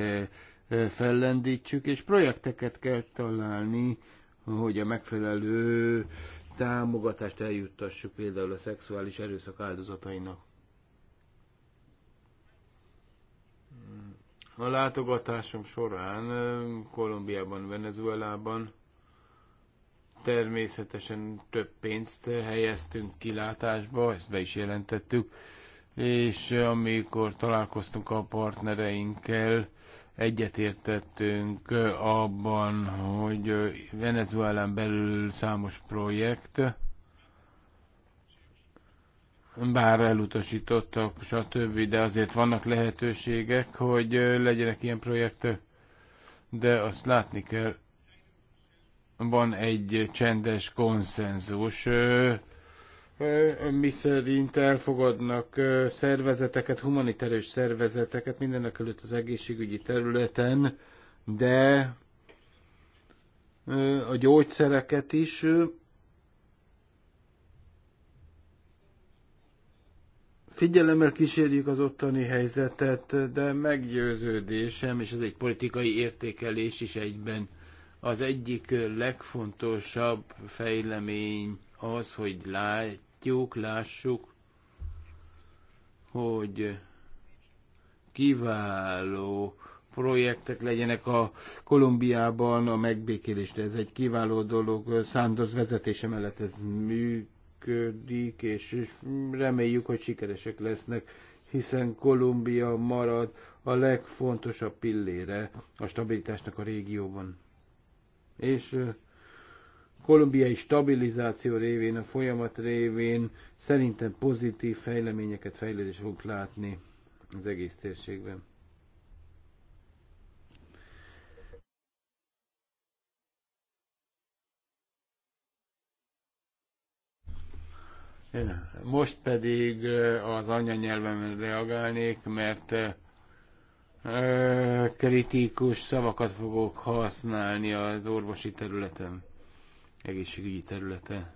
fellendítsük, és projekteket kell találni, hogy a megfelelő támogatást eljuttassuk például a szexuális erőszak áldozatainak. A látogatásom során Kolumbiában, Venezuelában természetesen több pénzt helyeztünk kilátásba, ezt be is jelentettük, és amikor találkoztunk a partnereinkkel, egyetértettünk abban, hogy Venezuelán belül számos projekt, bár elutasítottak, stb., de azért vannak lehetőségek, hogy legyenek ilyen projektek, de azt látni kell, van egy csendes konszenzus, mi szerint elfogadnak szervezeteket, humanitárius szervezeteket, mindenek előtt az egészségügyi területen, de a gyógyszereket is. Figyelemmel kísérjük az ottani helyzetet, de meggyőződésem, és ez egy politikai értékelés is egyben, az egyik legfontosabb fejlemény az, hogy lát, látjuk, lássuk, hogy kiváló projektek legyenek a Kolumbiában a megbékélésre. Ez egy kiváló dolog. Sándor vezetése mellett ez működik, és, és reméljük, hogy sikeresek lesznek, hiszen Kolumbia marad a legfontosabb pillére a stabilitásnak a régióban. És kolumbiai stabilizáció révén, a folyamat révén szerintem pozitív fejleményeket, fejlődést fogunk látni az egész térségben. Most pedig az anyanyelven reagálnék, mert kritikus szavakat fogok használni az orvosi területen egészségügyi területe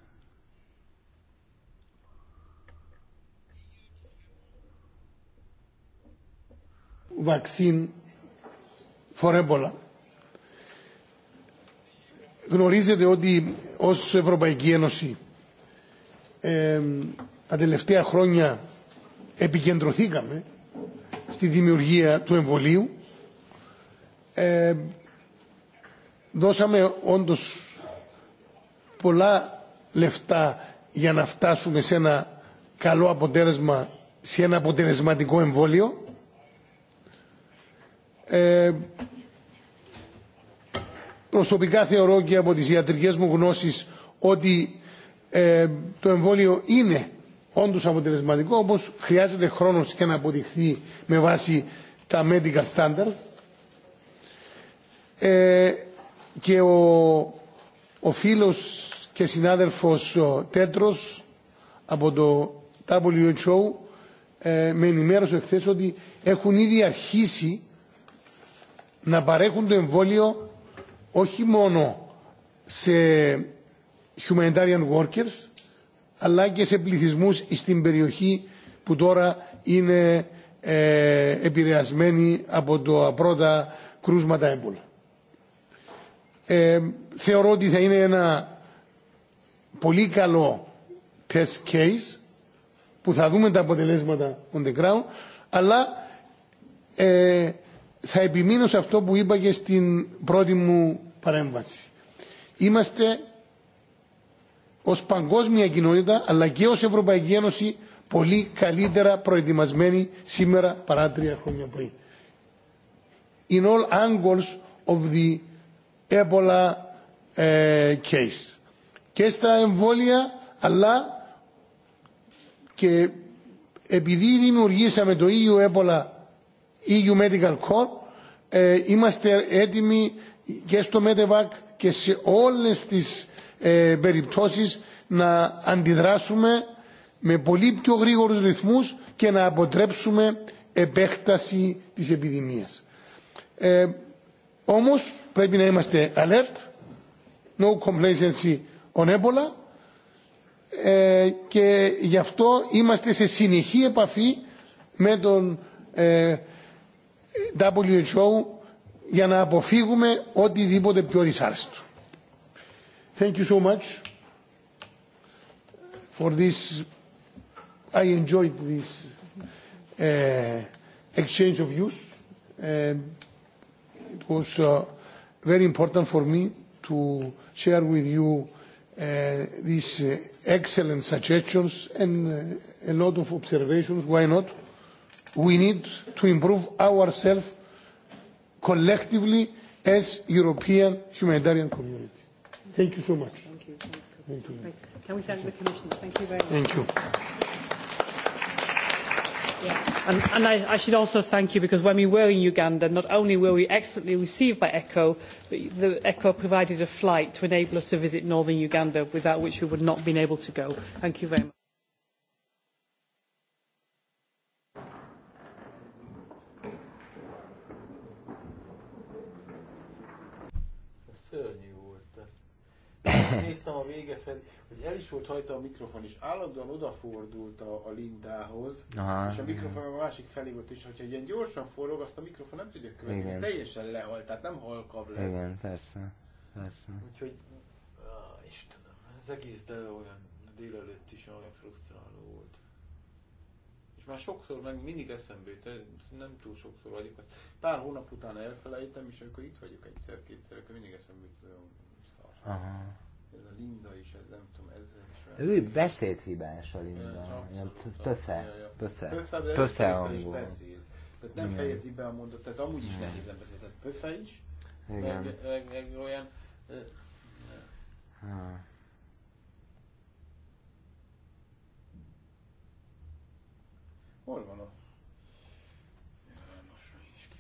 vaccin for Ebola. Γνωρίζετε ότι ως Ευρωπαϊκή Ένωση ε, τα τελευταία χρόνια επικεντρωθήκαμε στη δημιουργία του εμβολίου. Ε, δώσαμε όντως πολλά λεφτά για να φτάσουμε σε ένα καλό αποτέλεσμα, σε ένα αποτελεσματικό εμβόλιο. Ε, προσωπικά θεωρώ και από τις ιατρικές μου γνώσεις ότι ε, το εμβόλιο είναι όντως αποτελεσματικό, όπως χρειάζεται χρόνος και να αποδειχθεί με βάση τα medical standards. Ε, και ο, ο φίλος και συνάδελφος Τέτρος από το WHO με ενημέρωσε εχθέ ότι έχουν ήδη αρχίσει να παρέχουν το εμβόλιο όχι μόνο σε humanitarian workers αλλά και σε πληθυσμούς στην περιοχή που τώρα είναι ε, επηρεασμένη από τα πρώτα κρούσματα έμπολα. Ε, θεωρώ ότι θα είναι ένα πολύ καλό test case που θα δούμε τα αποτελέσματα on the ground αλλά ε, θα επιμείνω σε αυτό που είπα και στην πρώτη μου παρέμβαση. Είμαστε ως παγκόσμια κοινότητα αλλά και ως Ευρωπαϊκή Ένωση πολύ καλύτερα προετοιμασμένοι σήμερα παρά τρία χρόνια πριν. In all angles of the Ebola uh, case και στα εμβόλια αλλά και επειδή δημιουργήσαμε το EU Ebola EU Medical Corp, ε, είμαστε έτοιμοι και στο ΜΕΤΕΒΑΚ και σε όλες τις ε, περιπτώσεις να αντιδράσουμε με πολύ πιο γρήγορους ρυθμούς και να αποτρέψουμε επέκταση της επιδημίας. Ε, όμως πρέπει να είμαστε alert, no complacency τον έμπολα ε, και γι' αυτό είμαστε σε συνεχή επαφή με τον ε, WHO για να αποφύγουμε οτιδήποτε πιο δυσάρεστο. Thank you so much for this. I enjoyed this uh, exchange of views. Uh, it was uh, very important for me to share with you these excellent suggestions and a lot of observations. Why not? We need to improve ourselves collectively as European humanitarian community. Thank you so much. Thank you. Thank you. Thank you. Can we thank the Commissioner? Thank you very much. Thank you. And, and I, I should also thank you because when we were in Uganda, not only were we excellently received by ECHO, but the ECHO provided a flight to enable us to visit northern Uganda, without which we would not have been able to go. Thank you very much. néztem a vége felé, hogy el is volt hajta a mikrofon, és állandóan odafordult a, a Lindához, Aha, és a mikrofon igen. a másik felé volt is, hogyha ilyen gyorsan forog, azt a mikrofon nem tudja követni, igen. teljesen lehalt, tehát nem halkabb lesz. Igen, persze, persze. Úgyhogy, á, Istenem, az egész de olyan délelőtt is olyan frusztráló volt. És már sokszor, meg mindig eszembe jut, nem túl sokszor vagyok, azt pár hónap után elfelejtem, és amikor itt vagyok egyszer-kétszer, akkor mindig eszembe jut az olyan szar. Aha. Ez a Linda is, ez nem tudom, ezzel is Ő beszédhibás a Linda. Ilyen pöfe, pöfe, pöfe angol. Tehát nem fejezi be a mondatot, tehát amúgy is nehéz nem beszél, tehát pöfe is, Igen. Meg, olyan... Hol van a... Most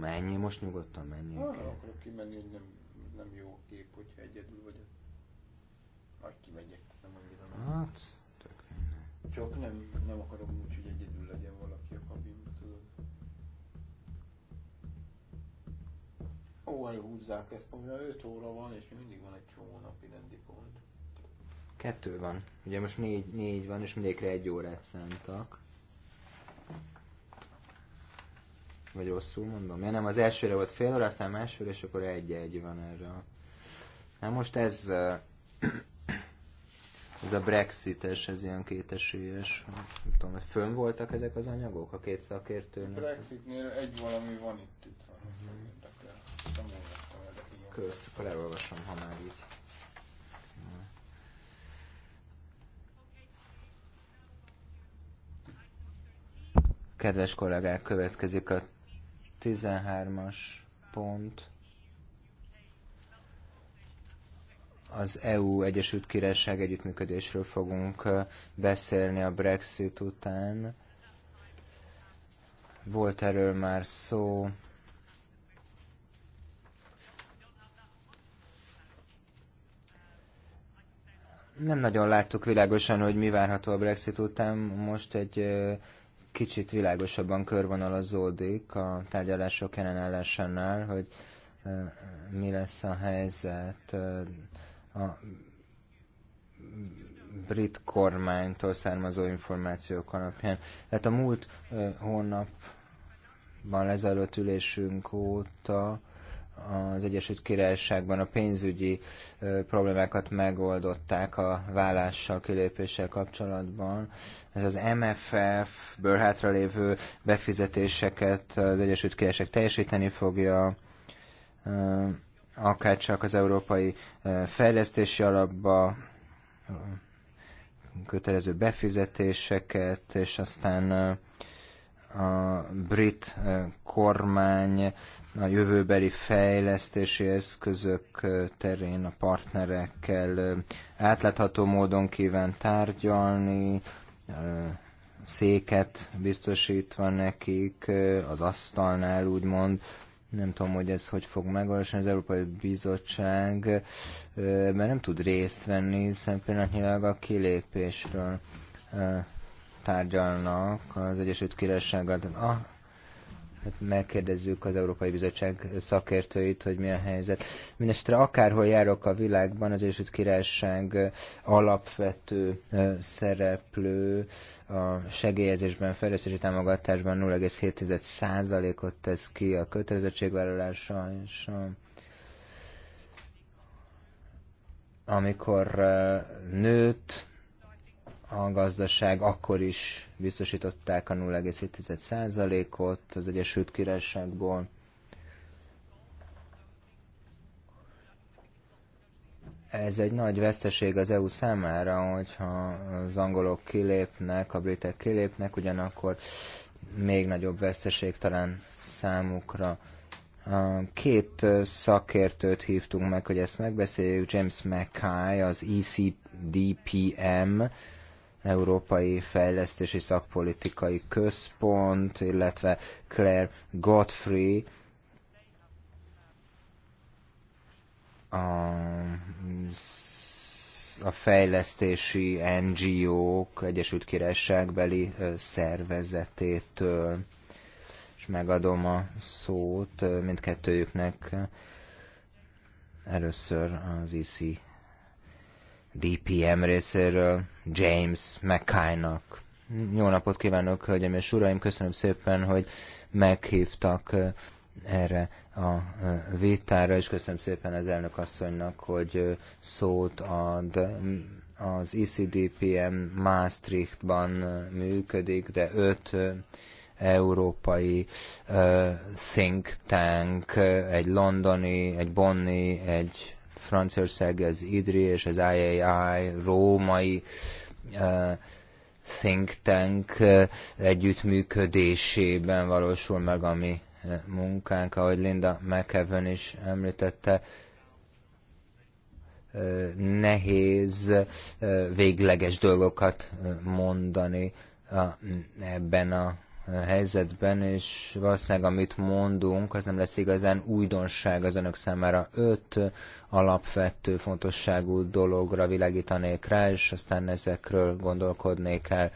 Menjél, most nyugodtan menjél. Ah, akarok kimenni, hogy nem nem jó kép, hogyha egyedül vagyok. Majd kimegyek, nem annyira. Hát, tök Csak nem, nem akarom úgy, hogy egyedül legyen valaki a kabinban, tudod. Ó, húzzák ezt, mivel 5 óra van, és mindig van egy csomó napi rendi pont. Kettő van. Ugye most négy, négy van, és mindegyikre egy órát szántak. vagy rosszul mondom. Ja, nem, az elsőre volt fél óra, aztán másfél, és akkor egy-egy van erre. Na most ez, ez a Brexites, ez ilyen kétesélyes. Nem tudom, hogy fönn voltak ezek az anyagok a két szakértőnek? Brexitnél egy valami van itt, itt van, Kösz, akkor elolvasom, ha már így. kedves kollégák, következik a 13-as pont az EU Egyesült Királyság együttműködésről fogunk beszélni a Brexit után. Volt erről már szó. Nem nagyon láttuk világosan, hogy mi várható a Brexit után. Most egy kicsit világosabban körvonalazódik a tárgyalások ellenállásánál, hogy mi lesz a helyzet a brit kormánytól származó információk alapján. Tehát a múlt hónapban lezajlott ülésünk óta az Egyesült Királyságban a pénzügyi problémákat megoldották a vállással, kilépéssel kapcsolatban. Ez az MFF-ből hátralévő befizetéseket az Egyesült Királyság teljesíteni fogja, csak az Európai Fejlesztési Alapba kötelező befizetéseket, és aztán a brit eh, kormány a jövőbeli fejlesztési eszközök eh, terén a partnerekkel eh, átlátható módon kíván tárgyalni, széket biztosítva nekik az asztalnál, úgymond, nem tudom, hogy ez hogy fog megvalósulni, az Európai Bizottság mert nem tud részt venni, hiszen pillanatnyilag a kilépésről tárgyalnak az Egyesült Királysággal. Ah, hát megkérdezzük az Európai Bizottság szakértőit, hogy mi a helyzet. Mindenesetre akárhol járok a világban, az Egyesült Királyság alapvető szereplő a segélyezésben, fejlesztési támogatásban 0,7%-ot tesz ki a kötelezettségvállalása, és a amikor nőtt a gazdaság akkor is biztosították a 0,7%-ot az Egyesült Királyságból. Ez egy nagy veszteség az EU számára, hogyha az angolok kilépnek, a britek kilépnek, ugyanakkor még nagyobb veszteség talán számukra. Két szakértőt hívtunk meg, hogy ezt megbeszéljük, James Mackay, az ECDPM, Európai Fejlesztési Szakpolitikai Központ, illetve Claire Godfrey, a, a fejlesztési NGO-k, Egyesült Királyságbeli szervezetétől, és megadom a szót mindkettőjüknek először az ICI DPM részéről, James McKay-nak. Jó napot kívánok, hölgyeim és uraim, köszönöm szépen, hogy meghívtak erre a vitára, és köszönöm szépen az elnök asszonynak, hogy szót ad az ICDPM e Maastrichtban működik, de öt európai uh, think tank, egy londoni, egy bonni, egy Franciaország az IDRI és az IAI római uh, think tank uh, együttműködésében valósul meg a mi uh, munkánk, ahogy Linda McEwen is említette, nehéz végleges dolgokat mondani ebben a helyzetben, és valószínűleg amit mondunk, az nem lesz igazán újdonság az önök számára. Öt alapvető fontosságú dologra világítanék rá, és aztán ezekről gondolkodnék el.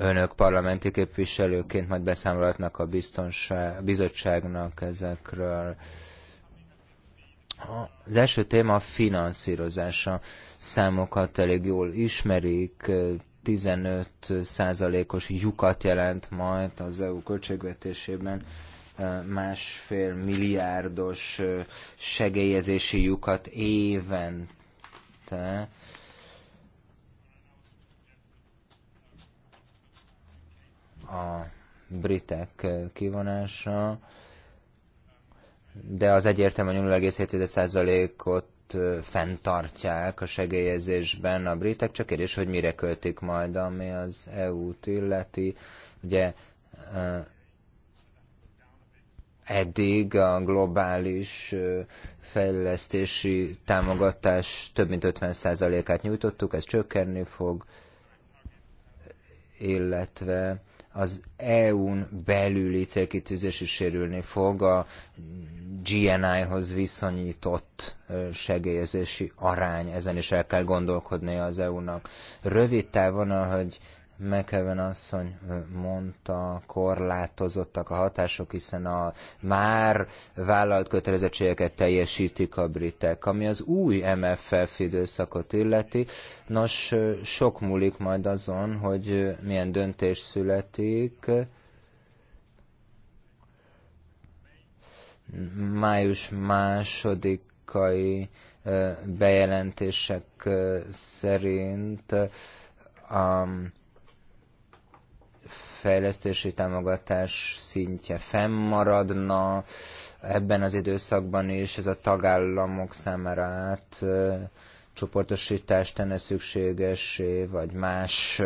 önök parlamenti képviselőként majd beszámolhatnak a bizottságnak ezekről. Az első téma a finanszírozása számokat elég jól ismerik, 15 százalékos lyukat jelent majd az EU költségvetésében, másfél milliárdos segélyezési lyukat évente. A britek kivonása, de az egyértelműen 0,7%-ot szerepét fenntartják a segélyezésben a britek, csak kérdés, hogy mire költik majd, ami az EU-t illeti. Ugye eddig a globális fejlesztési támogatás több mint 50%-át nyújtottuk, ez csökkenni fog, illetve az EU-n belüli célkitűzés is sérülni fog a GNI-hoz viszonyított segélyezési arány, ezen is el kell gondolkodnia az EU-nak. Rövid távon, ahogy McEwen asszony mondta, korlátozottak a hatások, hiszen a már vállalt kötelezettségeket teljesítik a britek. Ami az új MFF időszakot illeti, nos, sok múlik majd azon, hogy milyen döntés születik, május másodikai bejelentések szerint um, fejlesztési támogatás szintje fennmaradna ebben az időszakban is, ez a tagállamok számára át csoportosítást tenne szükségesé, vagy más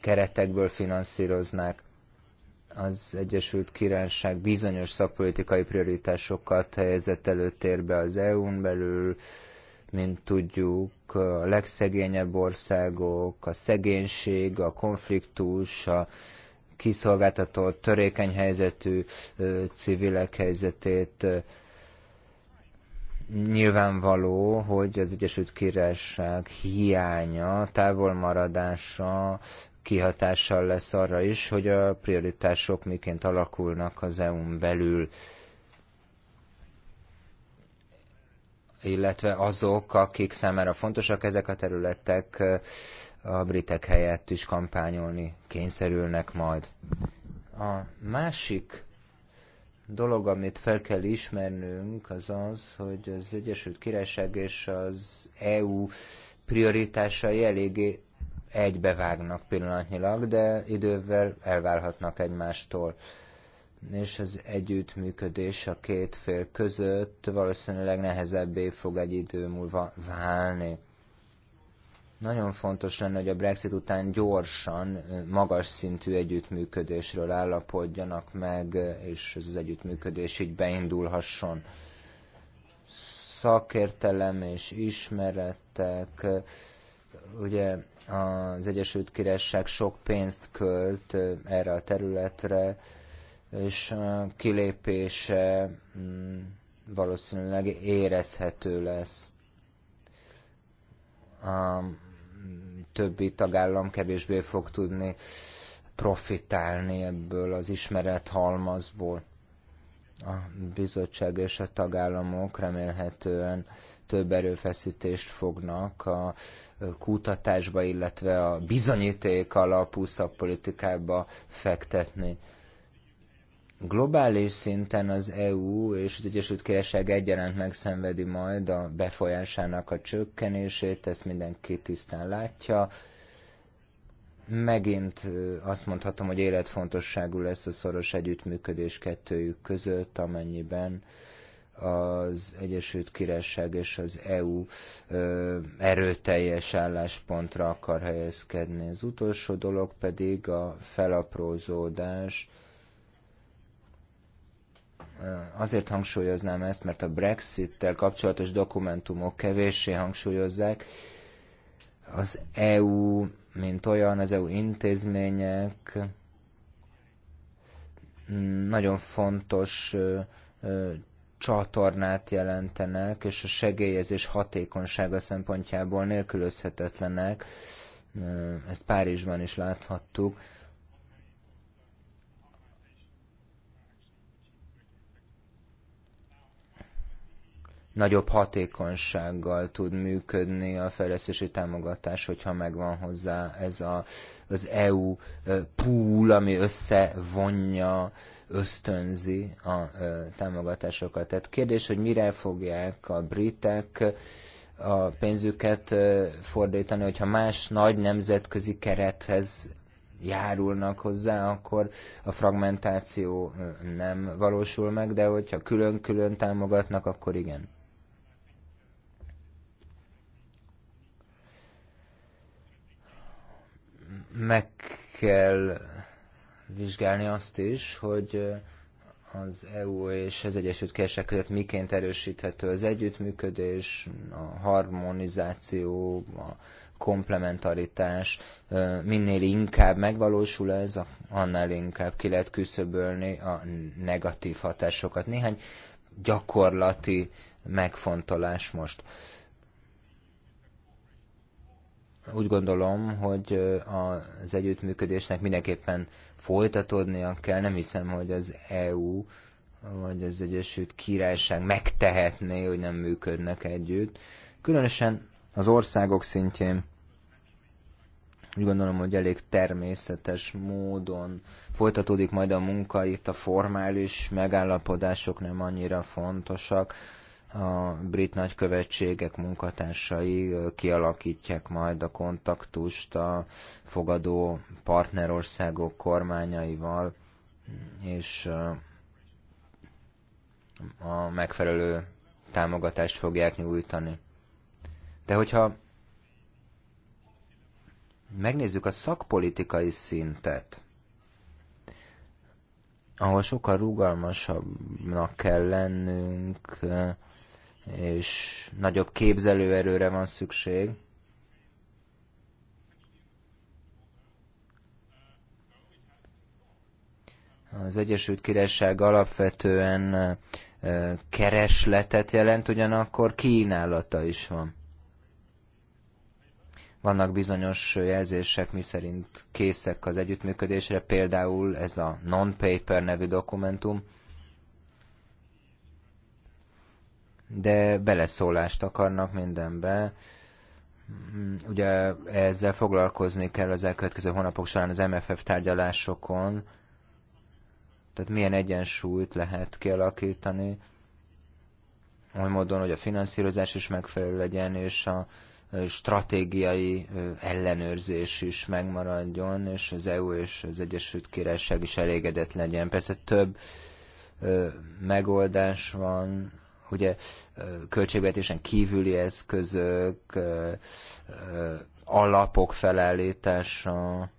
keretekből finanszíroznák az Egyesült Királyság bizonyos szakpolitikai prioritásokat helyezett előtérbe az EU-n belül, mint tudjuk, a legszegényebb országok, a szegénység, a konfliktus, a kiszolgáltatott, törékeny helyzetű civilek helyzetét nyilvánvaló, hogy az Egyesült Királyság hiánya, távolmaradása kihatással lesz arra is, hogy a prioritások miként alakulnak az EU-n belül. illetve azok, akik számára fontosak ezek a területek, a britek helyett is kampányolni kényszerülnek majd. A másik dolog, amit fel kell ismernünk, az az, hogy az Egyesült Királyság és az EU prioritásai eléggé egybevágnak pillanatnyilag, de idővel elválhatnak egymástól és az együttműködés a két fél között valószínűleg nehezebbé fog egy idő múlva válni. Nagyon fontos lenne, hogy a Brexit után gyorsan, magas szintű együttműködésről állapodjanak meg, és ez az együttműködés így beindulhasson. Szakértelem és ismeretek, ugye az Egyesült Királyság sok pénzt költ erre a területre, és a kilépése mm, valószínűleg érezhető lesz. A mm, többi tagállam kevésbé fog tudni profitálni ebből az ismeret halmazból. A bizottság és a tagállamok remélhetően több erőfeszítést fognak a kutatásba, illetve a bizonyíték alapú szakpolitikába fektetni globális szinten az EU és az Egyesült Királyság egyaránt megszenvedi majd a befolyásának a csökkenését, ezt mindenki tisztán látja. Megint azt mondhatom, hogy életfontosságú lesz a szoros együttműködés kettőjük között, amennyiben az Egyesült Királyság és az EU ö, erőteljes álláspontra akar helyezkedni. Az utolsó dolog pedig a felaprózódás, Azért hangsúlyoznám ezt, mert a Brexit-tel kapcsolatos dokumentumok kevéssé hangsúlyozzák. Az EU, mint olyan, az EU intézmények nagyon fontos csatornát jelentenek, és a segélyezés hatékonysága szempontjából nélkülözhetetlenek. Ezt Párizsban is láthattuk nagyobb hatékonysággal tud működni a fejlesztési támogatás, hogyha megvan hozzá ez a, az EU pool, ami összevonja, ösztönzi a támogatásokat. Tehát kérdés, hogy mire fogják a britek a pénzüket fordítani, hogyha más nagy nemzetközi kerethez járulnak hozzá, akkor a fragmentáció nem valósul meg, de hogyha külön-külön támogatnak, akkor igen. Meg kell vizsgálni azt is, hogy az EU és az Egyesült Királyság között miként erősíthető az együttműködés, a harmonizáció, a komplementaritás, minél inkább megvalósul ez, annál inkább ki lehet küszöbölni a negatív hatásokat. Néhány gyakorlati megfontolás most. Úgy gondolom, hogy az együttműködésnek mindenképpen folytatódnia kell. Nem hiszem, hogy az EU vagy az Egyesült Királyság megtehetné, hogy nem működnek együtt. Különösen az országok szintjén úgy gondolom, hogy elég természetes módon folytatódik majd a munka, itt a formális megállapodások nem annyira fontosak a brit nagykövetségek munkatársai kialakítják majd a kontaktust a fogadó partnerországok kormányaival, és a megfelelő támogatást fogják nyújtani. De hogyha megnézzük a szakpolitikai szintet, ahol sokkal rugalmasabbnak kell lennünk, és nagyobb képzelőerőre van szükség. Az Egyesült Királyság alapvetően keresletet jelent, ugyanakkor kínálata is van. Vannak bizonyos jelzések, miszerint készek az együttműködésre, például ez a non-paper nevű dokumentum, de beleszólást akarnak mindenbe. Hmm, ugye ezzel foglalkozni kell az elkövetkező hónapok során az MFF tárgyalásokon, tehát milyen egyensúlyt lehet kialakítani, oly módon, hogy a finanszírozás is megfelelő legyen, és a stratégiai ellenőrzés is megmaradjon, és az EU és az Egyesült Királyság is elégedett legyen. Persze több megoldás van, Ugye költségvetésen kívüli eszközök, alapok felállítása,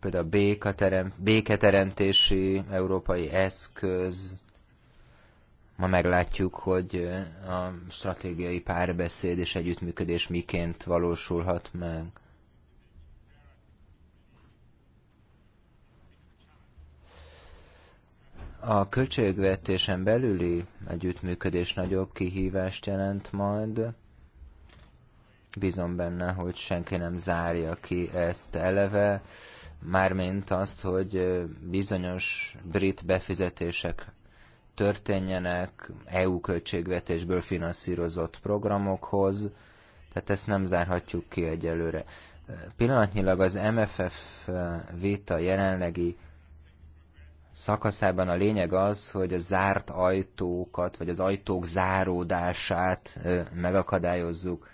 például a béketerentési béketeremtési európai eszköz, ma meglátjuk, hogy a stratégiai párbeszéd és együttműködés miként valósulhat meg. A költségvetésen belüli együttműködés nagyobb kihívást jelent majd. Bízom benne, hogy senki nem zárja ki ezt eleve, mármint azt, hogy bizonyos brit befizetések történjenek EU költségvetésből finanszírozott programokhoz, tehát ezt nem zárhatjuk ki egyelőre. Pillanatnyilag az MFF vita jelenlegi szakaszában a lényeg az, hogy a zárt ajtókat, vagy az ajtók záródását megakadályozzuk.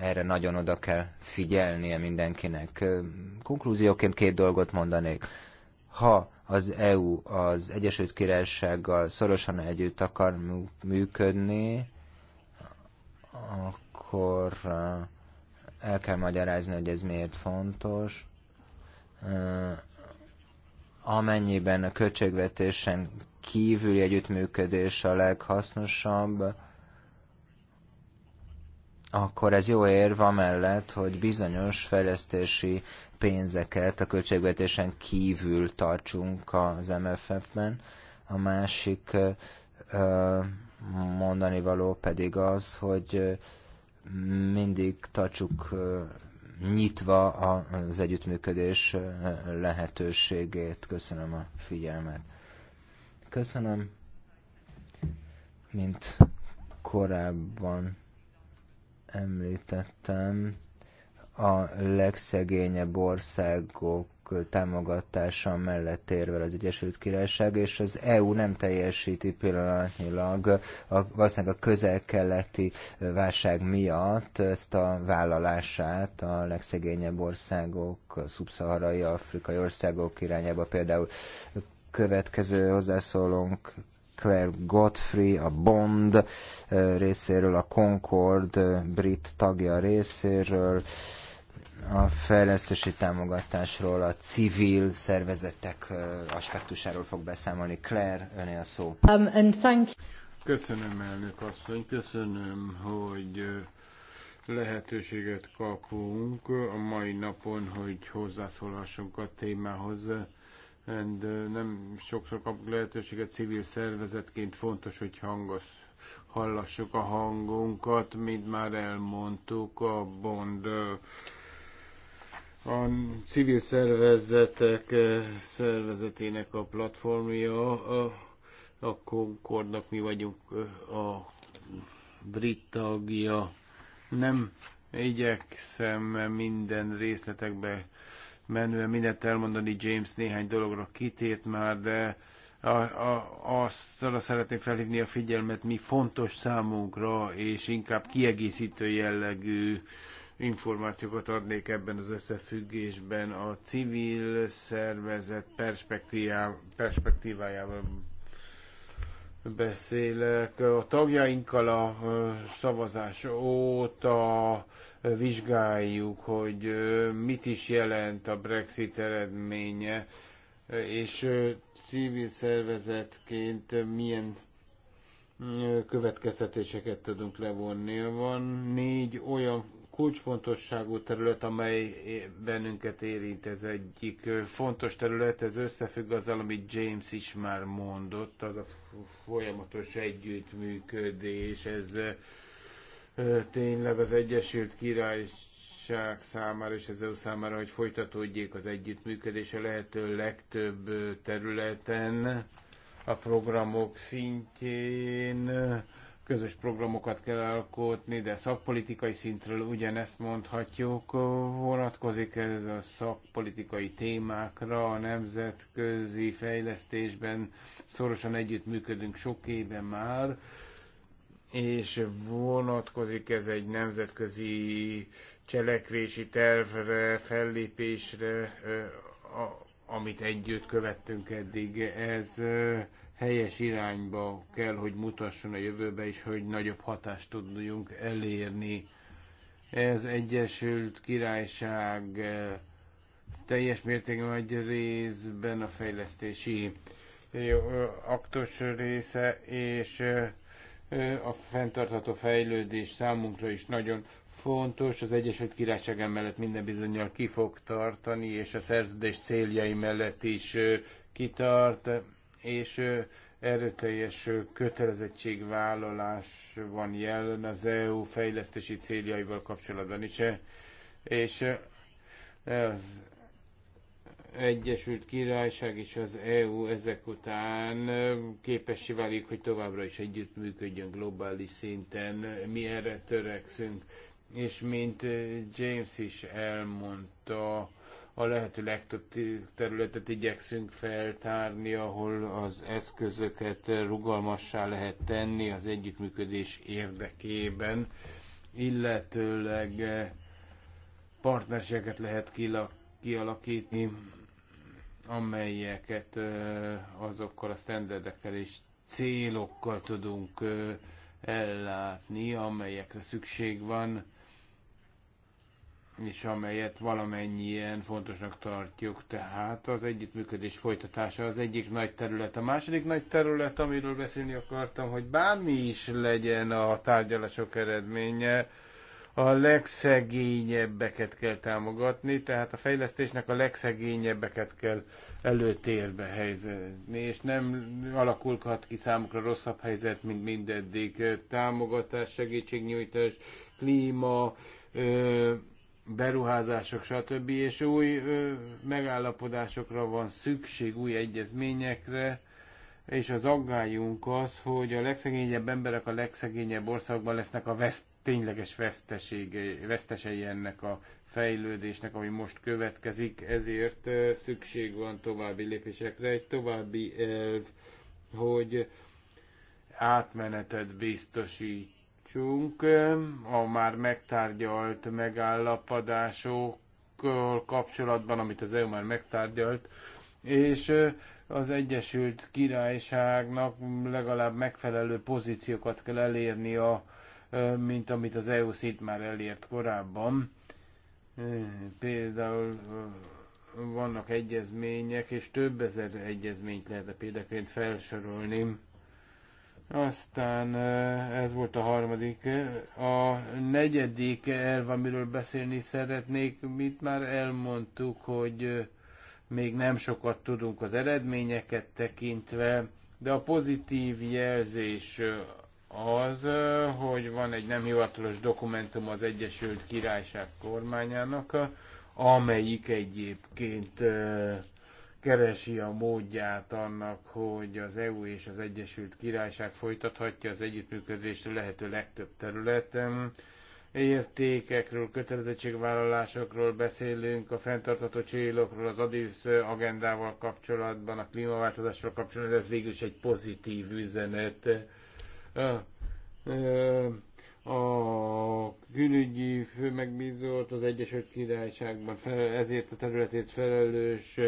Erre nagyon oda kell figyelnie mindenkinek. Konklúzióként két dolgot mondanék. Ha az EU az Egyesült Királysággal szorosan együtt akar működni, akkor el kell magyarázni, hogy ez miért fontos amennyiben a költségvetésen kívüli együttműködés a leghasznosabb, akkor ez jó érv amellett, hogy bizonyos fejlesztési pénzeket a költségvetésen kívül tartsunk az MFF-ben. A másik mondani való pedig az, hogy mindig tartsuk nyitva az együttműködés lehetőségét. Köszönöm a figyelmet. Köszönöm, mint korábban említettem, a legszegényebb országok támogatása mellett érvel az Egyesült Királyság, és az EU nem teljesíti pillanatnyilag a, valószínűleg a közel-keleti válság miatt ezt a vállalását a legszegényebb országok, a szubszaharai afrikai országok irányába például következő hozzászólónk Claire Godfrey, a Bond részéről, a Concord brit tagja részéről, a fejlesztési támogatásról, a civil szervezetek aspektusáról fog beszámolni. Claire, öné a szó. Um, and thank köszönöm, elnök asszony, köszönöm, hogy lehetőséget kapunk a mai napon, hogy hozzászólhassunk a témához. And nem sokszor kapunk lehetőséget civil szervezetként, fontos, hogy hangos, hallassuk a hangunkat, mint már elmondtuk, a Bond a civil szervezetek eh, szervezetének a platformja, a Concordnak mi vagyunk eh, a brit tagja. Nem igyekszem minden részletekbe menően mindent elmondani, James néhány dologra kitért már, de a, a, azt arra szeretném felhívni a figyelmet, mi fontos számunkra, és inkább kiegészítő jellegű információkat adnék ebben az összefüggésben a civil szervezet perspektívájával beszélek. A tagjainkkal a szavazás óta vizsgáljuk, hogy mit is jelent a Brexit eredménye, és civil szervezetként milyen következtetéseket tudunk levonni. Van négy olyan kulcsfontosságú terület, amely bennünket érint. Ez egyik fontos terület, ez összefügg azzal, amit James is már mondott, az a folyamatos együttműködés, ez tényleg az Egyesült Királyság számára és az EU számára, hogy folytatódjék az együttműködés a lehető legtöbb területen, a programok szintjén közös programokat kell alkotni, de szakpolitikai szintről ugyanezt mondhatjuk, vonatkozik ez a szakpolitikai témákra, a nemzetközi fejlesztésben szorosan együttműködünk sok éve már, és vonatkozik ez egy nemzetközi cselekvési tervre, fellépésre, amit együtt követtünk eddig. Ez helyes irányba kell, hogy mutasson a jövőbe is, hogy nagyobb hatást tudjunk elérni. Ez Egyesült Királyság eh, teljes mértékben egy részben a fejlesztési eh, aktos része, és eh, a fenntartható fejlődés számunkra is nagyon fontos. Az Egyesült Királyság mellett minden bizonyal ki fog tartani, és a szerződés céljai mellett is kitart és erőteljes kötelezettségvállalás van jelen az EU fejlesztési céljaival kapcsolatban is, és az Egyesült Királyság és az EU ezek után képessé válik, hogy továbbra is együttműködjön globális szinten, mi erre törekszünk, és mint James is elmondta, a lehető legtöbb területet igyekszünk feltárni, ahol az eszközöket rugalmassá lehet tenni az együttműködés érdekében, illetőleg eh, partnerségeket lehet kialakítni, amelyeket eh, azokkal a standardekkel és célokkal tudunk eh, ellátni, amelyekre szükség van és amelyet valamennyien fontosnak tartjuk. Tehát az együttműködés folytatása az egyik nagy terület. A második nagy terület, amiről beszélni akartam, hogy bármi is legyen a tárgyalások eredménye, a legszegényebbeket kell támogatni, tehát a fejlesztésnek a legszegényebbeket kell előtérbe helyezni, és nem alakulhat ki számukra rosszabb helyzet, mint mindeddig. Támogatás, segítségnyújtás, klíma, ö- beruházások, stb. és új ö, megállapodásokra van szükség, új egyezményekre, és az aggályunk az, hogy a legszegényebb emberek a legszegényebb országban lesznek a veszt, tényleges vesztesei ennek a fejlődésnek, ami most következik, ezért ö, szükség van további lépésekre. Egy további elv, hogy átmenetet biztosít tartsunk a már megtárgyalt megállapodásokkal kapcsolatban, amit az EU már megtárgyalt, és az Egyesült Királyságnak legalább megfelelő pozíciókat kell elérni, a mint amit az EU szint már elért korábban. Például vannak egyezmények, és több ezer egyezményt lehet a példaként felsorolni aztán eh, ez volt a harmadik. A negyedik elv, amiről beszélni szeretnék, mit már elmondtuk, hogy eh, még nem sokat tudunk az eredményeket tekintve, de a pozitív jelzés eh, az, hogy van egy nem hivatalos dokumentum az Egyesült Királyság kormányának, amelyik egyébként keresi a módját annak, hogy az EU és az Egyesült Királyság folytathatja az együttműködést a lehető legtöbb területen. Értékekről, kötelezettségvállalásokról beszélünk, a fenntartható célokról, az ADIS agendával kapcsolatban, a klímaváltozásról kapcsolatban, ez végül is egy pozitív üzenet. A külügyi megbízott az Egyesült Királyságban ezért a területét felelős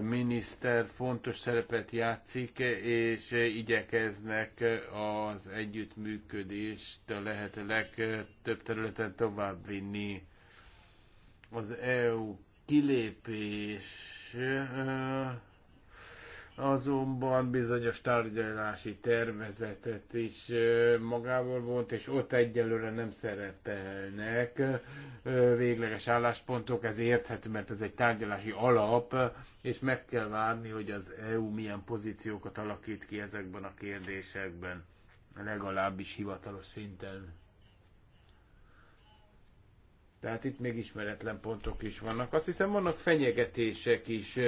miniszter fontos szerepet játszik, és igyekeznek az együttműködést a lehető legtöbb területen továbbvinni. Az EU kilépés azonban bizonyos tárgyalási tervezetet is magával vont, és ott egyelőre nem szerepelnek végleges álláspontok, ez érthető, mert ez egy tárgyalási alap, és meg kell várni, hogy az EU milyen pozíciókat alakít ki ezekben a kérdésekben, legalábbis hivatalos szinten. Tehát itt még ismeretlen pontok is vannak. Azt hiszem vannak fenyegetések is,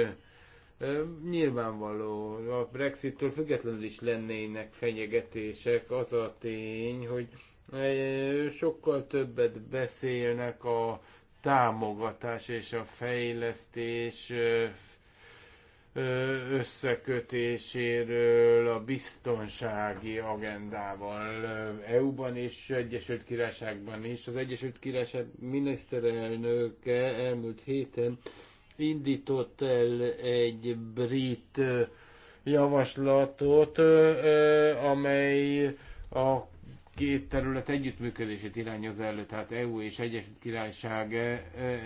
Nyilvánvaló, a Brexittől függetlenül is lennének fenyegetések. Az a tény, hogy sokkal többet beszélnek a támogatás és a fejlesztés összekötéséről a biztonsági agendával EU-ban és Egyesült Királyságban is. Az Egyesült Királyság miniszterelnöke elmúlt héten indított el egy brit javaslatot, amely a két terület együttműködését irányozza elő, tehát EU és Egyesült Királyság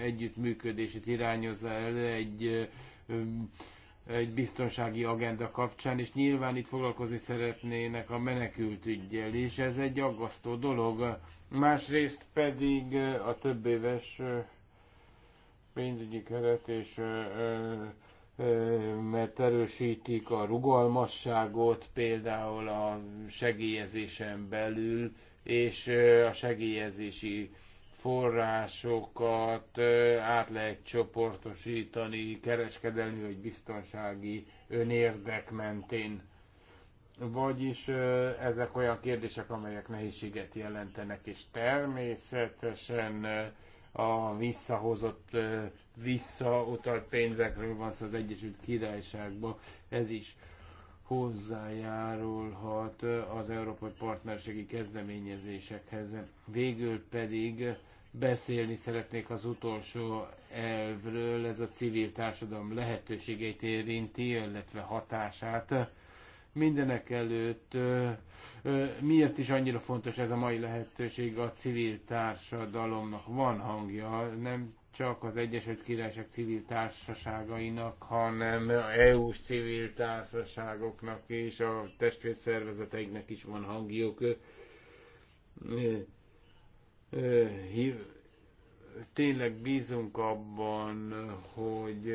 együttműködését irányozza el egy, egy biztonsági agenda kapcsán, és nyilván itt foglalkozni szeretnének a menekült ügyjel is. Ez egy aggasztó dolog. Másrészt pedig a több éves pénzügyi keret, és mert erősítik a rugalmasságot például a segélyezésen belül, és a segélyezési forrásokat át lehet csoportosítani kereskedelmi vagy biztonsági önérdek mentén. Vagyis ezek olyan kérdések, amelyek nehézséget jelentenek, és természetesen a visszahozott, visszautalt pénzekről van szó az Egyesült Királyságban, ez is hozzájárulhat az európai partnerségi kezdeményezésekhez. Végül pedig beszélni szeretnék az utolsó elvről, ez a civil társadalom lehetőségeit érinti, illetve hatását Mindenek előtt miért is annyira fontos ez a mai lehetőség a civil társadalomnak? Van hangja, nem csak az Egyesült Királyság civil társaságainak, hanem a EU-s civil társaságoknak és a testvérszervezeteknek is van hangjuk. Tényleg bízunk abban, hogy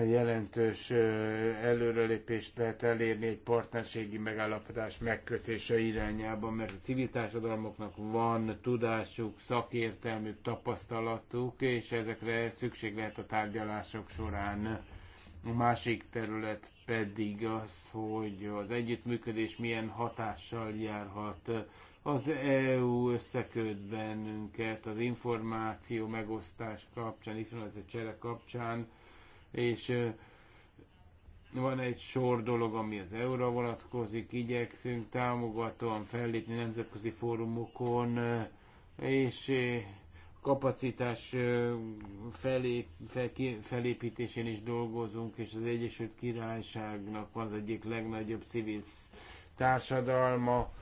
jelentős előrelépést lehet elérni egy partnerségi megállapodás megkötése irányába, mert a civil társadalmaknak van tudásuk, szakértelmük, tapasztalatuk, és ezekre szükség lehet a tárgyalások során. A másik terület pedig az, hogy az együttműködés milyen hatással járhat. Az EU összeköt bennünket az információ megosztás kapcsán, a csere kapcsán, és van egy sor dolog, ami az euróra vonatkozik, igyekszünk támogatóan fellépni nemzetközi fórumokon, és kapacitás felép, felépítésén is dolgozunk, és az Egyesült Királyságnak van az egyik legnagyobb civil társadalma,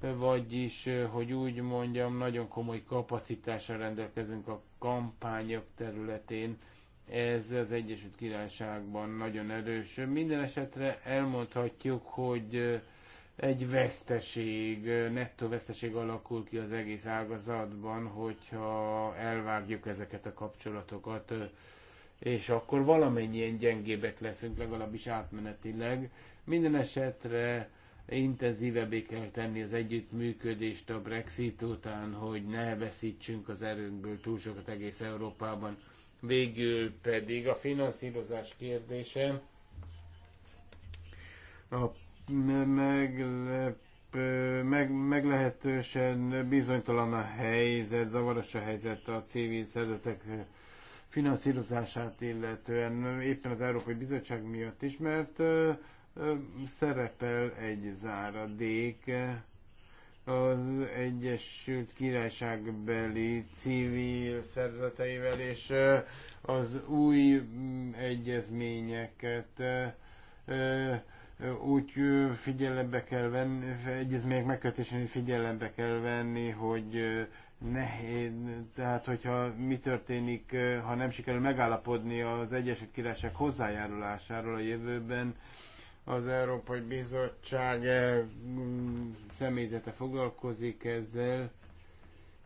vagyis, hogy úgy mondjam, nagyon komoly kapacitással rendelkezünk a kampányok területén, ez az Egyesült Királyságban nagyon erős. Minden esetre elmondhatjuk, hogy egy veszteség, nettó veszteség alakul ki az egész ágazatban, hogyha elvágjuk ezeket a kapcsolatokat, és akkor valamennyien gyengébbek leszünk, legalábbis átmenetileg. Minden esetre intenzívebbé kell tenni az együttműködést a Brexit után, hogy ne veszítsünk az erőnkből túl sokat egész Európában. Végül pedig a finanszírozás kérdése. A meglep, meg, meglehetősen bizonytalan a helyzet, zavaros a helyzet a civil szervezetek finanszírozását illetően, éppen az Európai Bizottság miatt is, mert szerepel egy záradék, az Egyesült Királyság beli civil szerzeteivel és az új mm, egyezményeket úgy figyelembe kell venni, egyezmények megkötésén figyelembe kell venni, hogy nehéz, tehát hogyha mi történik, ha nem sikerül megállapodni az Egyesült Királyság hozzájárulásáról a jövőben, az Európai Bizottság eh, mm, személyzete foglalkozik ezzel,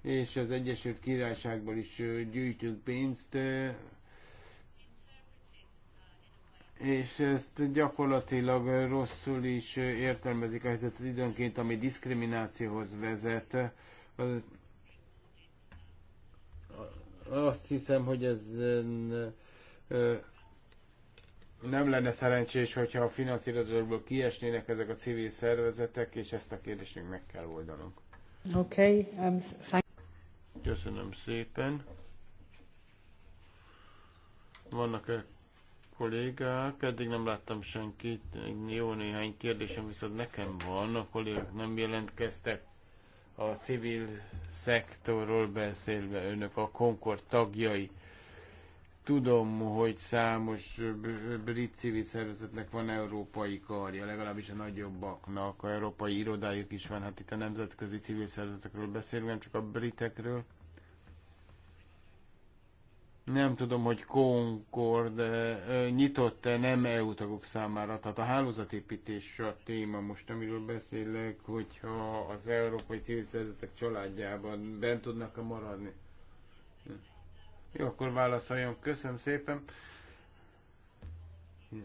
és az Egyesült Királyságból is eh, gyűjtünk pénzt, eh, és ezt gyakorlatilag rosszul is értelmezik a helyzetet időnként, ami diszkriminációhoz vezet. Azt hiszem, hogy ez nem lenne szerencsés, hogyha a finanszírozókból kiesnének ezek a civil szervezetek, és ezt a kérdést még meg kell oldanunk. Okay, um, thank Köszönöm szépen. Vannak-e kollégák? Eddig nem láttam senkit. Jó néhány kérdésem viszont nekem van. A kollégák nem jelentkeztek a civil szektorról beszélve. Önök a Concord tagjai. Tudom, hogy számos brit civil szervezetnek van európai karja, legalábbis a nagyobbaknak, a európai irodájuk is van, hát itt a nemzetközi civil szervezetekről beszélünk, nem csak a britekről. Nem tudom, hogy Concord nyitott-e nem EU tagok számára, tehát a hálózatépítés a téma most, amiről beszélek, hogyha az európai civil szervezetek családjában bent tudnak-e maradni. Jó, akkor válaszoljon. Köszönöm szépen.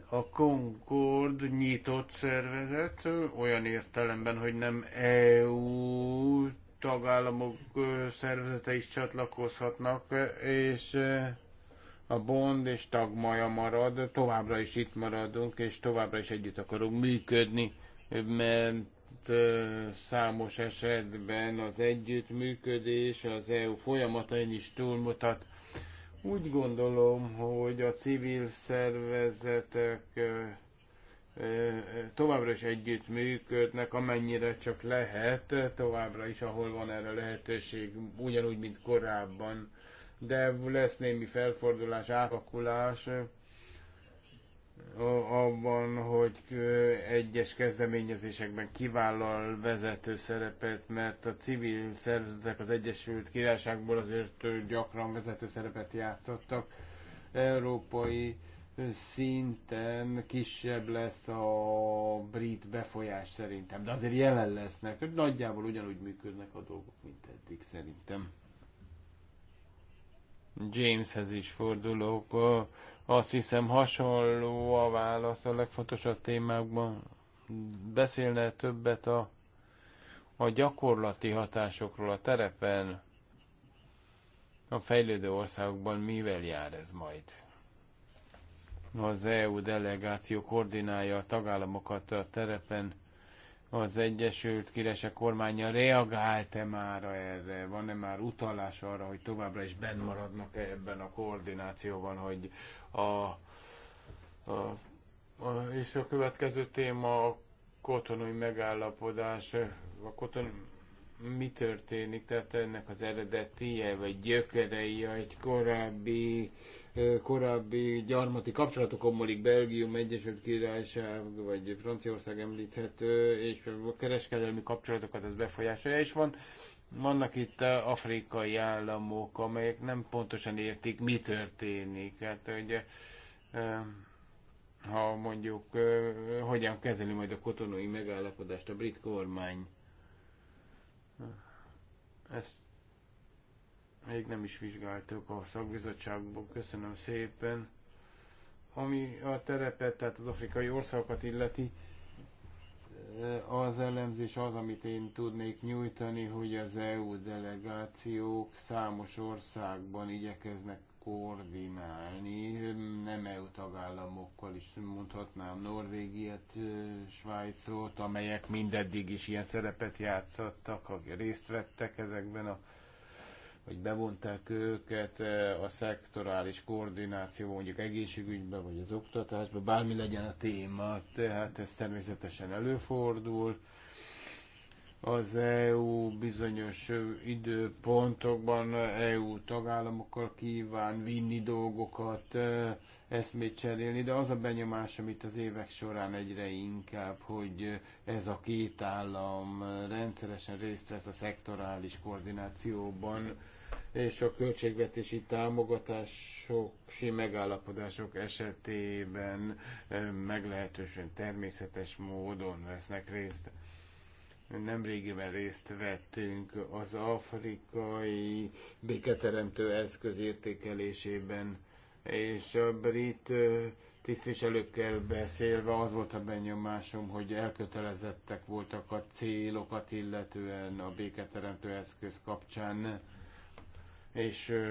A Concord nyitott szervezet olyan értelemben, hogy nem EU tagállamok szervezete is csatlakozhatnak, és a Bond és tagmaja marad, továbbra is itt maradunk, és továbbra is együtt akarunk működni, mert számos esetben az együttműködés az EU folyamatain is túlmutat. Úgy gondolom, hogy a civil szervezetek eh, eh, továbbra is együtt működnek, amennyire csak lehet, továbbra is, ahol van erre lehetőség, ugyanúgy, mint korábban. De lesz némi felfordulás, átakulás, abban, hogy egyes kezdeményezésekben kivállal vezető szerepet, mert a civil szervezetek az Egyesült Királyságból azért gyakran vezető szerepet játszottak. Európai szinten kisebb lesz a brit befolyás szerintem, de azért jelen lesznek. Nagyjából ugyanúgy működnek a dolgok, mint eddig szerintem. Jameshez is fordulok. Azt hiszem hasonló a válasz a legfontosabb témákban. Beszélne többet a, a gyakorlati hatásokról a terepen, a fejlődő országokban mivel jár ez majd? Az EU delegáció koordinálja a tagállamokat a terepen, az Egyesült Királyság kormánya reagált-e már erre? Van-e már utalás arra, hogy továbbra is benn maradnak -e ebben a koordinációban, hogy a, a, a, és a következő téma a kotonói megállapodás. A koton, mi történik, tehát ennek az eredeti, vagy gyökerei egy korábbi korábbi gyarmati kapcsolatokon múlik Belgium, Egyesült Királyság vagy Franciaország említhető, és a kereskedelmi kapcsolatokat az befolyásolja, és van vannak itt eh, afrikai államok, amelyek nem pontosan értik, mi történik. Hát ugye, eh, ha mondjuk eh, hogyan kezeli majd a kotonói megállapodást a brit kormány. Ezt még nem is vizsgáltuk a szakbizottságból. Köszönöm szépen. Ami a terepet, tehát az afrikai országokat illeti, az elemzés az, amit én tudnék nyújtani, hogy az EU delegációk számos országban igyekeznek koordinálni, nem EU tagállamokkal is mondhatnám Norvégiát, Svájcot, amelyek mindeddig is ilyen szerepet játszottak, akik részt vettek ezekben a hogy bevonták őket e, a szektorális koordináció mondjuk egészségügyben vagy az oktatásban, bármi legyen a téma, tehát ez természetesen előfordul. Az EU bizonyos időpontokban EU tagállamokkal kíván vinni dolgokat, e, eszmét cserélni, de az a benyomás, amit az évek során egyre inkább, hogy ez a két állam rendszeresen részt vesz a szektorális koordinációban, és a költségvetési si megállapodások esetében meglehetősen természetes módon vesznek részt. Nemrégiben részt vettünk az afrikai béketeremtő eszköz értékelésében, és a brit tisztviselőkkel beszélve az volt a benyomásom, hogy elkötelezettek voltak a célokat illetően a béketeremtő eszköz kapcsán és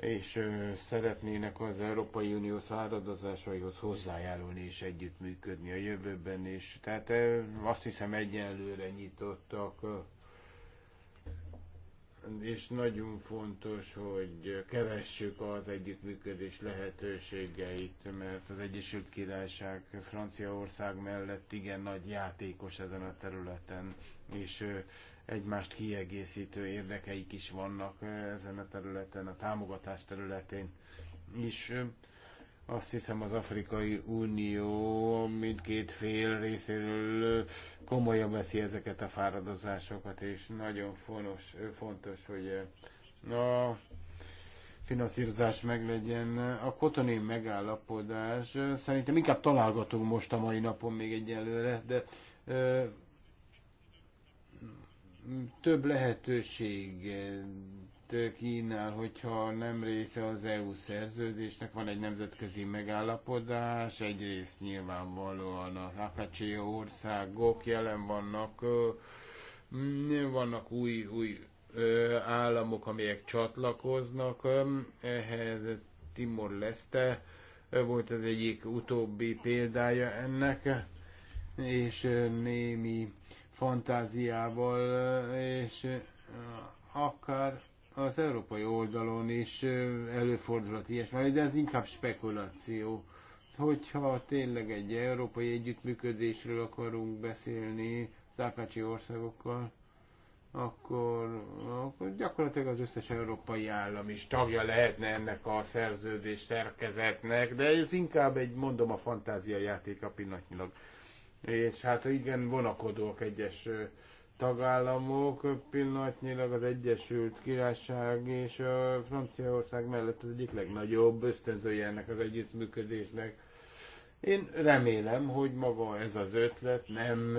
és szeretnének az Európai Unió fáradozásaihoz hozzájárulni és együttműködni a jövőben is. Tehát azt hiszem egyenlőre nyitottak, és nagyon fontos, hogy keressük az együttműködés lehetőségeit, mert az Egyesült Királyság Franciaország mellett igen nagy játékos ezen a területen, és egymást kiegészítő érdekeik is vannak eh, ezen a területen, a támogatás területén is. Azt hiszem az Afrikai Unió mindkét fél részéről komolyan veszi ezeket a fáradozásokat, és nagyon fontos, fontos hogy eh, a finanszírozás meglegyen. A kotoni megállapodás szerintem inkább találgatunk most a mai napon még egyelőre, de több lehetőséget kínál, hogyha nem része az EU szerződésnek, van egy nemzetközi megállapodás, egyrészt nyilvánvalóan az AKC országok jelen vannak, vannak új, új államok, amelyek csatlakoznak ehhez, Timor Leste volt az egyik utóbbi példája ennek, és némi fantáziával, és akár az európai oldalon is előfordulhat ilyesmi, de ez inkább spekuláció. Hogyha tényleg egy európai együttműködésről akarunk beszélni az Ákácsi országokkal, akkor, akkor gyakorlatilag az összes európai állam is tagja lehetne ennek a szerződés szerkezetnek, de ez inkább egy, mondom, a fantázia a pillanatnyilag. És hát igen, vonakodók egyes tagállamok, pillanatnyilag az Egyesült Királyság és a Franciaország mellett az egyik legnagyobb ösztönzője ennek az együttműködésnek. Én remélem, hogy maga ez az ötlet nem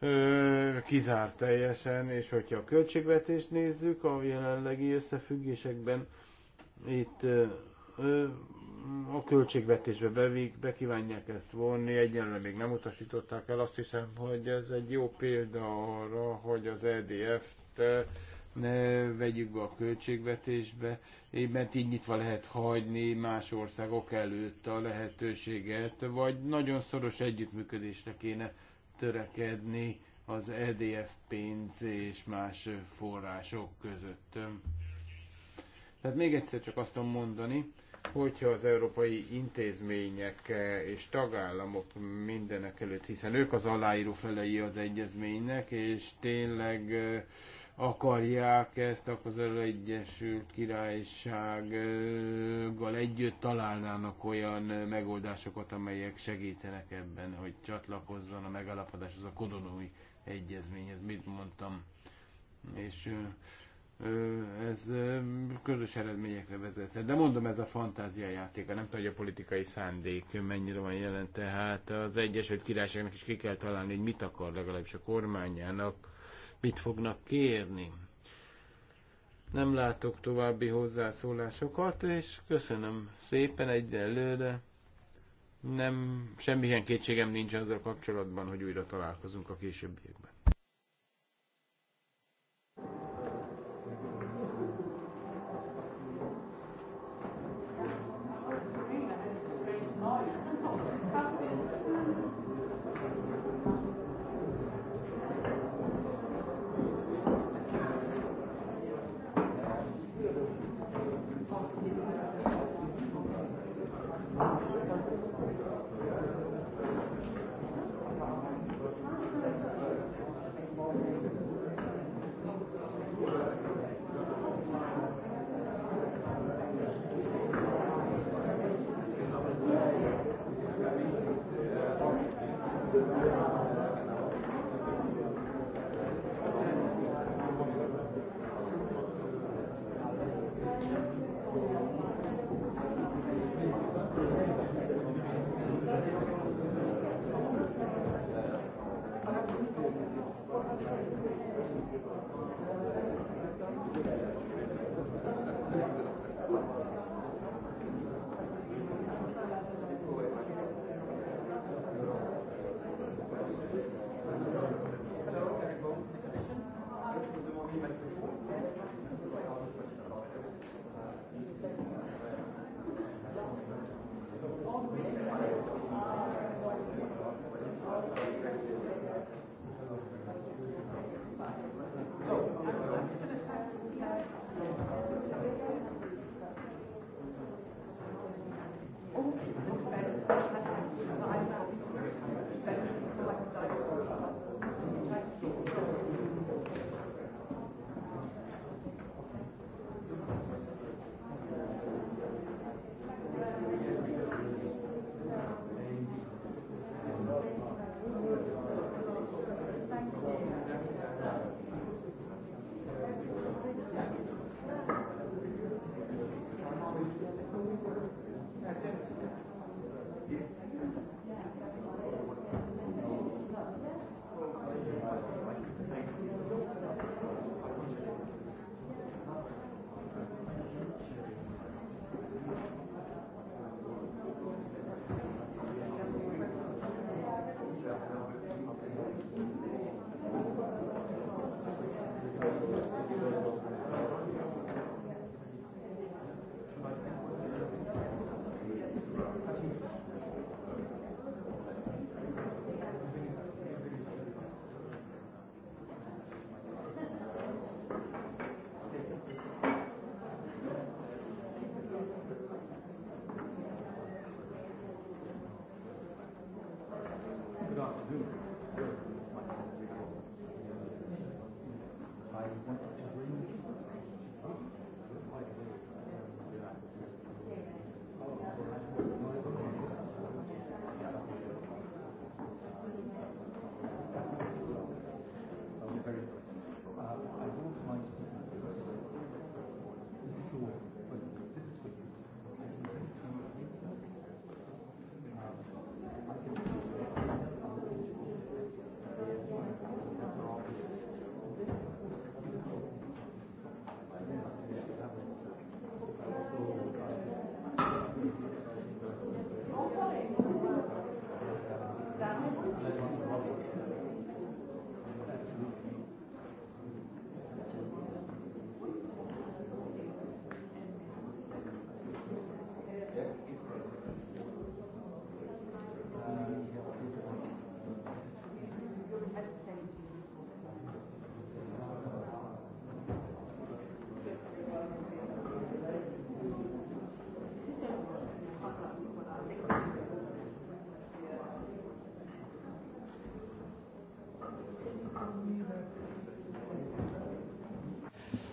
ö, kizárt teljesen, és hogyha a költségvetést nézzük a jelenlegi összefüggésekben, itt ö, a költségvetésbe bevik, be kívánják ezt vonni, egyenlőre még nem utasították el. Azt hiszem, hogy ez egy jó példa arra, hogy az EDF-t eh, ne vegyük be a költségvetésbe, mert így nyitva lehet hagyni más országok előtt a lehetőséget, vagy nagyon szoros együttműködésre kéne törekedni az EDF pénz és más források között. Tehát még egyszer csak azt tudom mondani, hogyha az európai intézmények eh, és tagállamok mindenek előtt, hiszen ők az aláíró felei az egyezménynek, és tényleg eh, akarják ezt, akkor az Egyesült Királysággal együtt találnának olyan eh, megoldásokat, amelyek segítenek ebben, hogy csatlakozzon a megállapodáshoz a kodonói egyezményhez, mit mondtam. És ez közös eredményekre vezethet. De mondom, ez a fantáziajátéka, nem tudom, hogy a politikai szándék mennyire van jelen. Tehát az Egyesült Királyságnak is ki kell találni, hogy mit akar legalábbis a kormányának, mit fognak kérni. Nem látok további hozzászólásokat, és köszönöm szépen egyelőre. Nem, semmilyen kétségem nincs azzal kapcsolatban, hogy újra találkozunk a későbbiekben.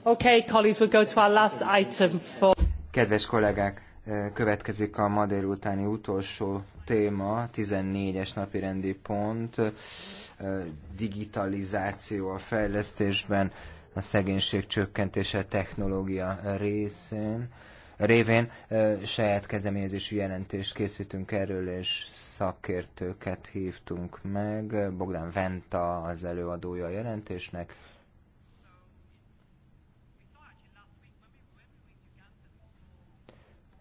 Okay, colleagues, we'll go to our last item for... Kedves kollégák, eh, következik a ma délutáni utolsó téma, 14-es napi rendi pont, eh, digitalizáció a fejlesztésben, a szegénység csökkentése technológia részén révén eh, saját kezdeményezésű jelentést készítünk erről, és szakértőket hívtunk meg. Bogdán Venta az előadója a jelentésnek,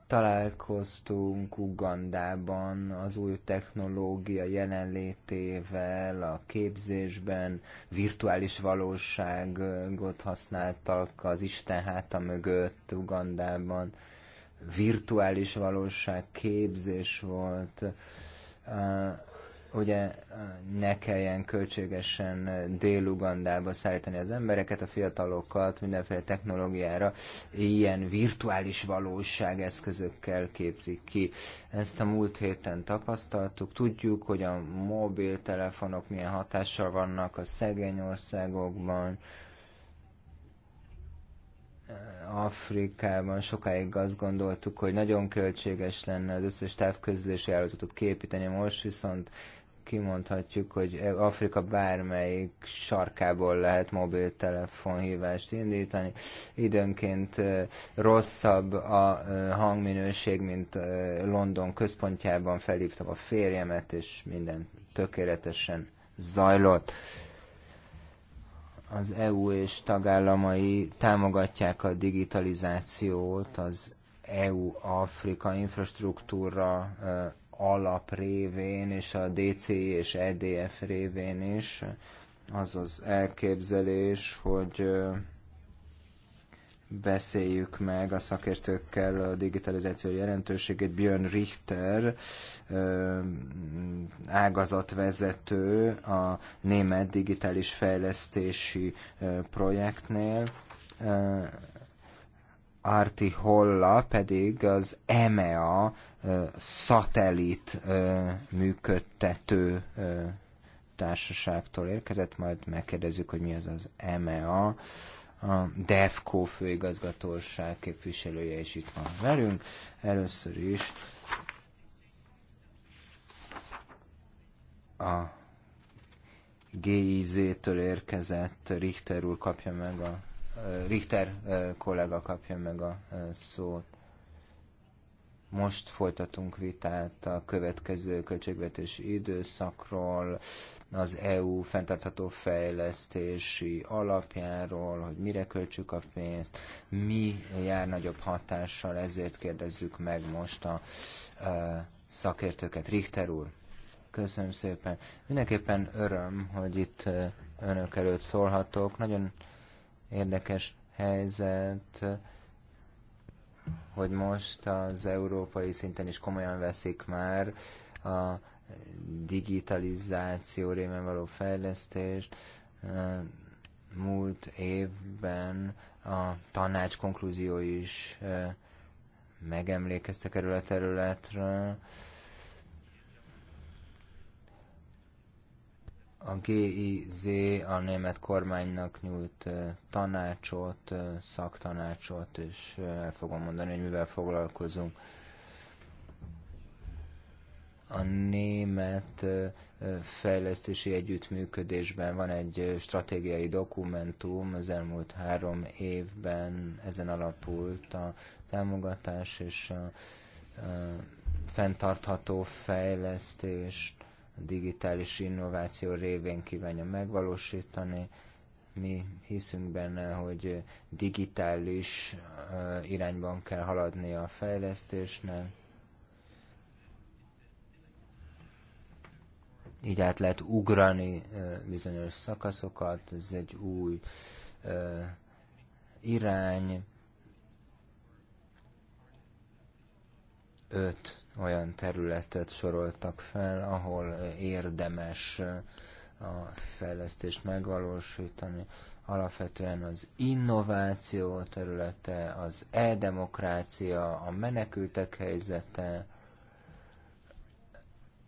találkoztunk Ugandában az új technológia jelenlétével, a képzésben, virtuális valóságot használtak az Isten háta mögött Ugandában, virtuális valóság képzés volt, ugye ne kelljen költségesen Dél-Ugandába szállítani az embereket, a fiatalokat mindenféle technológiára, ilyen virtuális valóság eszközökkel képzik ki. Ezt a múlt héten tapasztaltuk, tudjuk, hogy a mobiltelefonok milyen hatással vannak a szegény országokban, Afrikában sokáig azt gondoltuk, hogy nagyon költséges lenne az összes távközlési hálózatot képíteni, most viszont kimondhatjuk, hogy Afrika bármelyik sarkából lehet mobiltelefonhívást indítani. Időnként rosszabb a hangminőség, mint London központjában felhívtam a férjemet, és minden tökéletesen zajlott az EU és tagállamai támogatják a digitalizációt az EU-Afrika infrastruktúra alap révén és a DCI és EDF révén is az az elképzelés, hogy beszéljük meg a szakértőkkel a digitalizáció jelentőségét. Björn Richter, ágazatvezető a német digitális fejlesztési projektnél, Arti Holla pedig az EMEA szatellit működtető társaságtól érkezett, majd megkérdezzük, hogy mi az az EMEA. A DEFCO főigazgatóság képviselője is itt van velünk. Először is a GIZ-től érkezett Richter úr kapja meg a Richter kollega kapja meg a szót. Most folytatunk vitát a következő költségvetési időszakról, az EU fenntartható fejlesztési alapjáról, hogy mire költsük a pénzt, mi jár nagyobb hatással, ezért kérdezzük meg most a, a szakértőket. Richter úr, köszönöm szépen. Mindenképpen öröm, hogy itt önök előtt szólhatok. Nagyon érdekes helyzet, hogy most az európai szinten is komolyan veszik már a digitalizáció rémen való fejlesztést. Múlt évben a tanács konklúzió is megemlékeztek erről a területről. A GIZ a német kormánynak nyújt tanácsot, szaktanácsot, és el fogom mondani, hogy mivel foglalkozunk. A német fejlesztési együttműködésben van egy stratégiai dokumentum, az elmúlt három évben ezen alapult a támogatás és a, a fenntartható fejlesztés digitális innováció révén kívánja megvalósítani. Mi hiszünk benne, hogy digitális eh, irányban kell haladni a fejlesztésnek. Így át lehet ugrani eh, bizonyos szakaszokat, ez egy új eh, irány. 5 olyan területet soroltak fel, ahol érdemes a fejlesztést megvalósítani. Alapvetően az innováció területe, az e-demokrácia, a menekültek helyzete,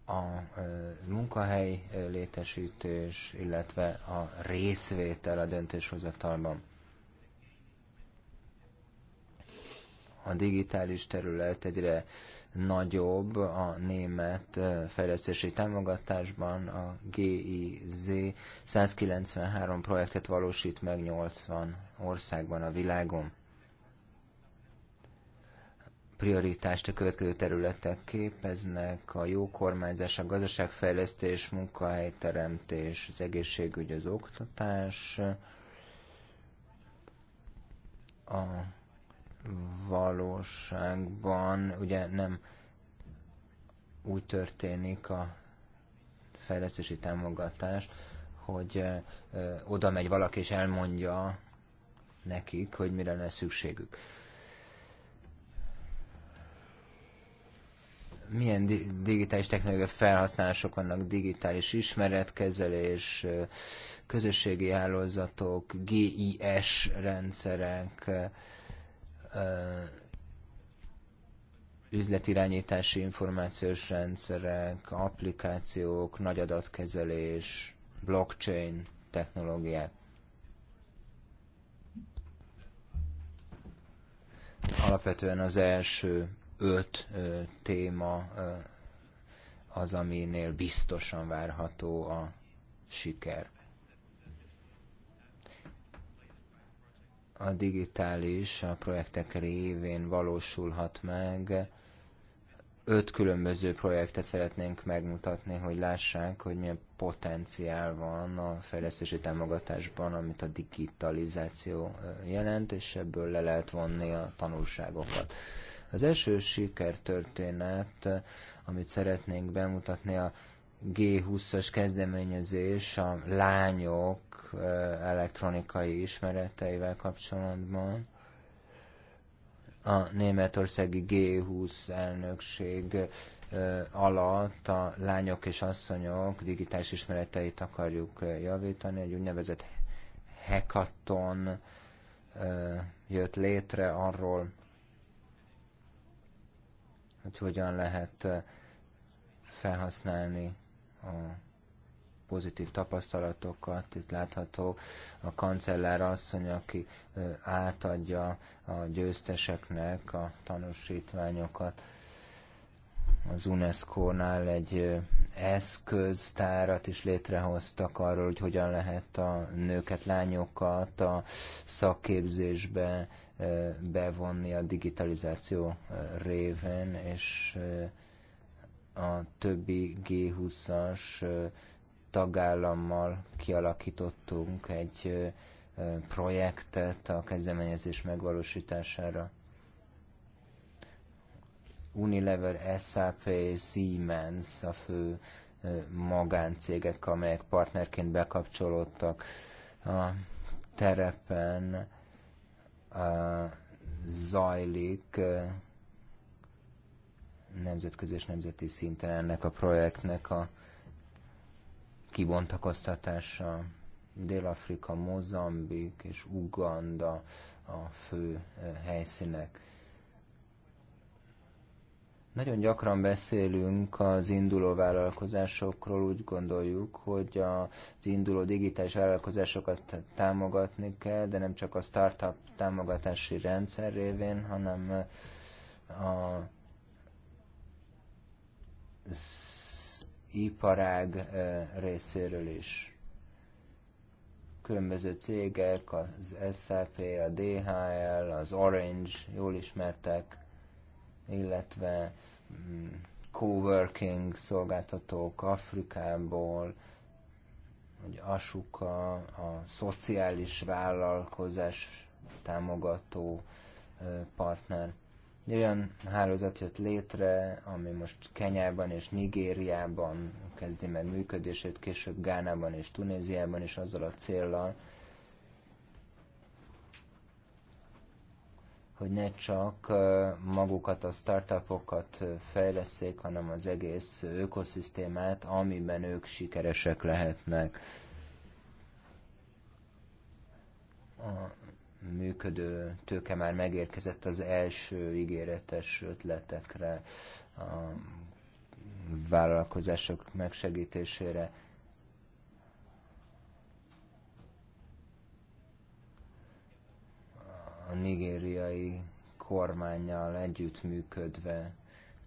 a munkahely létesítés, illetve a részvétel a döntéshozatalban. A digitális terület egyre nagyobb a német fejlesztési támogatásban, a GIZ 193 projektet valósít meg 80 országban a világon. Prioritást a következő területek képeznek, a jó kormányzás, a gazdaságfejlesztés, munkahelyteremtés, az egészségügy, az oktatás, a valóságban ugye nem úgy történik a fejlesztési támogatás, hogy oda megy valaki és elmondja nekik, hogy mire lesz szükségük. milyen digitális technológia felhasználások vannak, digitális ismeretkezelés, közösségi hálózatok, GIS rendszerek, üzletirányítási információs rendszerek, applikációk, nagy adatkezelés, blockchain technológiák. Alapvetően az első öt ö, téma ö, az, aminél biztosan várható a siker. a digitális a projektek révén valósulhat meg. Öt különböző projektet szeretnénk megmutatni, hogy lássák, hogy milyen potenciál van a fejlesztési támogatásban, amit a digitalizáció jelent, és ebből le lehet vonni a tanulságokat. Az első sikertörténet, amit szeretnénk bemutatni, a G20-as kezdeményezés a lányok elektronikai ismereteivel kapcsolatban. A németországi G20 elnökség alatt a lányok és asszonyok digitális ismereteit akarjuk javítani. Egy úgynevezett hekaton jött létre arról, hogy hogyan lehet felhasználni pozitív tapasztalatokat, itt látható a kancellár asszony, aki átadja a győzteseknek a tanúsítványokat. Az UNESCO-nál egy eszköztárat is létrehoztak arról, hogy hogyan lehet a nőket, lányokat a szakképzésbe bevonni a digitalizáció révén, és a többi G20-as tagállammal kialakítottunk egy projektet a kezdeményezés megvalósítására. Unilever, SAP és Siemens a fő magáncégek, amelyek partnerként bekapcsolódtak a terepen a zajlik nemzetközi és nemzeti szinten ennek a projektnek a kibontakoztatása. Dél-Afrika, Mozambik és Uganda a fő eh, helyszínek. Nagyon gyakran beszélünk az induló vállalkozásokról, úgy gondoljuk, hogy az induló digitális vállalkozásokat támogatni kell, de nem csak a startup támogatási rendszer révén, hanem eh, a iparág részéről is. Különböző cégek, az SAP, a DHL, az Orange, jól ismertek, illetve mm, coworking szolgáltatók Afrikából, vagy Asuka, a szociális vállalkozás támogató partner egy olyan hálózat jött létre, ami most Kenyában és Nigériában kezdi meg működését, később Gánában és Tunéziában is azzal a céllal, hogy ne csak magukat a startupokat fejleszék, hanem az egész ökoszisztémát, amiben ők sikeresek lehetnek. A működő tőke már megérkezett az első ígéretes ötletekre, a vállalkozások megsegítésére. A nigériai kormányjal együttműködve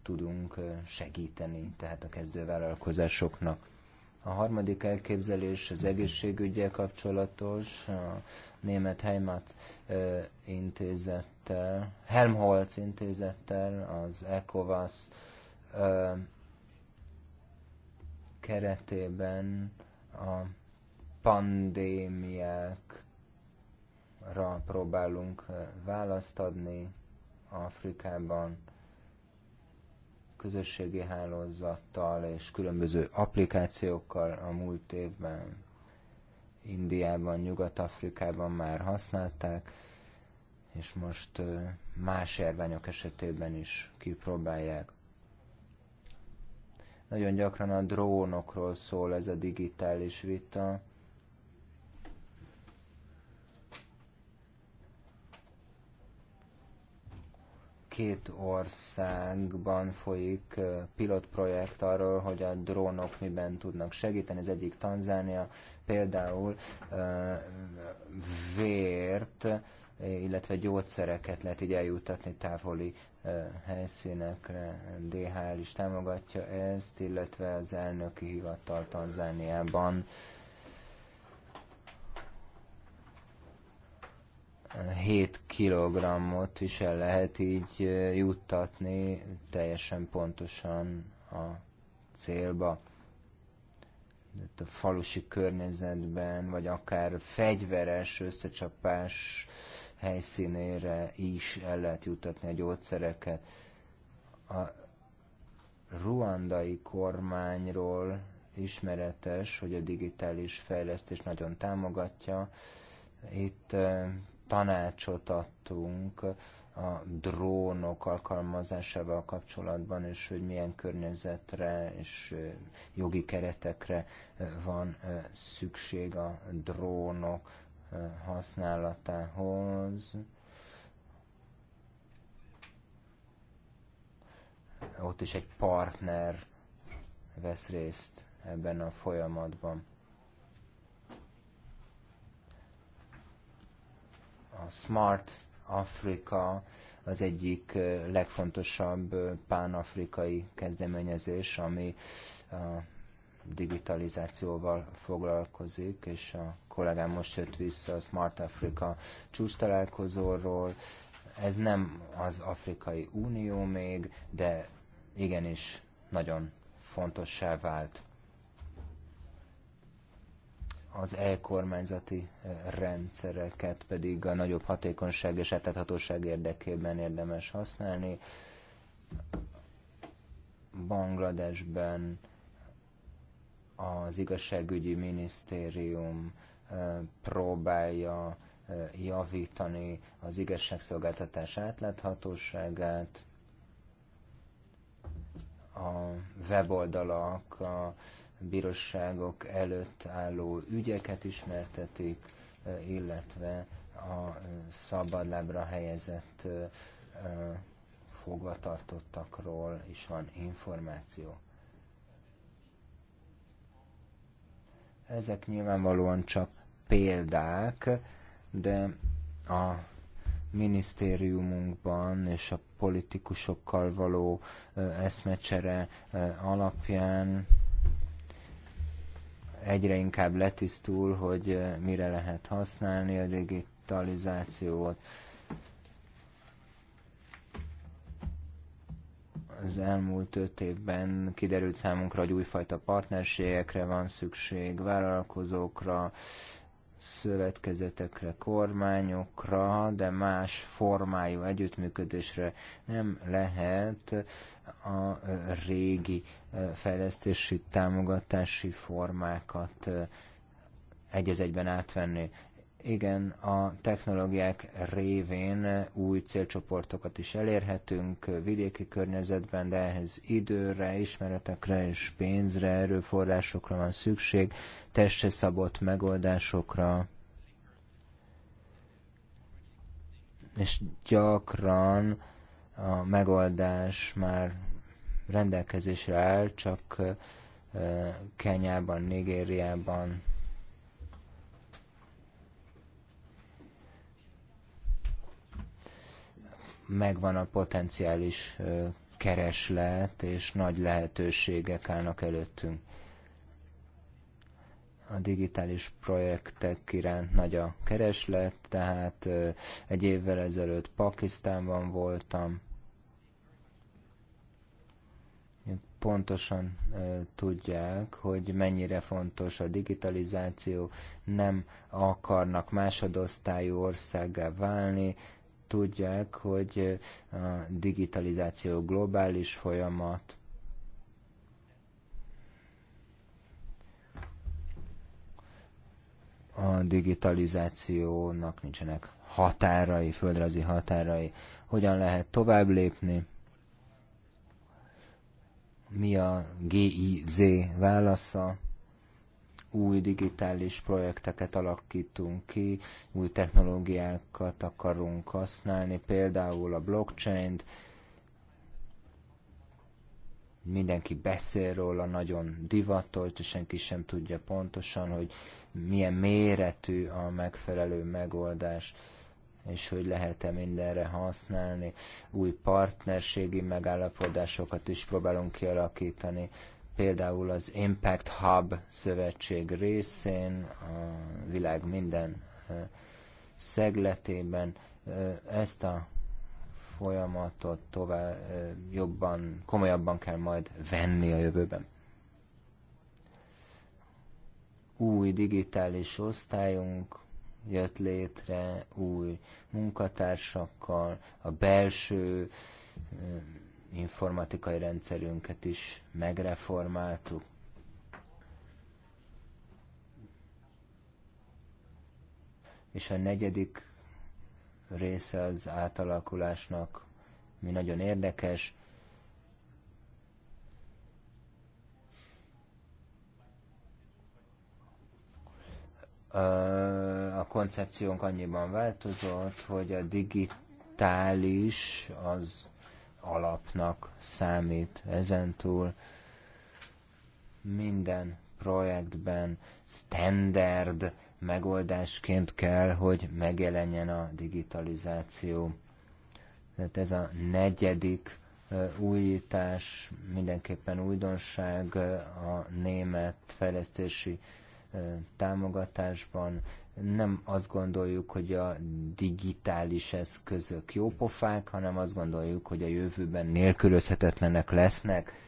tudunk segíteni, tehát a kezdővállalkozásoknak. A harmadik elképzelés az egészségügyel kapcsolatos, a német Heimat intézettel, Helmholtz intézettel, az ECOVAS keretében a pandémiákra próbálunk választ adni Afrikában közösségi hálózattal és különböző applikációkkal a múlt évben Indiában, Nyugat-Afrikában már használták, és most más járványok esetében is kipróbálják. Nagyon gyakran a drónokról szól ez a digitális vita, két országban folyik pilotprojekt arról, hogy a drónok miben tudnak segíteni. Az egyik Tanzánia például vért, illetve gyógyszereket lehet így eljutatni távoli helyszínekre. DHL is támogatja ezt, illetve az elnöki hivatal Tanzániában 7 kg-ot is el lehet így juttatni teljesen pontosan a célba. De a falusi környezetben, vagy akár fegyveres összecsapás helyszínére is el lehet juttatni a gyógyszereket. A ruandai kormányról ismeretes, hogy a digitális fejlesztés nagyon támogatja. Itt tanácsot adtunk a drónok alkalmazásával kapcsolatban, és hogy milyen környezetre és jogi keretekre van szükség a drónok használatához. Ott is egy partner vesz részt ebben a folyamatban. a Smart Afrika az egyik legfontosabb pánafrikai kezdeményezés, ami a digitalizációval foglalkozik, és a kollégám most jött vissza a Smart Africa csúcs találkozóról. Ez nem az Afrikai Unió még, de igenis nagyon fontossá vált az elkormányzati e, rendszereket pedig a nagyobb hatékonyság és átláthatóság érdekében érdemes használni. Bangladesben az igazságügyi minisztérium e, próbálja e, javítani az igazságszolgáltatás átláthatóságát, a weboldalak, a bíróságok előtt álló ügyeket ismertetik, illetve a szabadlábra helyezett fogvatartottakról is van információ. Ezek nyilvánvalóan csak példák, de a minisztériumunkban és a politikusokkal való eszmecsere alapján egyre inkább letisztul, hogy eh, mire lehet használni a digitalizációt. Az elmúlt öt évben kiderült számunkra, hogy újfajta partnerségekre van szükség, vállalkozókra, szövetkezetekre, kormányokra, de más formájú együttműködésre nem lehet a régi fejlesztési támogatási formákat egy az egyben átvenni. Igen, a technológiák révén új célcsoportokat is elérhetünk vidéki környezetben, de ehhez időre, ismeretekre és pénzre, erőforrásokra van szükség, testre szabott megoldásokra. És gyakran a megoldás már rendelkezésre áll, csak Kenyában, Nigériában, megvan a potenciális kereslet, és nagy lehetőségek állnak előttünk. A digitális projektek iránt nagy a kereslet, tehát egy évvel ezelőtt Pakisztánban voltam, pontosan tudják, hogy mennyire fontos a digitalizáció, nem akarnak másodosztályú országgá válni, tudják, hogy a digitalizáció globális folyamat, a digitalizációnak nincsenek határai, földrajzi határai, hogyan lehet tovább lépni, mi a GIZ válasza? Új digitális projekteket alakítunk ki, új technológiákat akarunk használni, például a blockchain-t, mindenki beszél róla, nagyon divatolt és senki sem tudja pontosan, hogy milyen méretű a megfelelő megoldás és hogy lehet-e mindenre használni. Új partnerségi megállapodásokat is próbálunk kialakítani, például az Impact Hub szövetség részén, a világ minden szegletében ezt a folyamatot tovább jobban, komolyabban kell majd venni a jövőben. Új digitális osztályunk jött létre, új munkatársakkal, a belső informatikai rendszerünket is megreformáltuk. És a negyedik része az átalakulásnak, mi nagyon érdekes, a koncepciónk annyiban változott, hogy a digitális az alapnak számít ezentúl minden projektben standard megoldásként kell, hogy megjelenjen a digitalizáció. Tehát ez a negyedik újítás, mindenképpen újdonság a német fejlesztési támogatásban. Nem azt gondoljuk, hogy a digitális eszközök jópofák, hanem azt gondoljuk, hogy a jövőben nélkülözhetetlenek lesznek.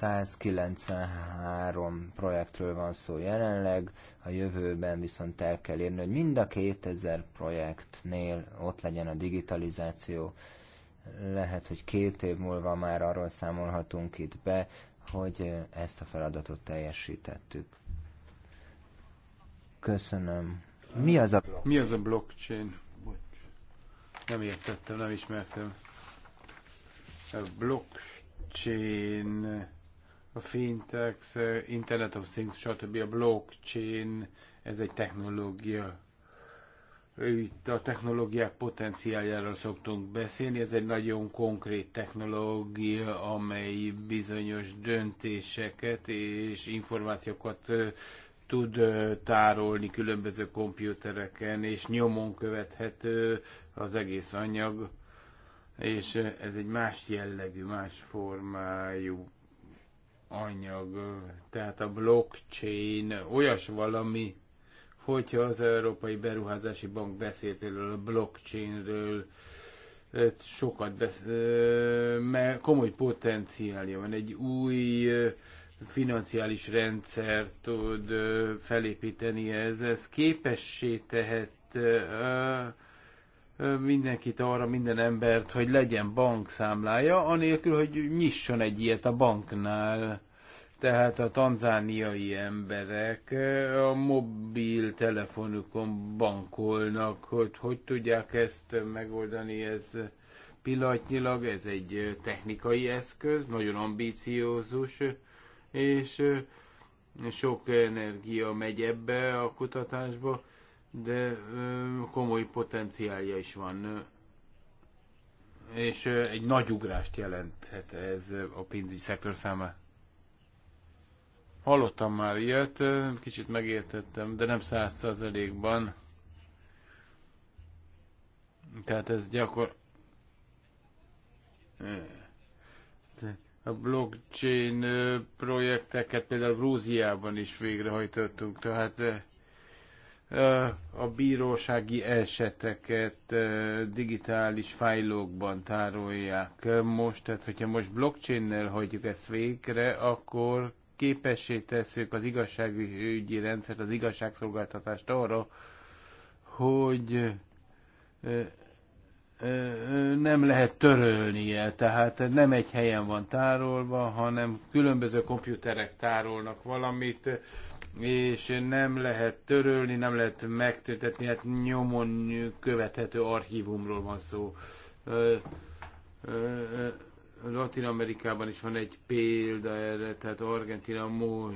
...193 projektről van szó jelenleg, a jövőben viszont el kell érni, hogy mind a 2000 projektnél ott legyen a digitalizáció lehet, hogy két év múlva már arról számolhatunk itt be, hogy ezt a feladatot teljesítettük. Köszönöm. Mi az a... Mi az a blockchain? Nem értettem, nem ismertem. A blockchain, a fintech, Internet of Things, stb. A blockchain, ez egy technológia itt a technológiák potenciáljáról szoktunk beszélni. Ez egy nagyon konkrét technológia, amely bizonyos döntéseket és információkat tud tárolni különböző kompjútereken, és nyomon követhető az egész anyag, és ez egy más jellegű, más formájú anyag. Tehát a blockchain olyas valami, hogyha az Európai Beruházási Bank beszél például a blockchainről, sokat beszél, mert komoly potenciálja van, egy új financiális rendszert tud felépíteni ez, ez képessé tehet mindenkit arra, minden embert, hogy legyen bankszámlája, anélkül, hogy nyisson egy ilyet a banknál. Tehát a tanzániai emberek a mobiltelefonukon bankolnak, hogy hogy tudják ezt megoldani, ez pillanatnyilag ez egy technikai eszköz, nagyon ambíciózus, és sok energia megy ebbe a kutatásba, de komoly potenciálja is van. És egy nagy ugrást jelenthet ez a pénzügyi szektor számára. Hallottam már ilyet, kicsit megértettem, de nem száz százalékban. Tehát ez gyakor... A blockchain projekteket például Grúziában is végrehajtottunk, tehát a bírósági eseteket digitális fájlokban tárolják most, tehát hogyha most blockchain-nel hagyjuk ezt végre, akkor képessé tesszük az igazságügyi rendszert, az igazságszolgáltatást arra, hogy nem lehet törölnie, tehát nem egy helyen van tárolva, hanem különböző komputerek tárolnak valamit, és nem lehet törölni, nem lehet megtöltetni, hát nyomon követhető archívumról van szó. Latin Amerikában is van egy példa erre, tehát Argentina mó,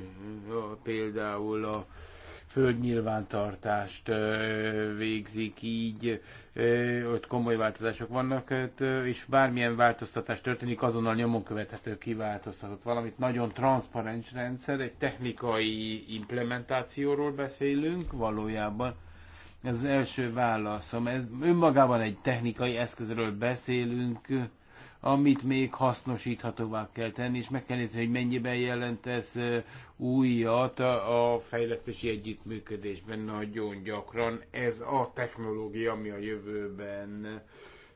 például a földnyilvántartást végzik így, ott komoly változások vannak, hát, és bármilyen változtatás történik, azonnal nyomon követhető kiváltoztatott valamit. Nagyon transzparens rendszer, egy technikai implementációról beszélünk valójában. Ez az első válaszom. Ez önmagában egy technikai eszközről beszélünk, amit még hasznosíthatóvá kell tenni, és meg kell nézni, hogy mennyiben jelent ez újat a fejlesztési együttműködésben nagyon gyakran. Ez a technológia, ami a jövőben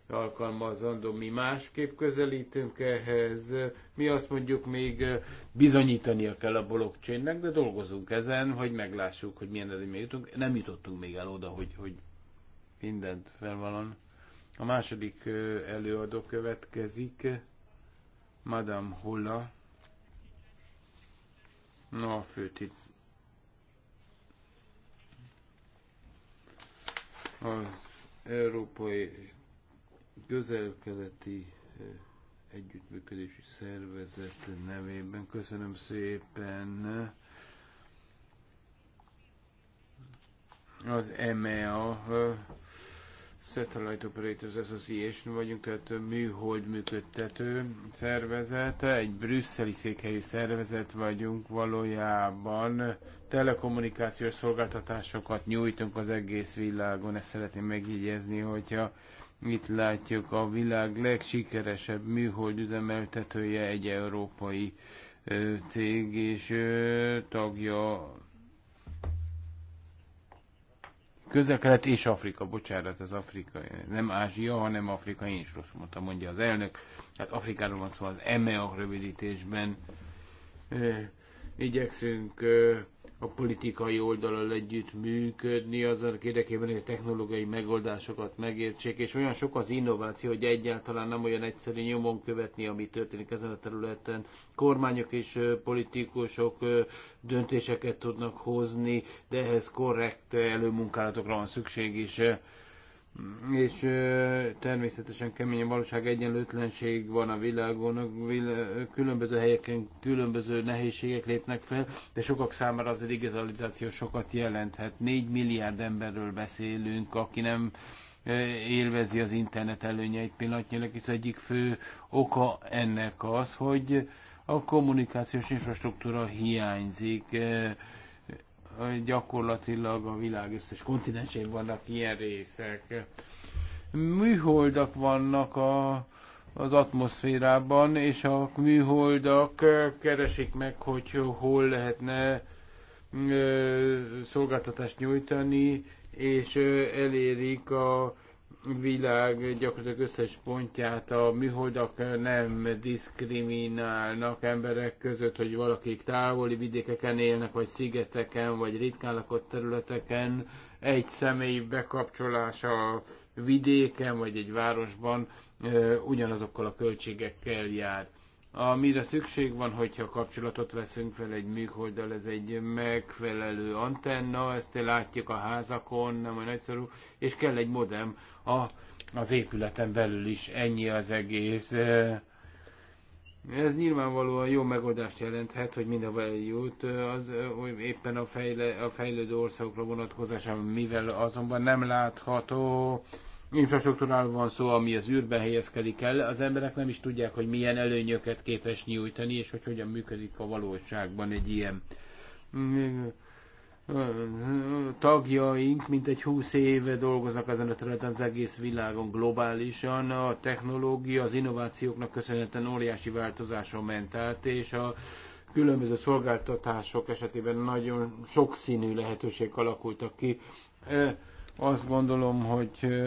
alkalmazandó. Mi másképp közelítünk ehhez. Mi azt mondjuk még bizonyítania kell a blockchainnek, de dolgozunk ezen, hogy meglássuk, hogy milyen eredményre jutunk. Nem jutottunk még el oda, hogy, hogy mindent felvallanak. A második előadó következik, Madame Hulla. No, a főtit. Az Európai Közelkeleti Együttműködési Szervezet nevében köszönöm szépen. Az EMEA Satellite Operators Association vagyunk, tehát műhold működtető szervezet, egy brüsszeli székhelyű szervezet vagyunk valójában. Telekommunikációs szolgáltatásokat nyújtunk az egész világon, ezt szeretném megjegyezni, hogyha itt látjuk a világ legsikeresebb műhold üzemeltetője egy európai cég, és tagja Közel-kelet és Afrika, bocsánat, az Afrika, nem Ázsia, hanem Afrika, én is rosszul mondtam, mondja az elnök. Hát Afrikáról van szó az EMEA rövidítésben. Eh, igyekszünk eh, a politikai oldalal együtt működni, azok érdekében, hogy a technológiai megoldásokat megértsék, és olyan sok az innováció, hogy egyáltalán nem olyan egyszerű nyomon követni, ami történik ezen a területen. Kormányok és politikusok döntéseket tudnak hozni, de ehhez korrekt előmunkálatokra van szükség is és természetesen kemény a valóság egyenlőtlenség van a világon, vil különböző helyeken különböző nehézségek lépnek fel, de sokak számára az a digitalizáció sokat jelenthet. négy milliárd emberről beszélünk, aki nem élvezi az internet előnyeit pillanatnyilag, hisz egyik fő oka ennek az, hogy a kommunikációs infrastruktúra hiányzik, gyakorlatilag a világ összes kontinensén vannak ilyen részek. Műholdak vannak a, az atmoszférában, és a műholdak keresik meg, hogy hol lehetne szolgáltatást nyújtani, és elérik a világ gyakorlatilag összes pontját a műholdak nem diszkriminálnak emberek között, hogy valakik távoli vidékeken élnek, vagy szigeteken, vagy ritkán lakott területeken. Egy személy bekapcsolása a vidéken, vagy egy városban ugyanazokkal a költségekkel jár amire szükség van, hogyha kapcsolatot veszünk fel egy műholddal, ez egy megfelelő antenna, ezt látjuk a házakon, nem olyan egyszerű, és kell egy modem a, az épületen belül is, ennyi az egész. Ez nyilvánvalóan jó megoldást jelenthet, hogy a eljut, az hogy éppen a, fejle, a fejlődő országokra vonatkozásában, mivel azonban nem látható, infrastruktúráról van szó, ami az űrbe helyezkedik el, az emberek nem is tudják, hogy milyen előnyöket képes nyújtani, és hogy hogyan működik a valóságban egy ilyen mm, tagjaink, mint egy 20 éve dolgoznak ezen a területen az egész világon globálisan. A technológia az innovációknak köszönhetően óriási változáson ment át, és a különböző szolgáltatások esetében nagyon sokszínű lehetőség alakultak ki e, azt gondolom, hogy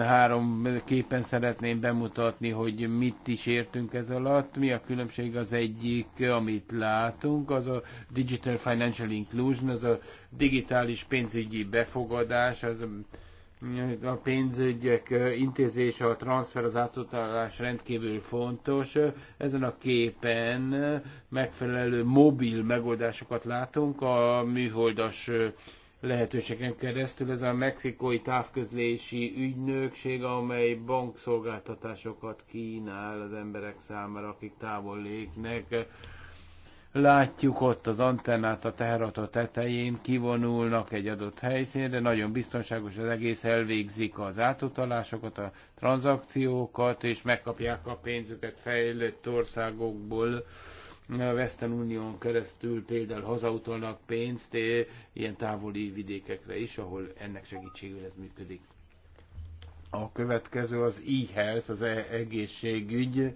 három képen szeretném bemutatni, hogy mit is értünk ez alatt. Mi a különbség az egyik, amit látunk, az a Digital Financial Inclusion, az a digitális pénzügyi befogadás, az a pénzügyek intézése, a transfer, az átutalás rendkívül fontos. Ezen a képen megfelelő mobil megoldásokat látunk a műholdas lehetőségen keresztül. Ez a mexikói távközlési ügynökség, amely bankszolgáltatásokat kínál az emberek számára, akik távol léknek. Látjuk ott az antennát a teherautó tetején, kivonulnak egy adott helyszínre, nagyon biztonságos az egész, elvégzik az átutalásokat, a tranzakciókat, és megkapják a pénzüket fejlett országokból Western Unión keresztül például hazautalnak pénzt eh, ilyen távoli vidékekre is, ahol ennek segítségével ez működik. A következő az e-health, az e egészségügy.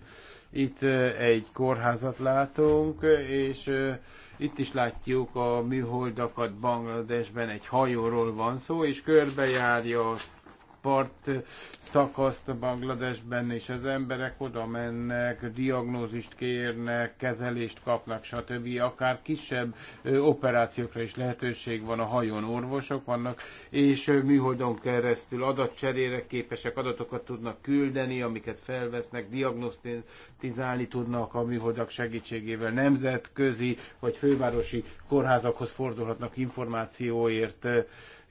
Itt eh, egy kórházat látunk, és eh, itt is látjuk a műholdakat Bangladesben, egy hajóról van szó, és körbejárja a part szakaszt Bangladesben, és az emberek oda mennek, diagnózist kérnek, kezelést kapnak, stb. Akár kisebb operációkra is lehetőség van, a hajón orvosok vannak, és műholdon keresztül adatcserére képesek adatokat tudnak küldeni, amiket felvesznek, diagnosztizálni tudnak a műholdak segítségével. Nemzetközi vagy fővárosi kórházakhoz fordulhatnak információért,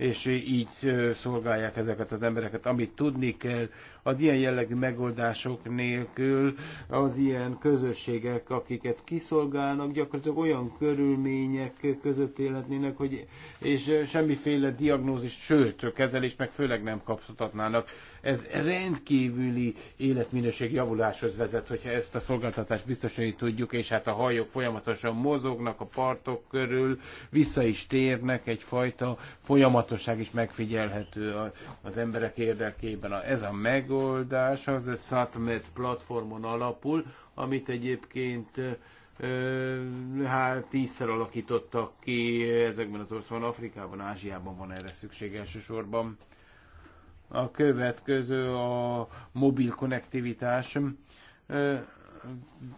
és így szolgálják ezeket az embereket. Amit tudni kell, az ilyen jellegű megoldások nélkül az ilyen közösségek, akiket kiszolgálnak, gyakorlatilag olyan körülmények között élhetnének, hogy és semmiféle diagnózis, sőt, kezelést meg főleg nem kaphatnának. Ez rendkívüli életminőség javuláshoz vezet, hogyha ezt a szolgáltatást biztosítani tudjuk, és hát a hajók folyamatosan mozognak a partok körül, vissza is térnek, egyfajta folyamatosság is megfigyelhető az emberek érdekében. Ez a meg megoldás az a SATMET platformon alapul, amit egyébként hát tízszer alakítottak ki ezekben az országban, Afrikában, Ázsiában van erre szükség elsősorban. A következő a mobil konnektivitás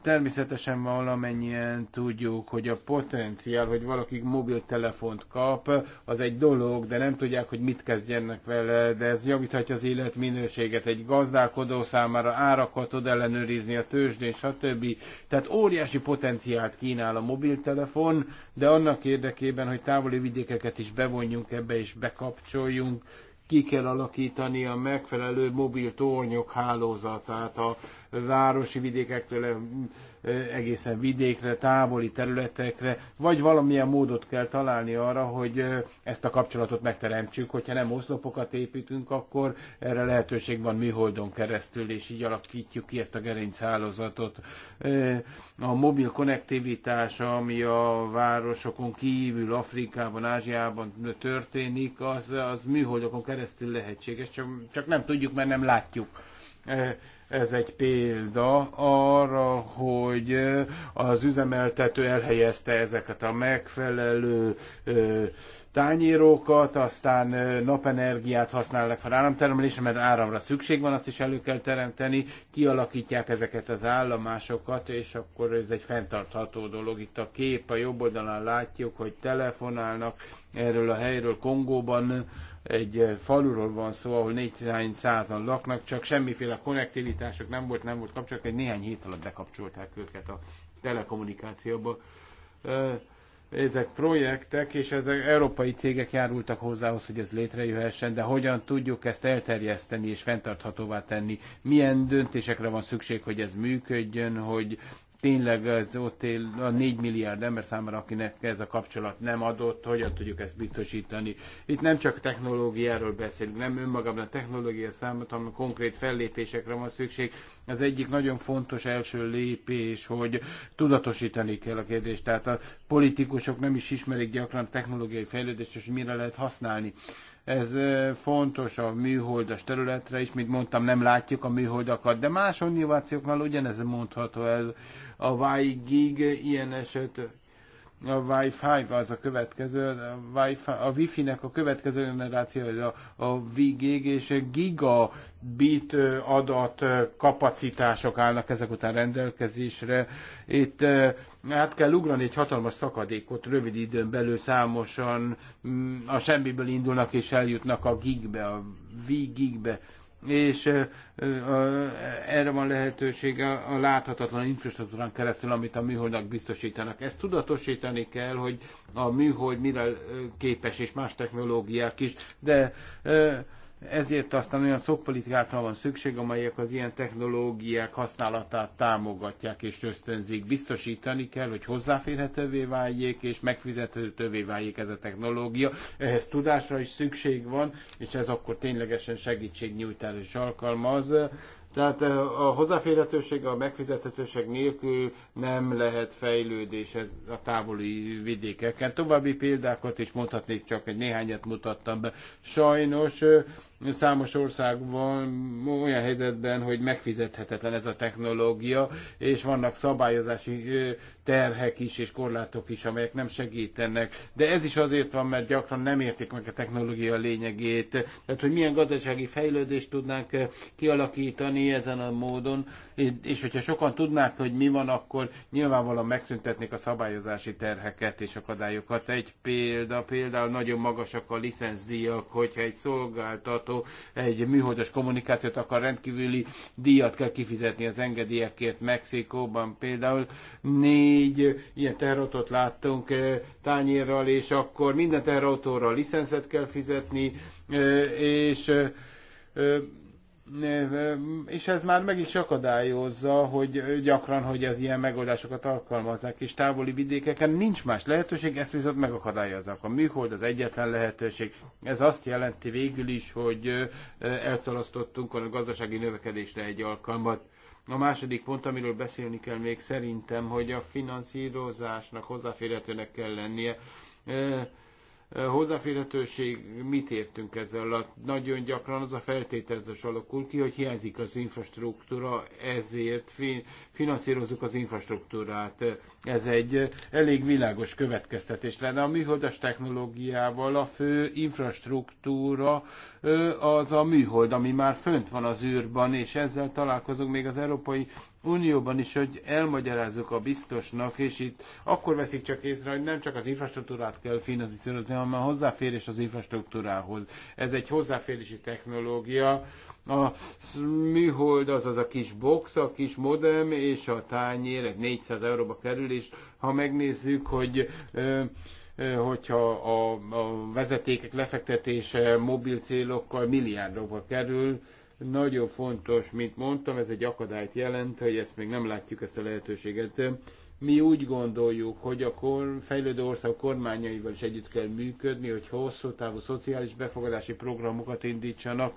természetesen valamennyien tudjuk, hogy a potenciál, hogy valaki mobiltelefont kap, az egy dolog, de nem tudják, hogy mit kezdjenek vele, de ez javíthatja az életminőséget egy gazdálkodó számára, árakat tud ellenőrizni a tőzsdén, stb. Tehát óriási potenciált kínál a mobiltelefon, de annak érdekében, hogy távoli vidékeket is bevonjunk ebbe és bekapcsoljunk, ki kell alakítani a megfelelő mobil tornyok hálózatát, a városi vidékektől egészen vidékre, távoli területekre, vagy valamilyen módot kell találni arra, hogy ezt a kapcsolatot megteremtsük. Hogyha nem oszlopokat építünk, akkor erre lehetőség van műholdon keresztül, és így alakítjuk ki ezt a gerincszálozatot. A mobil konnektivitás, ami a városokon kívül, Afrikában, Ázsiában történik, az, az műholdokon keresztül lehetséges, csak, csak nem tudjuk, mert nem látjuk ez egy példa arra, hogy az üzemeltető elhelyezte ezeket a megfelelő tányérókat, aztán napenergiát használnak fel áramtermelésre, mert áramra szükség van, azt is elő kell teremteni, kialakítják ezeket az állomásokat, és akkor ez egy fenntartható dolog. Itt a kép a jobb oldalán látjuk, hogy telefonálnak erről a helyről Kongóban, egy faluról van szó, ahol 400-an laknak, csak semmiféle konnektivitások nem volt, nem volt kapcsolat, egy néhány hét alatt bekapcsolták őket a telekommunikációba. Ezek projektek, és ezek európai cégek járultak hozzához, hogy ez létrejöhessen, de hogyan tudjuk ezt elterjeszteni és fenntarthatóvá tenni? Milyen döntésekre van szükség, hogy ez működjön, hogy tényleg az ott él a 4 milliárd ember számára, akinek ez a kapcsolat nem adott, hogyan tudjuk ezt biztosítani. Itt nem csak technológiáról beszélünk, nem önmagában a technológia számot, hanem konkrét fellépésekre van szükség. Az egyik nagyon fontos első lépés, hogy tudatosítani kell a kérdést. Tehát a politikusok nem is ismerik gyakran a technológiai fejlődést, és mire lehet használni. Ez fontos a műholdas területre is, mint mondtam, nem látjuk a műholdakat, de más innovációknál ugyanez mondható el. A váigig ilyen eset a Wi-Fi az a következő, a, Wi-Fi, a Wi-Fi-nek a következő generációja a, a VGG és a gigabit adat kapacitások állnak ezek után rendelkezésre. Itt hát kell ugrani egy hatalmas szakadékot rövid időn belül számosan mm, a semmiből indulnak és eljutnak a gigbe, a V-gigbe és erre van lehetősége a láthatatlan infrastruktúrán keresztül, amit a műholdnak biztosítanak. Ezt tudatosítani kell, hogy a műhold mire képes, és más technológiák is, de ezért aztán olyan szakpolitikákra van szükség, amelyek az ilyen technológiák használatát támogatják és ösztönzik. Biztosítani kell, hogy hozzáférhetővé váljék és megfizethetővé váljék ez a technológia. Ehhez tudásra is szükség van, és ez akkor ténylegesen segítségnyújtás is alkalmaz. Tehát a hozzáférhetőség, a megfizethetőség nélkül nem lehet fejlődés ez a távoli vidékeken. További példákat is mondhatnék, csak egy néhányat mutattam be. Sajnos Számos ország van olyan helyzetben, hogy megfizethetetlen ez a technológia, és vannak szabályozási terhek is és korlátok is, amelyek nem segítenek. De ez is azért van, mert gyakran nem értik meg a technológia lényegét. Tehát, hogy milyen gazdasági fejlődést tudnánk kialakítani ezen a módon, és, és hogyha sokan tudnák, hogy mi van, akkor nyilvánvalóan megszüntetnék a szabályozási terheket és akadályokat. Egy példa, például nagyon magasak a licenszdíjak, hogyha egy szolgáltató szó, egy műholdas kommunikációt akar rendkívüli díjat kell kifizetni az engedélyekért Mexikóban. Például négy ilyen terrotot láttunk eh, tányérral, és akkor minden terrotóra licenszet kell fizetni, eh, és eh, és ez már meg is akadályozza, hogy gyakran, hogy az ilyen megoldásokat alkalmazzák, és távoli vidékeken nincs más lehetőség, ezt viszont megakadályoznak. A műhold az egyetlen lehetőség. Ez azt jelenti végül is, hogy elszalasztottunk a gazdasági növekedésre egy alkalmat. A második pont, amiről beszélni kell még szerintem, hogy a finanszírozásnak hozzáférhetőnek kell lennie hozzáférhetőség, mit értünk ezzel Nagyon gyakran az a feltételezés alakul ki, hogy hiányzik az infrastruktúra, ezért finanszírozzuk az infrastruktúrát. Ez egy elég világos következtetés lenne. A műholdas technológiával a fő infrastruktúra az a műhold, ami már fönt van az űrban, és ezzel találkozunk még az Európai Unióban is, hogy elmagyarázzuk a biztosnak, és itt akkor veszik csak észre, hogy nem csak az infrastruktúrát kell finanszírozni, hanem a hozzáférés az infrastruktúrához. Ez egy hozzáférési technológia. A műhold az az a kis box, a kis modem és a tányér, egy 400 euróba kerül, és ha megnézzük, hogy hogyha a, a vezetékek lefektetése mobil célokkal milliárdokba kerül, nagyon fontos, mint mondtam, ez egy akadályt jelent, hogy ezt még nem látjuk, ezt a lehetőséget. Mi úgy gondoljuk, hogy a kor, fejlődő ország kormányaival is együtt kell működni, hogy hosszú távú szociális befogadási programokat indítsanak,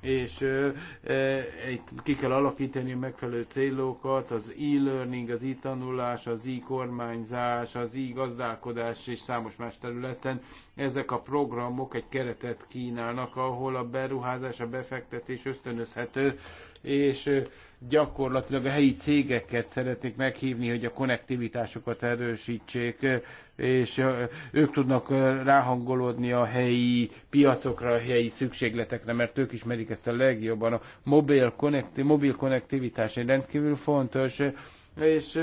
és e, e, itt ki kell alakítani megfelelő célokat, az e-learning, az e-tanulás, az e-kormányzás, az e-gazdálkodás és számos más területen. Ezek a programok egy keretet kínálnak, ahol a beruházás, a befektetés ösztönözhető, és gyakorlatilag a helyi cégeket szeretnék meghívni, hogy a konnektivitásokat erősítsék, és ők tudnak ráhangolódni a helyi piacokra, a helyi szükségletekre, mert ők ismerik ezt a legjobban. A mobil, connecti- mobil konnektivitás egy rendkívül fontos, és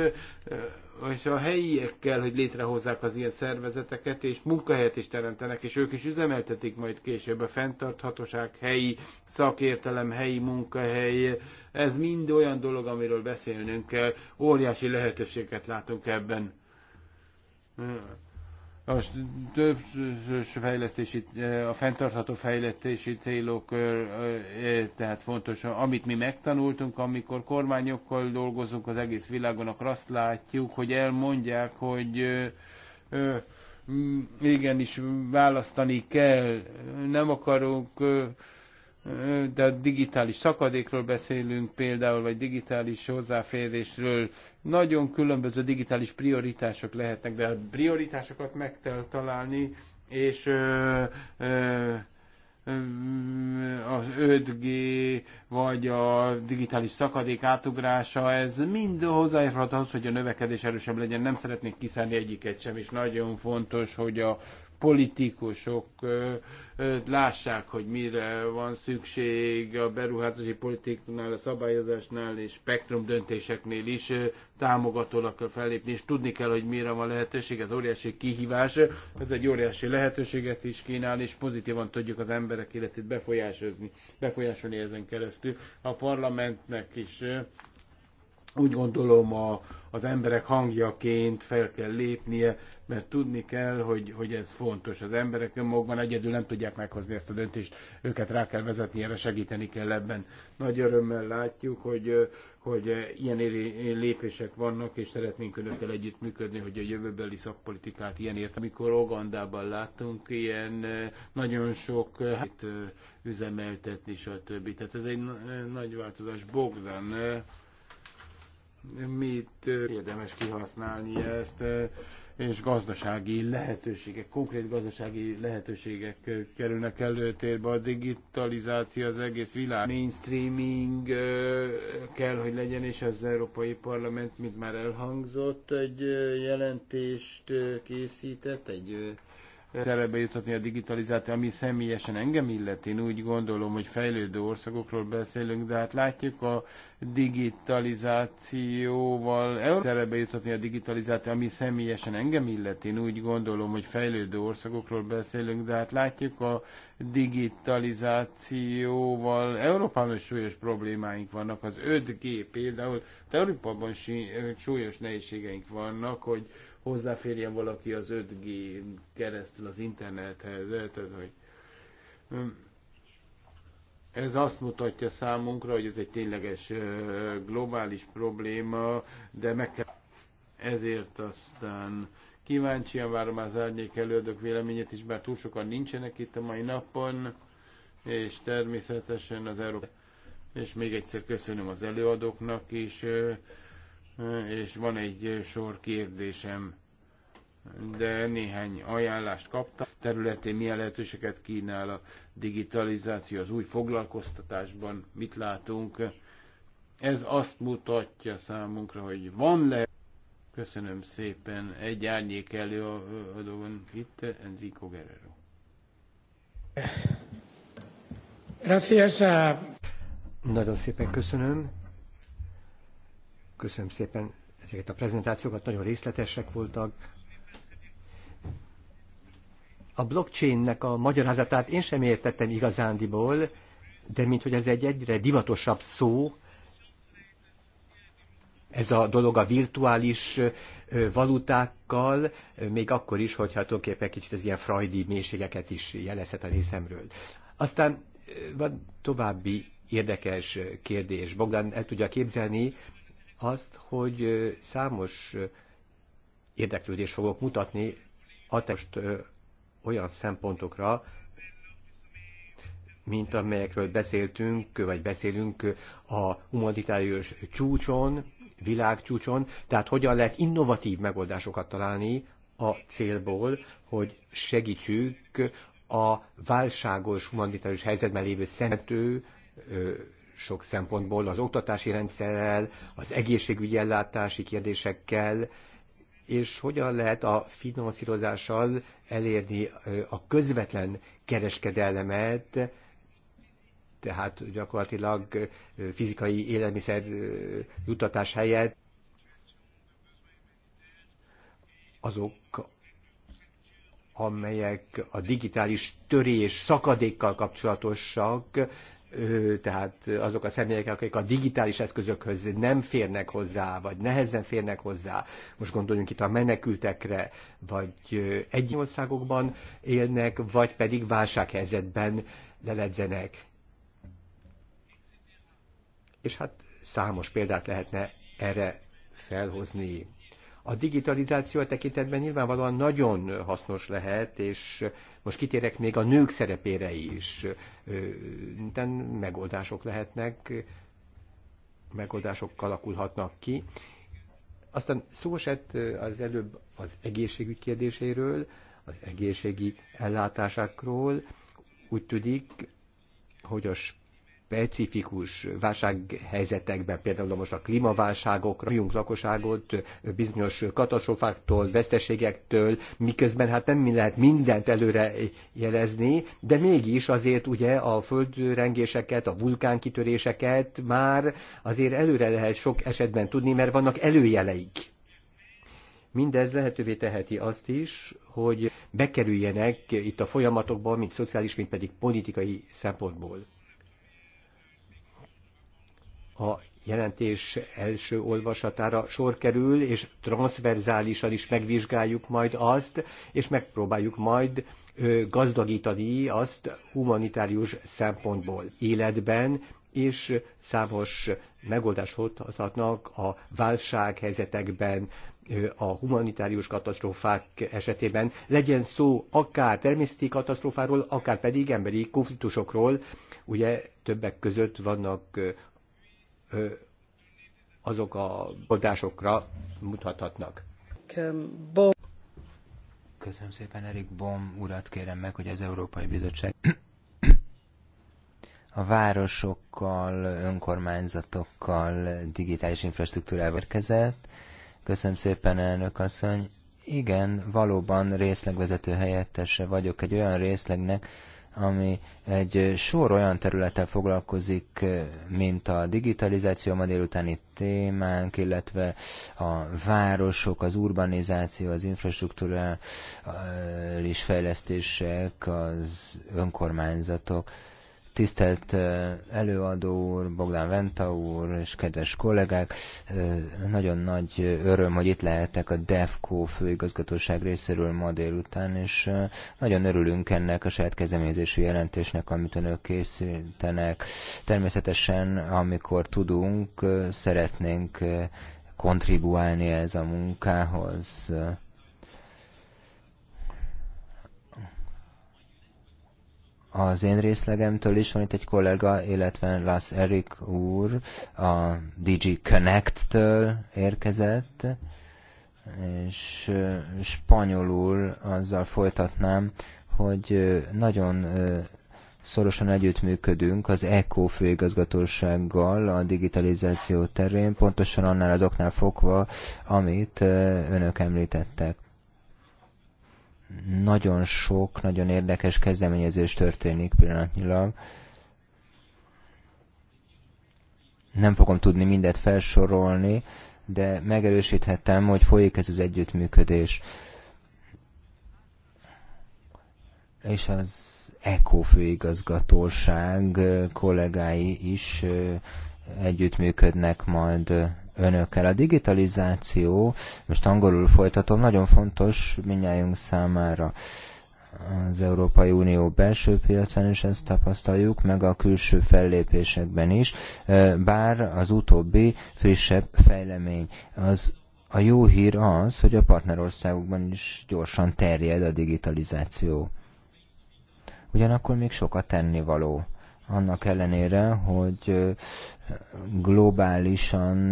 és a helyiekkel, hogy létrehozzák az ilyen szervezeteket, és munkahelyet is teremtenek, és ők is üzemeltetik majd később a fenntarthatóság, helyi szakértelem, helyi munkahely. Ez mind olyan dolog, amiről beszélnünk kell. Óriási lehetőséget látunk ebben a több fejlesztési, a fenntartható fejlesztési célok, tehát fontos, amit mi megtanultunk, amikor kormányokkal dolgozunk az egész világon, akkor azt látjuk, hogy elmondják, hogy igenis választani kell, nem akarunk de a digitális szakadékról beszélünk például, vagy digitális hozzáférésről. Nagyon különböző digitális prioritások lehetnek, de a prioritásokat meg kell találni, és ö, ö, az 5G, vagy a digitális szakadék átugrása, ez mind hozzájárulhat ahhoz, hogy a növekedés erősebb legyen. Nem szeretnék kiszállni egyiket sem, és nagyon fontos, hogy a politikusok lássák, hogy mire van szükség a beruházási politikánál, a szabályozásnál és spektrum döntéseknél is támogatólag kell fellépni, és tudni kell, hogy mire van lehetőség, ez óriási kihívás, ez egy óriási lehetőséget is kínál, és pozitívan tudjuk az emberek életét befolyásolni, befolyásolni ezen keresztül. A parlamentnek is úgy gondolom a, az emberek hangjaként fel kell lépnie, mert tudni kell, hogy, hogy ez fontos. Az emberek önmagukban egyedül nem tudják meghozni ezt a döntést, őket rá kell vezetni, erre segíteni kell ebben. Nagy örömmel látjuk, hogy, hogy ilyen lépések vannak, és szeretnénk önökkel működni, hogy a jövőbeli szakpolitikát ilyen ért. Amikor Ogandában láttunk ilyen nagyon sok hát, üzemeltetni, stb. Tehát ez egy nagy változás. Bogdan, mit érdemes kihasználni ezt, és gazdasági lehetőségek, konkrét gazdasági lehetőségek kerülnek előtérbe. A digitalizáció az egész világ mainstreaming kell, hogy legyen, és az Európai Parlament, mint már elhangzott, egy jelentést készített, egy szerebe jutatni a digitalizáció, ami személyesen engem illet. Én úgy gondolom, hogy fejlődő országokról beszélünk, de hát látjuk a digitalizációval szerebe jutatni a digitalizáció, ami személyesen engem illet. Én úgy gondolom, hogy fejlődő országokról beszélünk, de hát látjuk a digitalizációval Európában súlyos problémáink vannak. Az 5G például, de Európában súlyos nehézségeink vannak, hogy hozzáférjen valaki az 5G keresztül az internethez. Tehát, hogy hm. ez azt mutatja számunkra, hogy ez egy tényleges globális probléma, de meg kell. Ezért aztán kíváncsian várom az árnyék előadók véleményét is, bár túl sokan nincsenek itt a mai napon, és természetesen az Európa. És még egyszer köszönöm az előadóknak is és van egy sor kérdésem, de néhány ajánlást kaptam. Területén milyen lehetőséget kínál a digitalizáció az új foglalkoztatásban, mit látunk. Ez azt mutatja számunkra, hogy van lehet. Köszönöm szépen. Egy árnyék a dolgon. itt, Enrico Guerrero. Gracias. Nagyon szépen köszönöm. Köszönöm szépen ezeket a prezentációkat, nagyon részletesek voltak. A blockchainnek a magyarázatát én sem értettem igazándiból, de mint hogy ez egy egyre divatosabb szó, ez a dolog a virtuális valutákkal, még akkor is, hogyha tulajdonképpen kicsit az ilyen frajdi mélységeket is jelezhet a részemről. Aztán van további érdekes kérdés. Bogdan el tudja képzelni, azt, hogy számos érdeklődést fogok mutatni a test olyan szempontokra, mint amelyekről beszéltünk, vagy beszélünk a humanitárius csúcson, világcsúcson, tehát hogyan lehet innovatív megoldásokat találni a célból, hogy segítsük a válságos humanitárius helyzetben lévő szentő sok szempontból az oktatási rendszerrel, az egészségügyi ellátási kérdésekkel, és hogyan lehet a finanszírozással elérni a közvetlen kereskedelmet, tehát gyakorlatilag fizikai élelmiszer juttatás helyett azok, amelyek a digitális törés szakadékkal kapcsolatosak, tehát azok a személyek, akik a digitális eszközökhöz nem férnek hozzá, vagy nehezen férnek hozzá, most gondoljunk itt a menekültekre, vagy egy országokban élnek, vagy pedig válsághelyzetben leledzenek. És hát számos példát lehetne erre felhozni. A digitalizáció a tekintetben nyilvánvalóan nagyon hasznos lehet, és most kitérek még a nők szerepére is. Minden megoldások lehetnek, megoldások alakulhatnak ki. Aztán szó esett az előbb az egészségügy kérdéséről, az egészségi ellátásákról. Úgy tudik, hogy a specifikus válsághelyzetekben, például most a klímaválságokra, vagyunk lakosságot bizonyos katasztrofáktól, veszteségektől, miközben hát nem lehet mindent előre jelezni, de mégis azért ugye a földrengéseket, a vulkánkitöréseket már azért előre lehet sok esetben tudni, mert vannak előjeleik. Mindez lehetővé teheti azt is, hogy bekerüljenek itt a folyamatokba, mint szociális, mint pedig politikai szempontból a jelentés első olvasatára sor kerül, és transzverzálisan is megvizsgáljuk majd azt, és megpróbáljuk majd gazdagítani azt humanitárius szempontból életben, és számos megoldást hozhatnak a válsághelyzetekben, a humanitárius katasztrófák esetében. Legyen szó akár természeti katasztrófáról, akár pedig emberi konfliktusokról. Ugye többek között vannak azok a bodásokra mutathatnak. Köszönöm szépen, Erik Bom urat kérem meg, hogy az Európai Bizottság a városokkal, önkormányzatokkal, digitális infrastruktúrával érkezett. Köszönöm szépen, elnök asszony. Igen, valóban részlegvezető helyettese vagyok egy olyan részlegnek, ami egy sor olyan területtel foglalkozik, mint a digitalizáció, a ma délutáni témánk, illetve a városok, az urbanizáció, az infrastruktúrális fejlesztések, az önkormányzatok, Tisztelt előadó úr, Bogdán Venta úr és kedves kollégák, nagyon nagy öröm, hogy itt lehetek a DEFCO főigazgatóság részéről ma délután, és nagyon örülünk ennek a saját kezdeményezésű jelentésnek, amit önök készítenek. Természetesen, amikor tudunk, szeretnénk kontribuálni ez a munkához az én részlegemtől is van itt egy kollega, illetve Lász Erik úr a DG Connect-től érkezett, és spanyolul azzal folytatnám, hogy nagyon szorosan együttműködünk az ECO főigazgatósággal a digitalizáció terén, pontosan annál az oknál fogva, amit önök említettek nagyon sok, nagyon érdekes kezdeményezés történik pillanatnyilag. Nem fogom tudni mindet felsorolni, de megerősíthetem, hogy folyik ez az együttműködés. És az ECO főigazgatóság kollégái is együttműködnek majd önökkel. A digitalizáció, most angolul folytatom, nagyon fontos minnyájunk számára az Európai Unió belső piacán is ezt tapasztaljuk, meg a külső fellépésekben is, bár az utóbbi frissebb fejlemény. Az a jó hír az, hogy a partnerországokban is gyorsan terjed a digitalizáció. Ugyanakkor még sokat tennivaló. Annak ellenére, hogy globálisan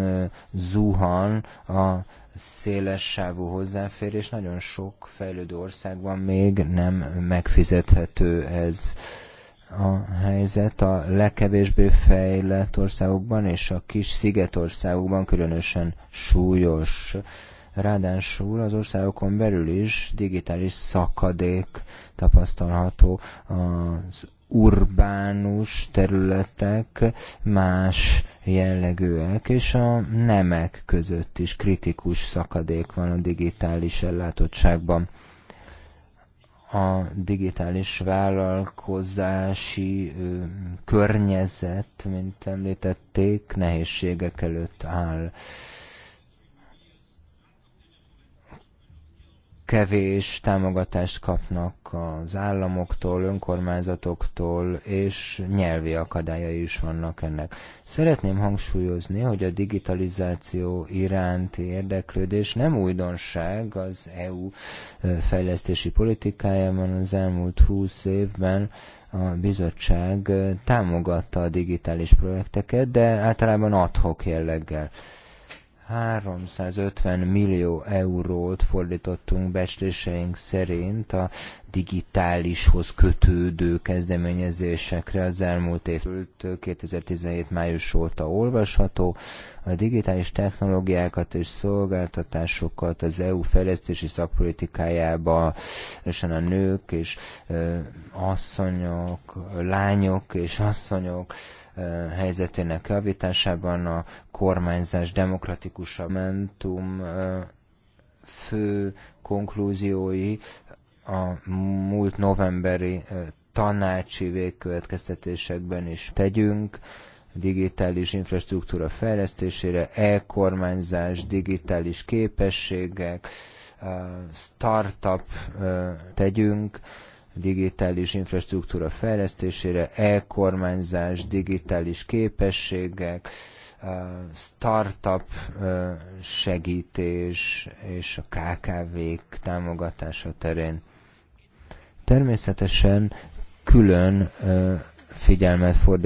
zuhan a széles sávú hozzáférés. Nagyon sok fejlődő országban még nem megfizethető ez a helyzet a legkevésbé fejlett országokban és a kis szigetországokban különösen súlyos. Ráadásul az országokon belül is digitális szakadék tapasztalható az urbánus területek más jellegűek, és a nemek között is kritikus szakadék van a digitális ellátottságban. A digitális vállalkozási ö, környezet, mint említették, nehézségek előtt áll. kevés támogatást kapnak az államoktól, önkormányzatoktól, és nyelvi akadályai is vannak ennek. Szeretném hangsúlyozni, hogy a digitalizáció iránti érdeklődés nem újdonság az EU fejlesztési politikájában az elmúlt 20 évben, a bizottság támogatta a digitális projekteket, de általában adhok jelleggel. 350 millió eurót fordítottunk becsléseink szerint a digitálishoz kötődő kezdeményezésekre az elmúlt év 2017 május óta olvasható. A digitális technológiákat és szolgáltatásokat az EU fejlesztési szakpolitikájába, és a nők és ö, asszonyok, lányok és asszonyok, helyzetének javításában, a kormányzás demokratikusabb mentum fő konklúziói a múlt novemberi tanácsi végkövetkeztetésekben is tegyünk, digitális infrastruktúra fejlesztésére, e-kormányzás, digitális képességek, startup tegyünk, digitális infrastruktúra fejlesztésére, e-kormányzás, digitális képességek, startup segítés és a KKV-k támogatása terén. Természetesen külön figyelmet fordít